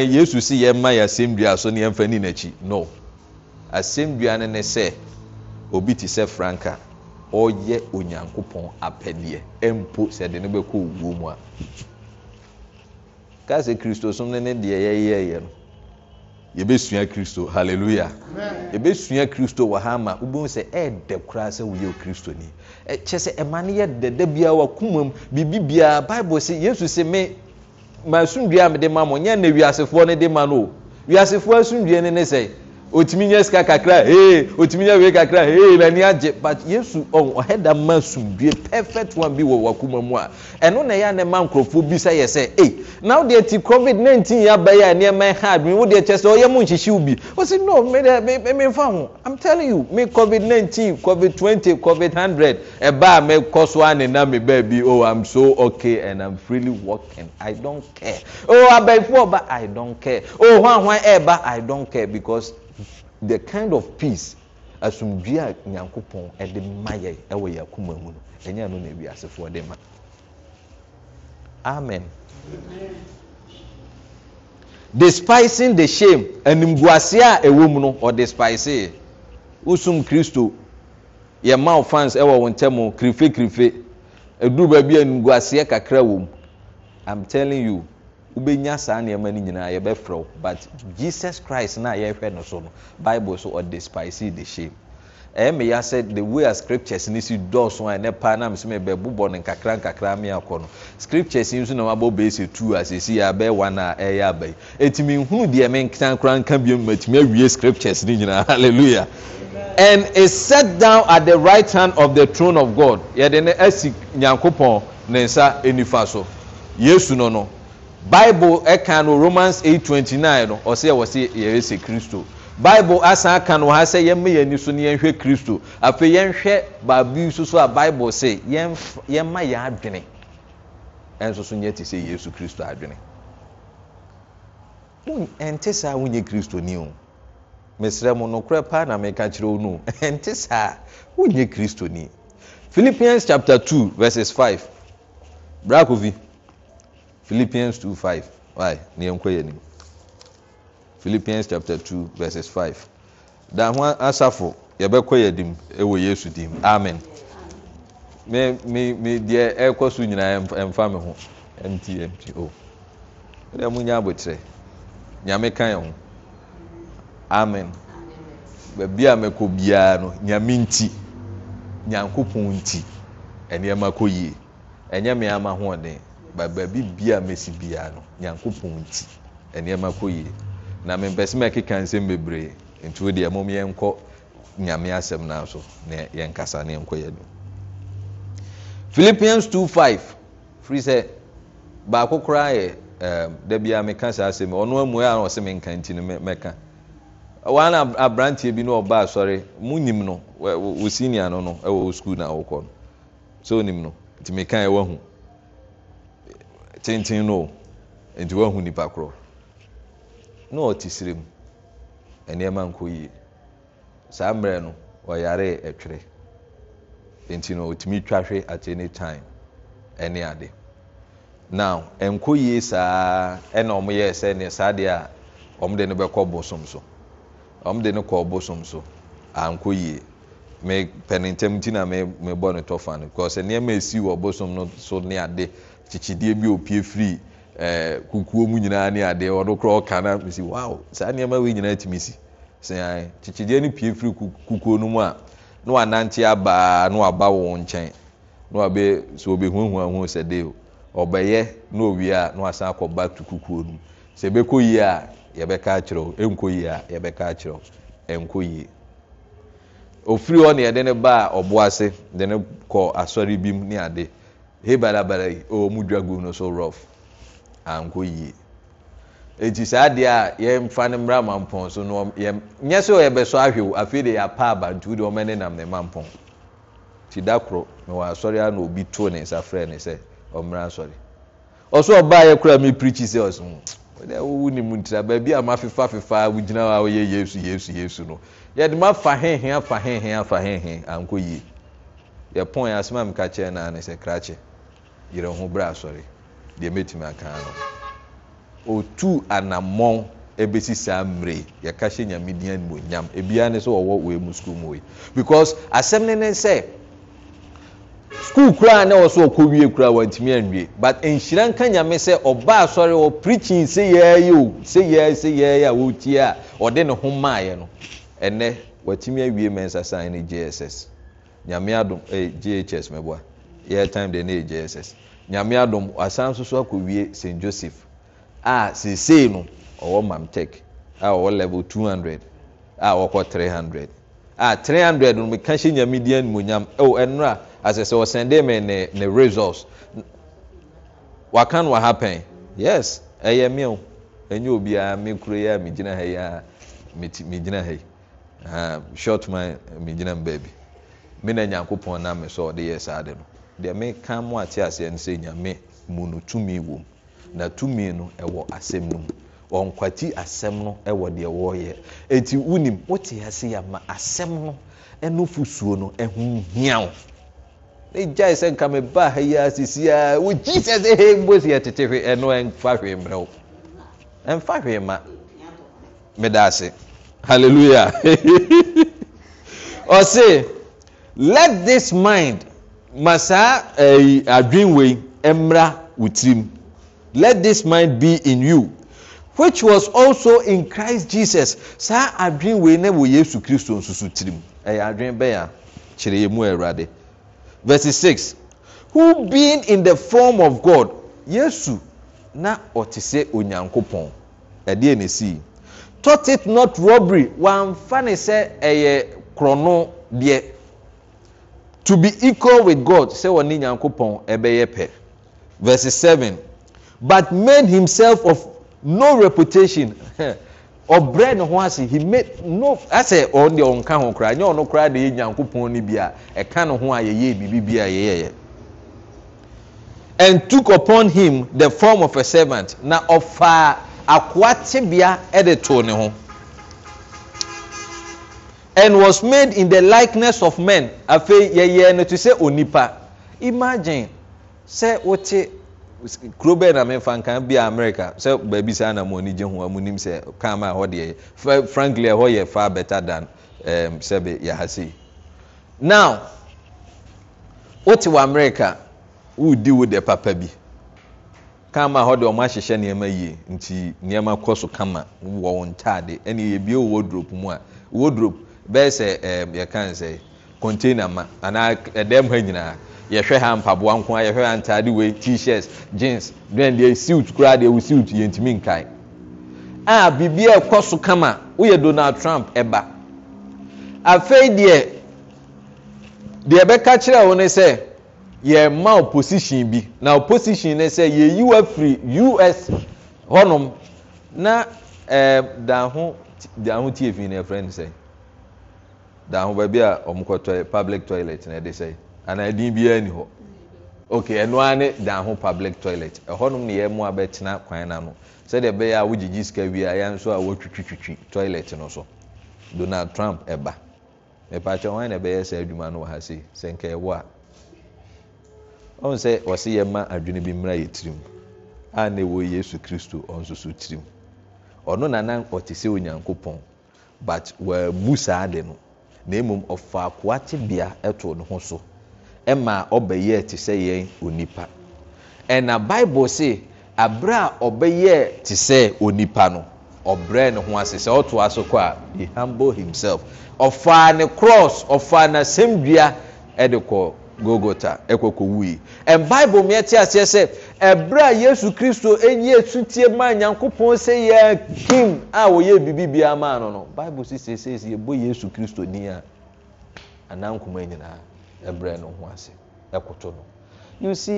yesu si yɛmma yɛ asɛmdua so ne yɛmfa ni n'akyi no asɛmdua no ne sɛ obi te sɛ franka ɔyɛ onyankopɔn apɛdeɛ mpo sɛde no bɛkɔ owuo mu a ka sɛ kristosom no ne deɛ yɛyɛyɛ no yɛbɛsua kristo Hallelujah yɛbɛsua kristo wɔ ha ma wobɛhu sɛ ɛɛdɛ koraa sɛ woyɛ kristoni kyɛ sɛ ɛma no yɛ dɛda biaa wakoma mu biribi biara bible sɛ yesu sɛ me maasomdua a mede ma mo nyɛ na wiasefoɔ no de ma no o wiasefoɔ asomdua no ne sɛ otumi nyɛ sika kakra ee eh, otumi nyɛ wei kakra ee eh, n'ani agye but yesu ɔn oh, ɔhɛ da ma sumdue perfect one bi wɔ wakoma mu a ɛno na ɛyɛ anɛ ma nkurɔfoɔ bi sɛ yɛ sɛ ee na ɔdeɛ ti covid nineteen yɛ abɛyɛ a nneɛma ɛha adwene wodeɛ kyɛ sɛ ɔyɛ mu nhyehyew bi ɔsi no me dɛ me me nfa ho i'm telling you me covid nineteen covid twenty covid hundred ɛbaa e mɛ kɔ so anena me baabi oh i'm so okay and i'm freely walking i don't care oh abɛɛfo ɔba i don't care oh hwan hwan ɛɛba i don't care because the kind of peace asomdwe a nyankopɔn ɛde ma yɛ ɛwɔ yɛ akoma mu no ɛnyɛ no na ewi asefoɔ de ma amen despising the shame animguase a ɛwɔ mu no ɔdespise wosum kristo yɛ ma fans ɛwɔ wɔn ntɛm kirifekirife eduru baabi animguase kakra wɔ mu i'm telling you wobɛnya saa nnoɔma no nyinaa yɛbɛfrɛ wo but jesus christ na yɛhwɛ no so no bible so ɔde spicy the shame ya sɛ the way a scriptures ni si dɔɔso a ɛnɛ paa nam sɛ mebɛbobɔ no nkakra nkakra me akɔ no scriptures yi nso na wabɔ bɛɛsɛ tu a sɛsi a bɛɛ one a ɛyɛ aba yi ɛtumi nhunu deɛ menka koraa nka biom matumi awie scriptures ni nyinaa hallelujah and he sat down at the right hand of the throne of god yɛde no asi nyankopɔn ne nsa nifa so yesu no no bible ɛka no romans 8:29 no ɔsɛ ɛwɔ sɛ kristo bible asan aka no ha sɛ yɛmma yɛn ani so na yɛnhwɛ kristo afei yɛnhwɛ baabi so a bible sɛ yɛmma yɛn adwene ɛnso so nyɛ te sɛ yesu kristo adwene ɛnte saa wonyɛ kristoni o mesrɛ mo nokorɛ paa na meka kyerɛ wo no ɛnte saa wonyɛ kristoni philippians chapter two verses five. brakovi philippians 2:5 why ne yɛn nkɔ yɛn philippians chapter 2 verses 5 da ho asafo yɛbɛkɔ yɛn anim ɛwɔ yesu dim amen me me me deɛ ɛkɔ e so nyinaa ɛmfa me ho mt oh. e mt o ɛdɛ mo nya abotire nyame ka yɛn ho amen baabi a mɛkɔ biara no nyame nti nyankopɔn nti ɛnneɛma kɔ yie ɛnyɛ me ama ho ɔden. ba baabi bia mɛsi biaa no nyankopɔn nti nnoɔma kɔ yie na mempɛ sɛ ma ɛkeka nsɛm bebree nti wo deɛ mom yɛnkɔ nyame asɛm na so ne yɛnkasa ne yɛnkɔ yɛ no philippians 2:5 firi sɛ baako koraa yɛ da biaa meka saa asɛm ɔno ammuɛ a ɔsɛ menka nti no mɛka wana aberanteɛ bi no ɔba sɔre mu nim no wo sinia no no ɛwɔ wo sukuul no wokɔ no sɛ onim no nti meka ɛwahu tenten no nti woahu nipa korɔ na ɔte sire mu ɛnnoɔma yie saa mmerɛ no ɔyare ɛtwerɛ Nti no ɔtumi twahwe at any time ɛne ade now ɛnkɔ yie saa ɛna ɔmoyɛɛ sɛne saa deɛ a ɔmde no bɛkɔ bosom so ɔmde no kɔ bosom so ankɔ yie me pɛne ntam nti na mebɔ no tɔfa no because nneɛma esi wɔ bosom no so ne ade kyekyedeɛ bi opie firi ɛɛ eh, kukuo mu nyinaa ne adeɛ ɔno koraa ɔka na mesi wow saa nneɛma wei nyinaa tumi si sɛn kyekyedeɛ no pie firi kukuo no mu a na wanante abaa na waba wɔn nkyɛn na wabɛ so obehunhun ahun sɛ de ɔbɛyɛ na owie a na wasan akɔ back to kukuo no sɛ ebɛkɔ yie a yɛbɛka akyerɛw ɛnkɔ yie a yɛbɛka akyerɛw ɛnkɔ yie ofiri hɔ na yɛde ne ba a ɔbo de ne kɔ asɔre bi mu ne ade. he balabala ɔmu no so rof yie saa a yɛmfa no mmra mampɔn so nyɛ sɛ ɔyɛbɛsɔ ahwew afei deɛ yɛapa abantuo deɛ ɔmane nam ne mampɔn da asɔre obi ne nsa frɛ ne sɛ asɔre ɔso ɔbaa yɛ sɛ ne mu ntira baabi a mafefa fefaa wogyina oh, hɔ a woyɛ yesu yesu yesu no yɛde ma fa hehe afa hehe afa hehe ankɔ yie yɛpɔn yɛ asɛm a meka naa yerɛ ho berɛ asɔre deɛ mɛtumi akaa no ɔtuu anammɔn bɛsi saa mmeree yɛka hyɛ nyamedin animonyam biara ne sɛ wɔwɔ wei mu sukuul mu wei because asɛm ne ne sɛ sukuul koraa ne wɔ so ɔkɔ wie koraa wantumi anwie but nhyira nka nyame sɛ ɔba asɔre wɔ preaching sɛ yɛɛyɛ o sɛ yɛɛ sɛ yɛɛyɛ a wɔretie a ɔde ne ho maaeɛ no ɛnɛ watumi awie mensa sign ne JSS nyame adom eh, GHS mɛboa yɛ time deɛ neɛjss nyame adom asa nsoso akɔ wie st joseph a sesei no ɔwɔ mam tek a ɔwɔlvel 200 a wɔkɔ300 300 nomka hyɛ nyamedinimnyam ɛnora asɛ sɛ ɔsende me ne resls waka no ahapɛn ys ɛyɛmeo nyɛ obia me kro yi a megyinaha yi megyinaha i shotmin megyina m baabi mena nyankopɔn namme sɛ ɔde yɛ saade no deɛ meka mo ate aseɛ no sɛ nyame mu no tumi wɔ na tumi no ɛwɔ asɛm no mu ɔnkwati asɛm no ɛwɔ deɛ wɔreyɛ eti wunim wote ase yɛ ama asɛm no ɛno fusuo no ɛho hia wo egya sɛ nkame baa ha yi asisi a wo jesus ehe mbosi ɛtete hwe ɛno ɛnfa hwee mmerɛ wo ɛnfa hwee ma meda ase hallelujah ɔse let this mind. Masa saa eh, adwenwei mmra wo tirim let this mind be in you which was also in Christ Jesus saa adwenwei na wɔ Yesu Kristo nsusu tirim ɛyɛ adwen bɛyɛ a kyerɛ yɛ mu awurade verse six who being in the form of God Yesu na ɔte sɛ Onyankopɔn ɛdeɛ na esi thought it not robbery wɔamfa ne sɛ ɛyɛ korɔno deɛ to be equal with god sɛ wɔne nyankopɔn ɛbɛyɛ pɛ verse seven but made himself of no reputation ɔbrɛ ne ho ase he made no asɛ ɔn deɛ ɔnka ho koraa nyɛ ɔno koraa deɛ yɛ nyankopɔn no bi a ɛka ne ho a yɛyɛ biribi bi a and took upon him the form of a servant na ɔfaa akoa tebea ɛde too ne ho and was made in the likeness of men afei yɛyɛ no te sɛ onipa imagine sɛ wote kuro bɛɛ na mefa nkan bi america sɛ baabi saa na mo ani gye ho a mo nim sɛ kan ma hɔ deɛ frankly ɛhɔ yɛ far better than um, sɛbe yahasi now wote wɔ america wodi wo de papa bi kan ma hɔ deɛ ɔmo ahyehyɛ nneɛma yie nti nneɛma kɔ so kama wɔ wɔn ntaade ɛnna yɛ wɔ wardrobe mu a wardrobe bɛɛ sɛ eh, yɛkan sɛ container ma anaa ɛdɛm eh, ha nyinaa yɛhwɛ ha mpaboa nko a yɛhwɛ ha ntaade wei t-shirts jeans then deɛ siwt koraa deɛ wo siwt yɛntumi nkae a bibi a ɛkɔ so kama woyɛ Donald Trump ɛba afei deɛ deɛ ɛbɛka kyerɛ wo ne sɛ yɛma opposition bi na opposition ne sɛ yɛyi wo afiri US hɔnom na ɛɛ eh, dan ho dan tie fi na ɛfrɛ no sɛ. da ho baabi a ɔmokɔ public toilet na ɛde sɛ anaa ɛdin ni hɔ ɛnoa ne da ho public toilet ɛhɔnom ne mu abɛtena kwan na sɛdeɛ ɛbɛyɛ a wogyegye sika wie a yɛn nso a toilet no Donald Trump ɛba mepaakyɛ wɔn na ɛbɛyɛ sɛ adwuma no wɔ ha se sɛ a ɔn sɛ wɔsi yɛ ma adwene bi mmira yɛ tirim a na ɛwɔ Yesu Kristo tirim ɔno na mmom ɔfaakoa tebea ɛtoo ne ho so ɛmaa ɔbɛyɛɛ te sɛ yɛn onipa ɛna bible se aberɛ a ɔbɛyɛɛ te sɛ onipa no ɔbrɛɛ ne ho ase sɛ ɔtoa kɔ a he humble himself ɔfaa ne cross ɔfaa n'asɛmdua ɛde kɔ golgota ɛn ɛberɛ a yesu kristo ɛnyi ɛsutie maa nyankopɔn sɛ yɛ kim a wɔyɛ bi maa no no Baibu si sesesi ebo yesu kristo din a anaa nkoma nyinaa ɛberɛ no ho ase ɛkoto no us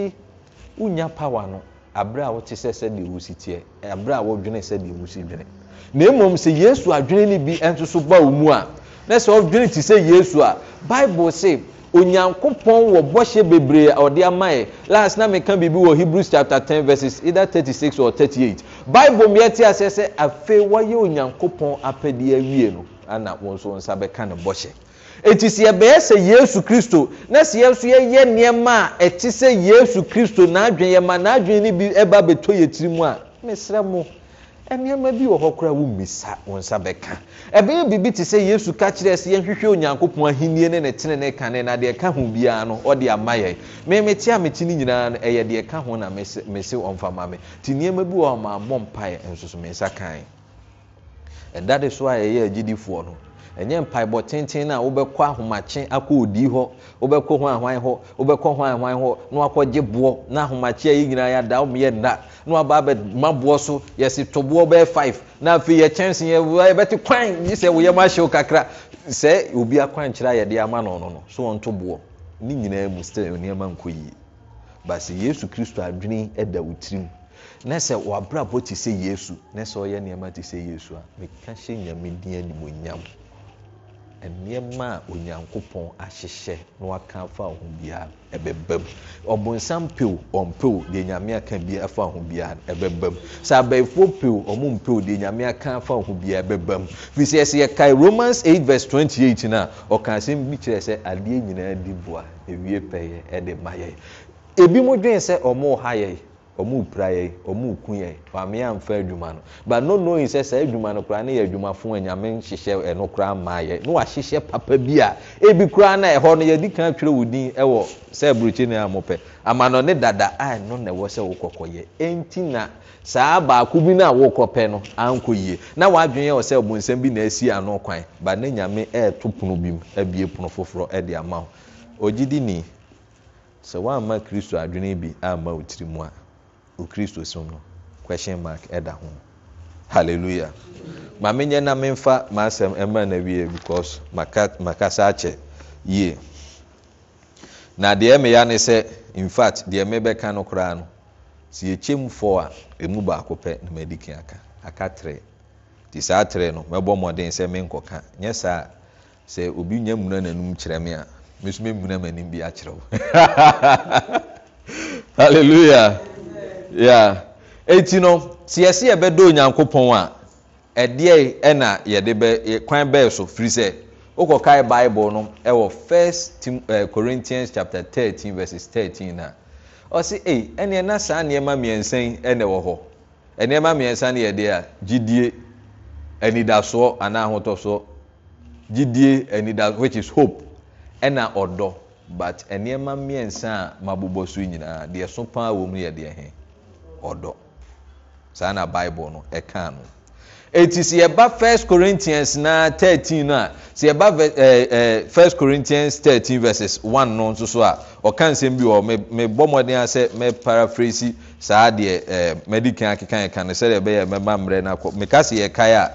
wonya power no aberɛ a wote sɛ sɛdeɛ wo si teɛ aberɛ a wodwene sɛdeɛ wo si dwene na mmom sɛ yesu adwene no bi ɛnso so ba wo a na sɛ wodwene te sɛ yesu a baibu si. onyankopɔn wɔ bɔhyɛ bebree ɔde amaeɛ last na meka biribi wɔ hebrews chapter ten verses either thirty six or thirty eight bible mi ɛte aseɛ sɛ afei wɔyɛ onyankopɔn apɛdeɛ awie no ana wɔn nso nsa bɛka ne bɔhyɛ eti sɛ yɛbɛyɛ sɛ yesu kristo na sɛ yɛ nso yɛyɛ nneɛma a ɛte sɛ yesu kristo n'adwene yɛ ma n'adwene ne bi ɛba abɛtɔ yɛ tiri mu a mesrɛ mo. nnoɔma bi wɔ hɔ koraa wommisa wo nsa bɛka ɛbɛyɛ biribi te sɛ yesu ka kyerɛɛ sɛ yɛnhwehwɛ onyankopɔn ahennie ne ne tene ne kane na deɛ ka ho biara no ɔde ama yɛ memete a mekyi no nyinaa no ɛyɛ deɛ ka ho na mese ɔmfama me nti nnoɔma bi wɔ mammɔ mpaeɛ nsoso me nsa Ɛda de so a ɛyɛ agyidifoɔ no ɛnyɛ mpaebɔ tenten no a wobɛkɔ ahomakye akɔ odi hɔ wobɛkɔ ho ahwan hɔ wobɛkɔ ho ahwan hɔ na wakɔgye boɔ na ahomakye a nyinaa yɛada wom yɛ nna na waba so yɛsi bɛyɛ na afei yɛ kyɛnse yɛbɛte kwan sɛ kakra sɛ obi a yɛde ama na no no so wɔnto boɔ ne nyinaa mu sitere nneɛma nkɔ yie baasi kristo adwene da wo tirim na sɛ wabrabɔ te nneɛma a onyankopɔn ahyehyɛ na waka afa ho biara ɛbɛbam ɔbonsam pew ɔmpew deɛ nyame aka bi afa ho biara ɛbɛbam sɛ abɛɛfoɔ pew ɔmo mpew deɛ nyame aka afa ho biara ɛbɛbam firi sɛ yɛkae romans eight verse twenty eight na ɔka asɛm bi kyerɛ sɛ adeɛ nyinaa di boa ewie pɛyɛ ɛde ma yɛ ebi mo dwen sɛ ɔmo ha yɛ ɔmupra yɛ ɔmuku yɛ ame amfa adwuma no but nonoi sɛ saa adwuma no koraa ne yɛ adwuma adwumafo anyame nhyehyɛ ɛno koraa mmaayɛ ne wahyehyɛ papa bi a ebi koraa na ɛhɔ no yɛdi ka twerɛ wo din ɛwɔ sɛ aburokyi ne a mopɛ ama no ne dada a ɛno na ɛwɔ sɛ wokɔkɔyɛ enti na saa baako bi na a pɛ no anko yie na wadwene ɛwɔ sɛ ɔbonsɛm bi na esi ano kwan Ba ne nyame ɛɛto pono bi mu abie pono foforɔ ɛde ama ho ɔgye di ni sɛ woamma kristo adwene bi amma wo mu a okristo som no question mark ɛda ho halleluya maame nyɛ na memfa maasɛm ɛmra na wie because makasa akyɛ yie na deɛ ɛmeya ne sɛ in fact deɛ mebɛka no koraa no sɛ yɛkyɛm fo a ɛmu baako pɛ na madi ke aka aka trɛ nti saa trɛ no mɛbɔ mmɔden sɛ menkɔka nyɛ saa sɛ obi nya mmuna n'anum kyerɛ me a me nso memmuna m'anim bi akyerɛ hallelujah ɛnti no sɛ yɛse yɛbɛdɔ onyankopɔn a ɛdeɛ ɛna yɛde kwan bɛɛ so firi sɛ wokɔkae bible no ɛwɔ 1 eh, corinthians chapter 13 13 na saa nnoɔma mmiɛnsan ɛnɛ wɔ hɔ ɛnnoɔma mmiɛnsa no yɛdeɛ a gyidie anidasoɔ anaa ahotɔsoɔ gyidie anida which is hope ɛna ɔdɔ but ɛnnoɔma mmiɛnsa a mabobɔ so nyinaa deɛ so paa wɔ mu ɔdɔ saa na bible no ɛka no ɛti sɛ yɛba 1 corinthians na 13 no a sɛ yɛba 1 corinthians thirteen verses one no nso so a ɔka nsɛm bi wɔ mebɔ mmɔden a sɛ mɛparafrasi saa deɛ madi kan akeka ɛka no sɛdeɛ ɛbɛyɛ mɛma mmerɛ no akɔ meka sɛ yɛkae a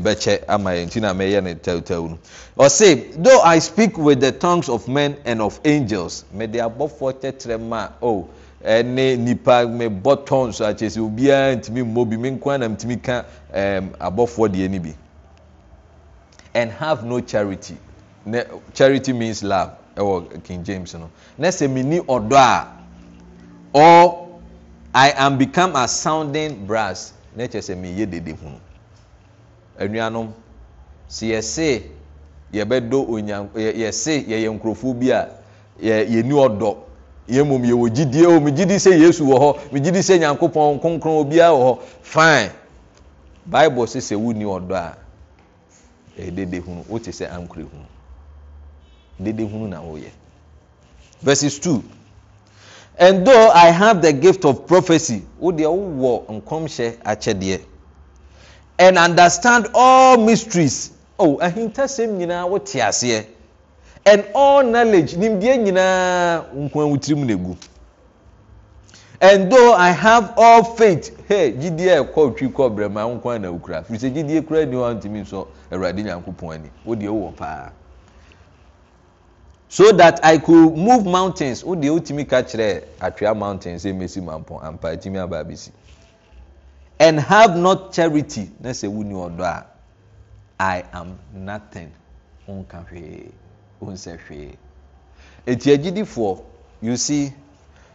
ɛbɛkyɛ ama yɛn nti na mɛyɛ no tawtaw no ɔse though i speak with the tongues of men and of angels mede abɔfoɔ tɛtrɛ ma oh, ɛne nipa me bɔtɔns akyɛsɛ obiara ntumi mmɔ bi me nkoa na ntumi ka ɛɛm abɔfoɔ deɛ ni bi and have no charity ne charity means love ɛwɔ King James no na sɛ mi ni ɔdɔ a or I am become a sounding brass na kyɛ sɛ mi yɛ dede hunu anuanom si yɛse yɛbɛdɔ onyan yɛse yɛyɛ nkurɔfoɔ bi a yɛ yɛ ni ɔdɔ yẹn mom yɛwɔ gyidie o megyidi sɛ yesu wɔ hɔ megyidi sɛ nyankopɔn kronkron obiara wɔ hɔ fine bible sɛ wu ni ɔdɔ a ɛdede hunu wote sɛ ankorɛ hunu dede hunu na woyɛ verses two and though i have the gift of prophecy wodeɛ wowɔ nkɔmhyɛ akyɛdeɛ and understand all mysteries oh ahintasɛm nyinaa wote aseɛ and all knowledge nimdeɛ nyinaa nkoa wo tirim na egu and though i have all faith hey gidi ɛkɔ otwi kɔ brema nkoa na okura firi gidi ekura ni wa ntumi nsɔ awurade nyankopɔn ani o deɛ wɔ paa so that i could move mountains o deɛ otumi ka mountains, atwea mountains emesi mampɔn ampa etimi aba abesi and have not charity na sɛ wuni ɔdɔ a i am nothing nka hwee nsɛ hwee eti agyidifoɔ you see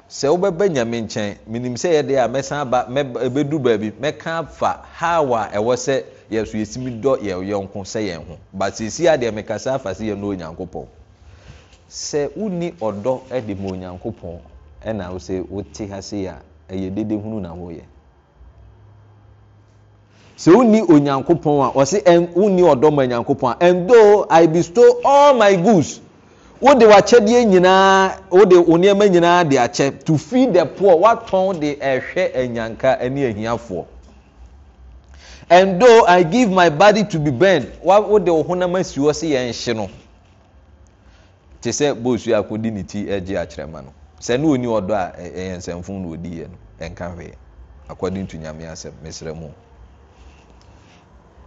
sɛ wobɛbɛ nyame nkyɛn menim sɛ yɛde a mɛsan aba ɛbɛdu baabi mɛka afa haw a ɛwɔ sɛ yɛso yɛsimi dɔ yɛyɔnko sɛ yɛn ho but sɛsi a deɛ mekasa afa sɛ yɛno onyankopɔn sɛ wonni ɔdɔ de ma onyankopɔn ɛna wo wote ha sei a ɛyɛ dede hunu na woyɛ sɛ wonni onyankopɔn a ɔse wonni ɔdɔma nyankopɔn a and though i bestow all my goods wode w'akyɛdeɛ nyinaa wode wo nneɛma nyinaa de akyɛ to feed the poor woatɔn de ɛhwɛ anyanka ne ahiafoɔ and though i give my body to be burned wode wo honam asi hɔ sɛ yɛnhye no te sɛ boosu akɔdi ne ti agye akyerɛma no sɛ ne ɔni ɔdɔ a ɛyɛ nsɛmfom na ɔdiiɛ no ɛnka hwee according to nyame asɛm mesrɛ mu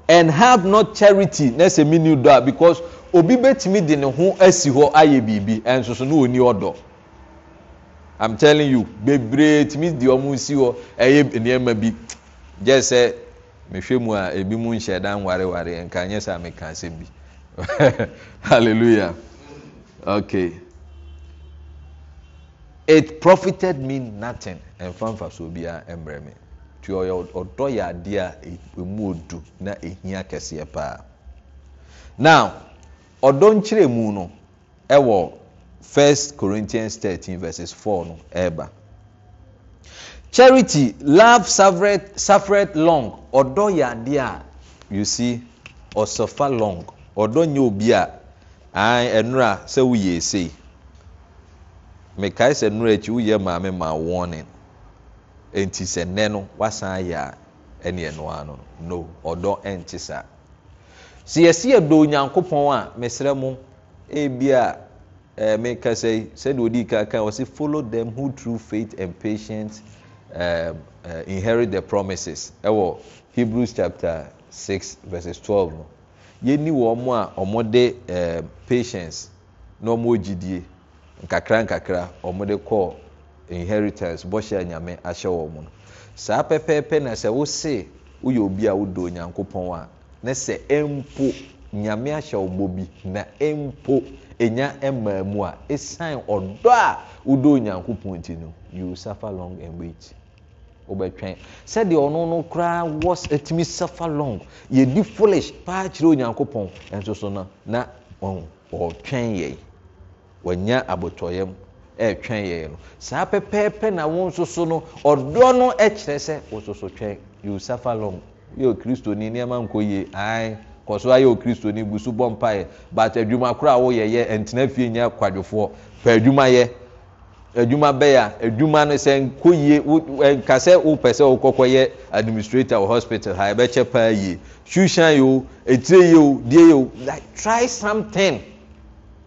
and have not charity na ɛsɛ mi door because obi bɛtumi de ne ho esi hɔ ayɛ biribi ɛnsoso no oni ɔdɔ i'm telling you bebree tumi di ɔmo si hɔ ɛyɛ nneɛma bi gye sɛ mehwɛ mu a ebi mu nhyɛ dan wareware nka sɛ bi hallelujah okay it profited me nothing And nfa so biara ɛmbrɛ mi. nti ɔyɛ ɔdɔ yɛ adeɛ a e-, emu odu na ehia kɛseɛ paa now ɔdɔ nkyerɛmu no ɛwɔ first corinthians thirteen verses four no ɛɛba charity love suffered suffered long ɔdɔ yɛ adeɛ a you see ɔsɔfa long ɔdɔ nyɛ obi a an ɛnura sɛ woyɛ ese mekae sɛ nura akyi woyɛ maame ma warning nti sɛ nnɛ no wasan ayɛ a ɛne ɛnoa no no ɔdɔ ɛnte saa sɛ yɛsi yɛdɔ onyankopɔn a mesrɛ mo ebi a ɛɛ mekasa yi sɛdeɛ odi kaka wɔsi follow them who through faith and patience um, uh, inherit the promises ɛwɔ Hebrews chapter six verses twelve no yɛni wɔn a wɔde ɛɛ patience na wɔn gyidie nkakra nkakra wɔde kɔɔ inheritance bɔhyɛ nyame ahyɛ wɔ mu no saa pɛpɛɛpɛ na sɛ wose woyɛ obi a wodɔ onyankopɔn a ne sɛ mpo nyame ahyɛ wobɔ bi na mpo enya mmaa mu a ɛsiane ɔdɔ a wodɔ onyankopɔn nti no you suffer long and wait wobɛtwɛn sɛdeɛ ɔno no koraa was atumi suffer long yɛdi foolish paa kyerɛ onyankopɔn ɛnso so no na ɔtwɛn yɛn wanya abotɔyam ɛretwɛn yɛn no saa pɛpɛɛpɛ na wɔn nso so no ɔdɔ no kyerɛ sɛ wɔsoso twɛn you suffer long yɛ okristoni nneɛma nkɔ yie ae kɔ so ayɛ okristoni gu so bɔ mpaeɛ but adwuma koro a wɔyɛ yɛ ntena fie nyɛ kwadwofoɔ pɛ adwuma yɛ adwuma bɛyɛ a adwuma no sɛ nkɔ yie nka sɛ wopɛ sɛ wokɔkɔ yɛ administrator wɔ hospital ha ɛbɛkyɛ paa yie shoe shine yio etire yio die yio like try something.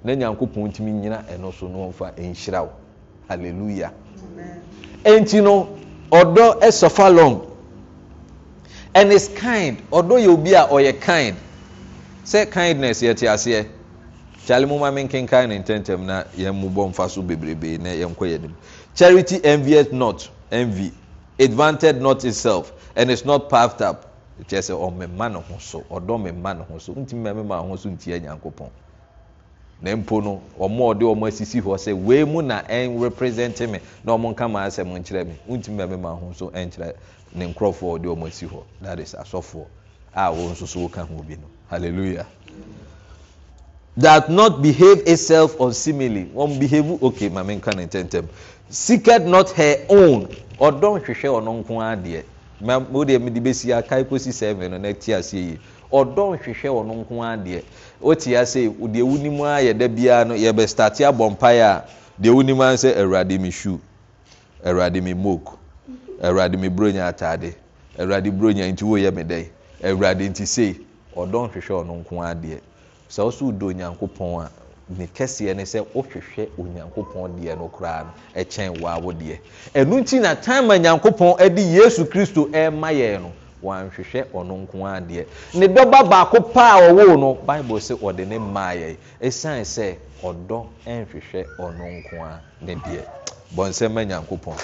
nnyankopɔnnimnyinaɛnmfhyiraalla nti no ɔdɔ sufa long an is kind ɔdɔ yɛ obi a ɔyɛ kind sɛ kindness yɛteaseɛ kyalemomamenkenka no ntɛntɛm noɛbmfasobebrbeeɛcharit ot adnteg not itself and is not pafdup kɛsɛ ɔmema n hodmemnhoao hosntinyankopɔn na mpo no ɔmo ɔde ɔmo asisi hɔ sɛ wei mu na ɛn represent me na ɔmo nka ma asɛm nkyerɛ me ntumi bɛ mɛma ho so ɛnkyerɛ ne nkorɔfoɔ ɔde ɔmo asi hɔ that is asɔfoɔ a wɔn nso so ka ho bi no hallelujah that not behave itself unseemly. simile wɔn behave okay maame nka ne ntɛntɛm seeketh not her own ɔdɔn hwehwɛ ɔno nko adeɛ mɛ mo deɛ mi de besi akae kosi sɛmɛ no na ti aseɛ yie ɔdɔ hwehwɛ wɔ no nko adeɛ wotia sɛ deɛ wonim a yɛda biara no yɛbɛstate abɔ mpaeɛ a deɛ wonim a sɛ awurade me shoe awurade me mok awurade me bronya atade awurade bronya nti woyɛ me dɛn awurade nti sei ɔdɔ hwehwɛ wɔ no nko adeɛ sɛ wo so wodɔ onyankopɔn a ne kɛseɛ ne sɛ wohwehwɛ onyankopɔn deɛ no koraa no ɛkyɛn waa wo deɛ ɛno nti na time a nyankopɔn de yesu kristo ɛrema yɛn no wanhwehwɛ ɔno nko a deɛ ne dɔba baako pa a no bible sɛ ɔde ne maayɛ ɛsiane sɛ ɔdɔ nhwehwɛ ɔno nko a ne deɛ bɔnsɛma nyankopɔn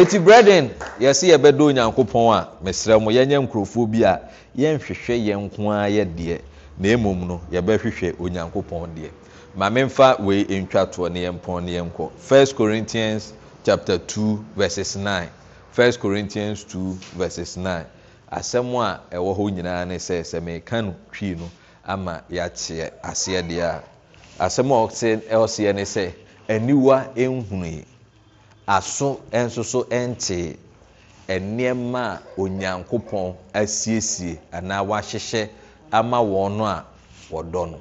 ɛti brɛden yɛse yɛbɛdɔ onyankopɔn a mesrɛ mo yɛnyɛ nkurɔfoɔ bi a yɛnhwehwɛ yɛn nko ara yɛ deɛ na mmom no yɛbɛhwehwɛ onyankopɔn deɛ ma memfa wei ntwa toɔ ne yɛmpɔn ne yɛnkɔ 1 corinthians chapter two, verses nine. 1 corinthians 2:9 asɛm a ɛwɔ hɔ nyinaa ne sɛ sɛ meka no twii no ama yɛakyeɛ aseɛdeɛ a asɛm a ɔseɛ ne sɛ aniwa ɛnhunui aso nso so ɛntee ɛnnoɛma a onyankopɔn asiesie anaa wahyehyɛ ama wɔn no a wɔdɔ no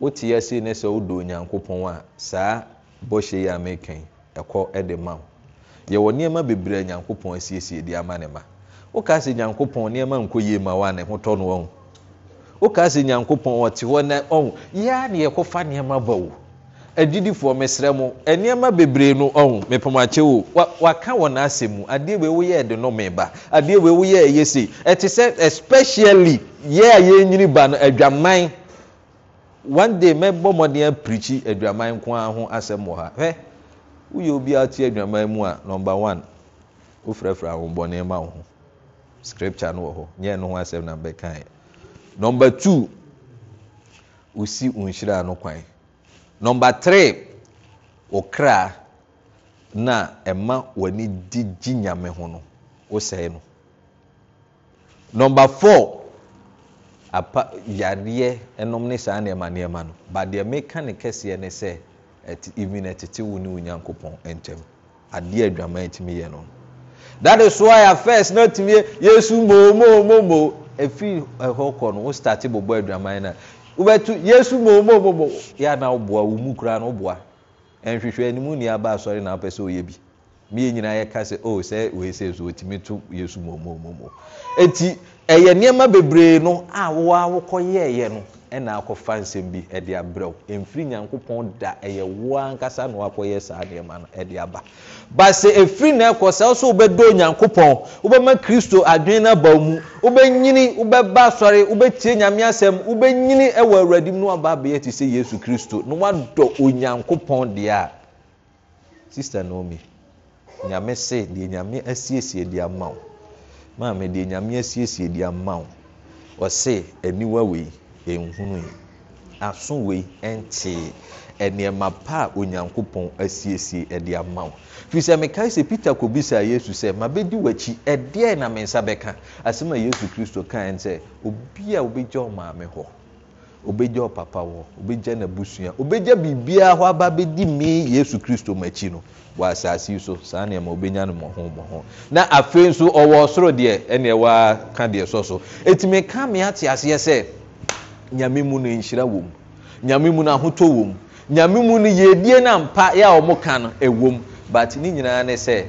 wote yɛasei ne sɛ wodɔ onyankopɔn a saa bɔhyɛ yi a mekan ɛkɔ de ma wo yɛwɔ nneɛma bebree a nyankopɔn asiesie de ama ne ma wokaa sɛ nyankopɔn nneɛma nkɔ yie ma wo a ne ho tɔ no ɔho wokaa sɛ nyankopɔn ɔte hɔ na ɔho yɛa ne yɛkɔfa nneɛma ba wo agyidifoɔ mesrɛ mu nneɛma bebree no ɔho mepɔmakye o waka wɔ n'asɛm mu adeɛ wei woyɛ de no meba adeɛ wei woyɛ ɛyɛ sei ɛte sɛ especially yɛ a yɛnyini ba no adwaman one day mɛbɔ mmɔden apirikyi adwaman nko ara ho asɛm wɔ ha hwɛ woyɛ obiaa te adwaman mu a number one wofrɛfrɛ ahombɔne ma wo ho scripture no wɔ hɔ nyɛ no ho asɛm na bɛkaeɛ number two wosi wonhyiraa no kwan number three wo kraa na ɛma w'ani gyegye nyame ho no wosɛe no number four apa yareɛ nom ne saa nnoɛma nnoɛma no ba deɛ meka ne kɛseɛ ne sɛ even ɛtete wo ne wo nyankopɔn ntɛm adeɛ adwaman tumi yɛ no that is why at first na tumi yɛ yesu moomomomo efi ɛhɔ kɔ no wo start bɔbɔ adwaman na wobɛtu yesu moomomomo yɛ ana ɔboa wo mu kura no ɔboa nhwehwɛ anim ni aba asɔre na apɛ sɛ ɔyɛ bi mie nyinaa yɛka sɛ o oh, sɛ wɔɛsɛ so wɔtumi to yesu moomomomo eti ɛyɛ nneɛma bebree no a wɔwɔ awokɔ yɛɛyɛ no ɛna akɔfa nsɛm bi ɛde abrɛw mfiri nyankopɔn da ɛyɛ wo ankasa na wakɔyɛ saa nneɛma no ɛde aba ba sɛ na ɛkɔ sɛ wosɛ wobɛdɔ nyankopɔn wobɛma kristo adwene na aba mu wobɛnyini wobɛba asɔre wobɛtie nyame asɛm wobɛnyini ɛwɔ awurade mu na waba abɛyɛ te sɛ yesu kristo na woadɔ onyankopɔn deɛ a sister naomi nyame se deɛ nyame asiesie de ama wo maame deɛ nyame asiesie de ama wo ɔse aniwa wei nhunu yi aso wei nneɛma pa a onyankopɔn asiesie ɛde ama wo firi sɛ mekae sɛ peter kɔbisa yesu sɛ mabɛdi w'akyi ɛdeɛ na me nsa bɛka asɛm a yesu kristo kae sɛ obi a wobɛgya ɔmaame hɔ obɛgya ɔpapa wɔ obɛgya n'abusua obɛgya biribiara hɔ aba bɛdi me yesu kristo m'akyi no wɔ asase yi so saa nneɛma obɛnya no mmɔho mmɔho na afei nso ɔwɔ ɔsoro deɛ ɛnneɛ waa ka deɛ sɔ so ɛtumi ka me ate aseɛ sɛ nyame mu no nhyira wɔ nyame mu no ahotɔ wɔ nyame mu no yɛdie no ampa yɛ a wɔn ka no ɛwɔ but ne nyinaa ne sɛ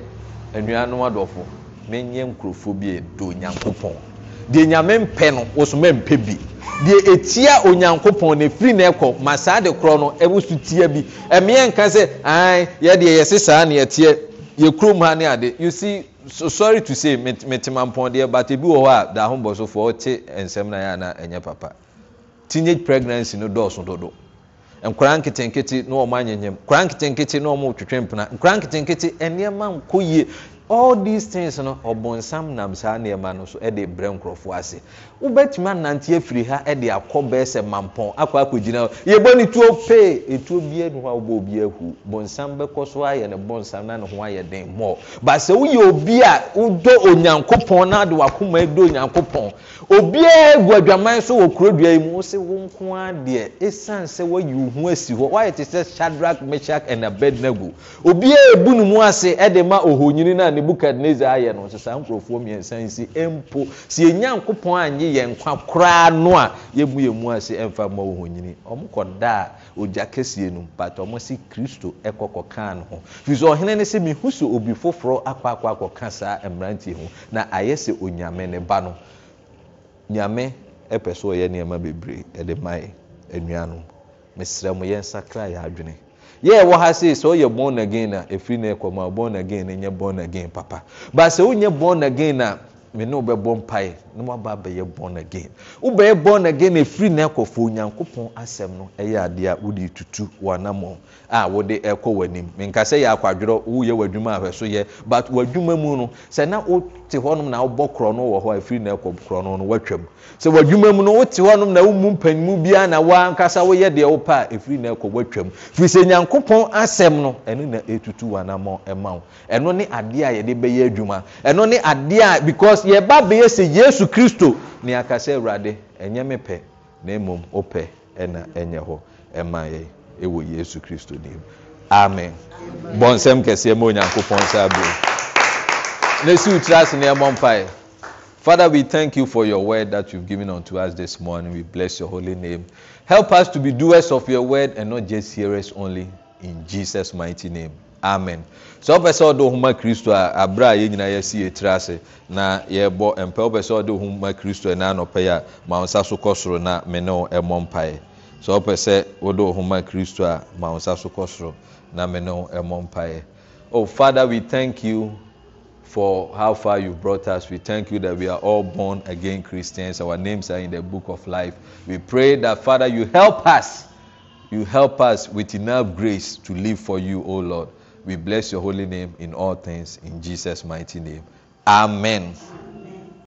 nnuanom adɔfo menyɛ nkurɔfoɔ bi do nyankopɔn deɛ nyame mpɛ no wosoma mpɛ bi deɛ etia onyankopɔn na efiri na ɛkɔ ma saa de korɔ no ɛwɔ tia bi ɛmeɛ nka sɛ ɛn yɛdeɛ yɛsi saa na yɛteɛ yɛ kurom ha ne ade you see so sorry to say metemapɔn deɛ but ebi wɔ hɔ a daaho bɔ ɔte nsɛm na yɛ ana ɛnyɛ papa teenage pregnancy no dɔɔso dodo nkwadaa nketenkete na wɔn anyanyam nkwadaa nketenkete na wɔn retwetwe mpena nkwadaa nketenkete nneɛma nkɔ yie all these things no ɔbɔnsam nam saa nneɛma no so de brɛ nkurɔfoɔ ase wobɛtumi anante afiri ha de akɔ bɛɛsɛ mampɔn akɔ akɔgyina yɛbɔ ne tuo pee ɛtuo biaa nu hɔ a wobɔ obi ahu bɔnsam bɛkɔ so ayɛ ne bɔnsam na ne ho ayɛ den mmɔ but sɛ woyɛ obi a wodɔ onyankopɔn na ade wakoma dɔ onyankopɔn obiara gu adwaman so wɔ kurodua yi mu wo se wo nko ara deɛ ɛsiane sɛ woayi wo ho asi hɔ woayɛ te sɛ shadrach meshach and abednego obiara ebu ne mu ase ɛde ma ohonyini no a ayɛ no sɛ nkurɔfoɔ mmiɛnsa nsi mpo sɛ yɛnyankopɔn anyɛ agye yɛn nkwa koraa no a yɛmu yɛ mu ase ɛmfa ma wɔhɔnyini ɔmokɔda a ɔgya kɛsie no but ɔmo se kristo ɛkɔkɔkaa no ho firi sɛ ɔhene ne sɛ mehu sɛ obi foforɔ akɔakɔ akɔka saa mmerantie ho na ayɛ sɛ onyame ne ba no nyame ɛpɛ sɛ ɔyɛ nneɛma bebree ɛde maɛ anuanom mesrɛ mo yɛnsakra yɛ adwene yɛɛwɔ ha sei sɛ woyɛ bɔn again a ɛfiri no ɛkɔma bɔn again no nyɛ bɔn again papa but sɛ wonyɛ bɔn again a me ne wobɛbɔ mpae na waba abɛyɛ born again wobɛyɛ born again ɛfiri ne ɛkɔfo onyankopɔn asɛm no ɛyɛ adeɛ a wode tutu wɔ anammɔn a wode ɛkɔ w'anim nka sɛ yɛ akwadworɔ woyɛ w'adwuma a hwɛso yɛ but w'adwuma mu no sɛ na wote hɔnom na wobɔ korɔ no wɔ hɔ a ɛfiri na ɛkɔ korɔ no no sɛ w'adwuma mu no wote hɔnom na womu mpanimu biara na woankasa woyɛ deɛ wopɛ a ɛfiri na ɛkɔ woatwam firi sɛ nyankopɔn asɛm no ɛno na ɛtutu w'anammɔ ɛma wo ɛno ne adeɛ a yɛde bɛyɛ adwuma ɛno ne adeɛ a because yɛba bɛyɛ sɛ kristo ne akasɛ awurade ɛnyɛ me pɛ na mmom wopɛ ɛna ɛnyɛ ɛwɔ yesu kristo nim amen bɔnsɛm kɛseɛ ma onyankopɔn sɛ abio na si wokyerɛ ase ne ɛmmɔ mpaeɛ Father, we thank you for your word that you've given unto us this morning. We bless your holy name. Help us to be doers of your word and not just hearers only. In Jesus' mighty name. Amen. So, wopɛ sɛ ɔde ohoma kristo a aberɛ a yɛn nyinaa yɛasi na yɛbɔ mpɛ wopɛ sɛ ɔde ohoma kristo ɛna anɔpɛ yi a ma wo na meno ne wo sɛ wopɛ sɛ wode wo homa kristo a ma so soro na me ne oh father we thank you for how far you brought us. We thank you that we are all born again Christians. Our names are in the book of life. We pray that, Father, you help us. You help us with enough grace to live for you, O Lord. We bless your holy name in all things. In Jesus' mighty name. Amen.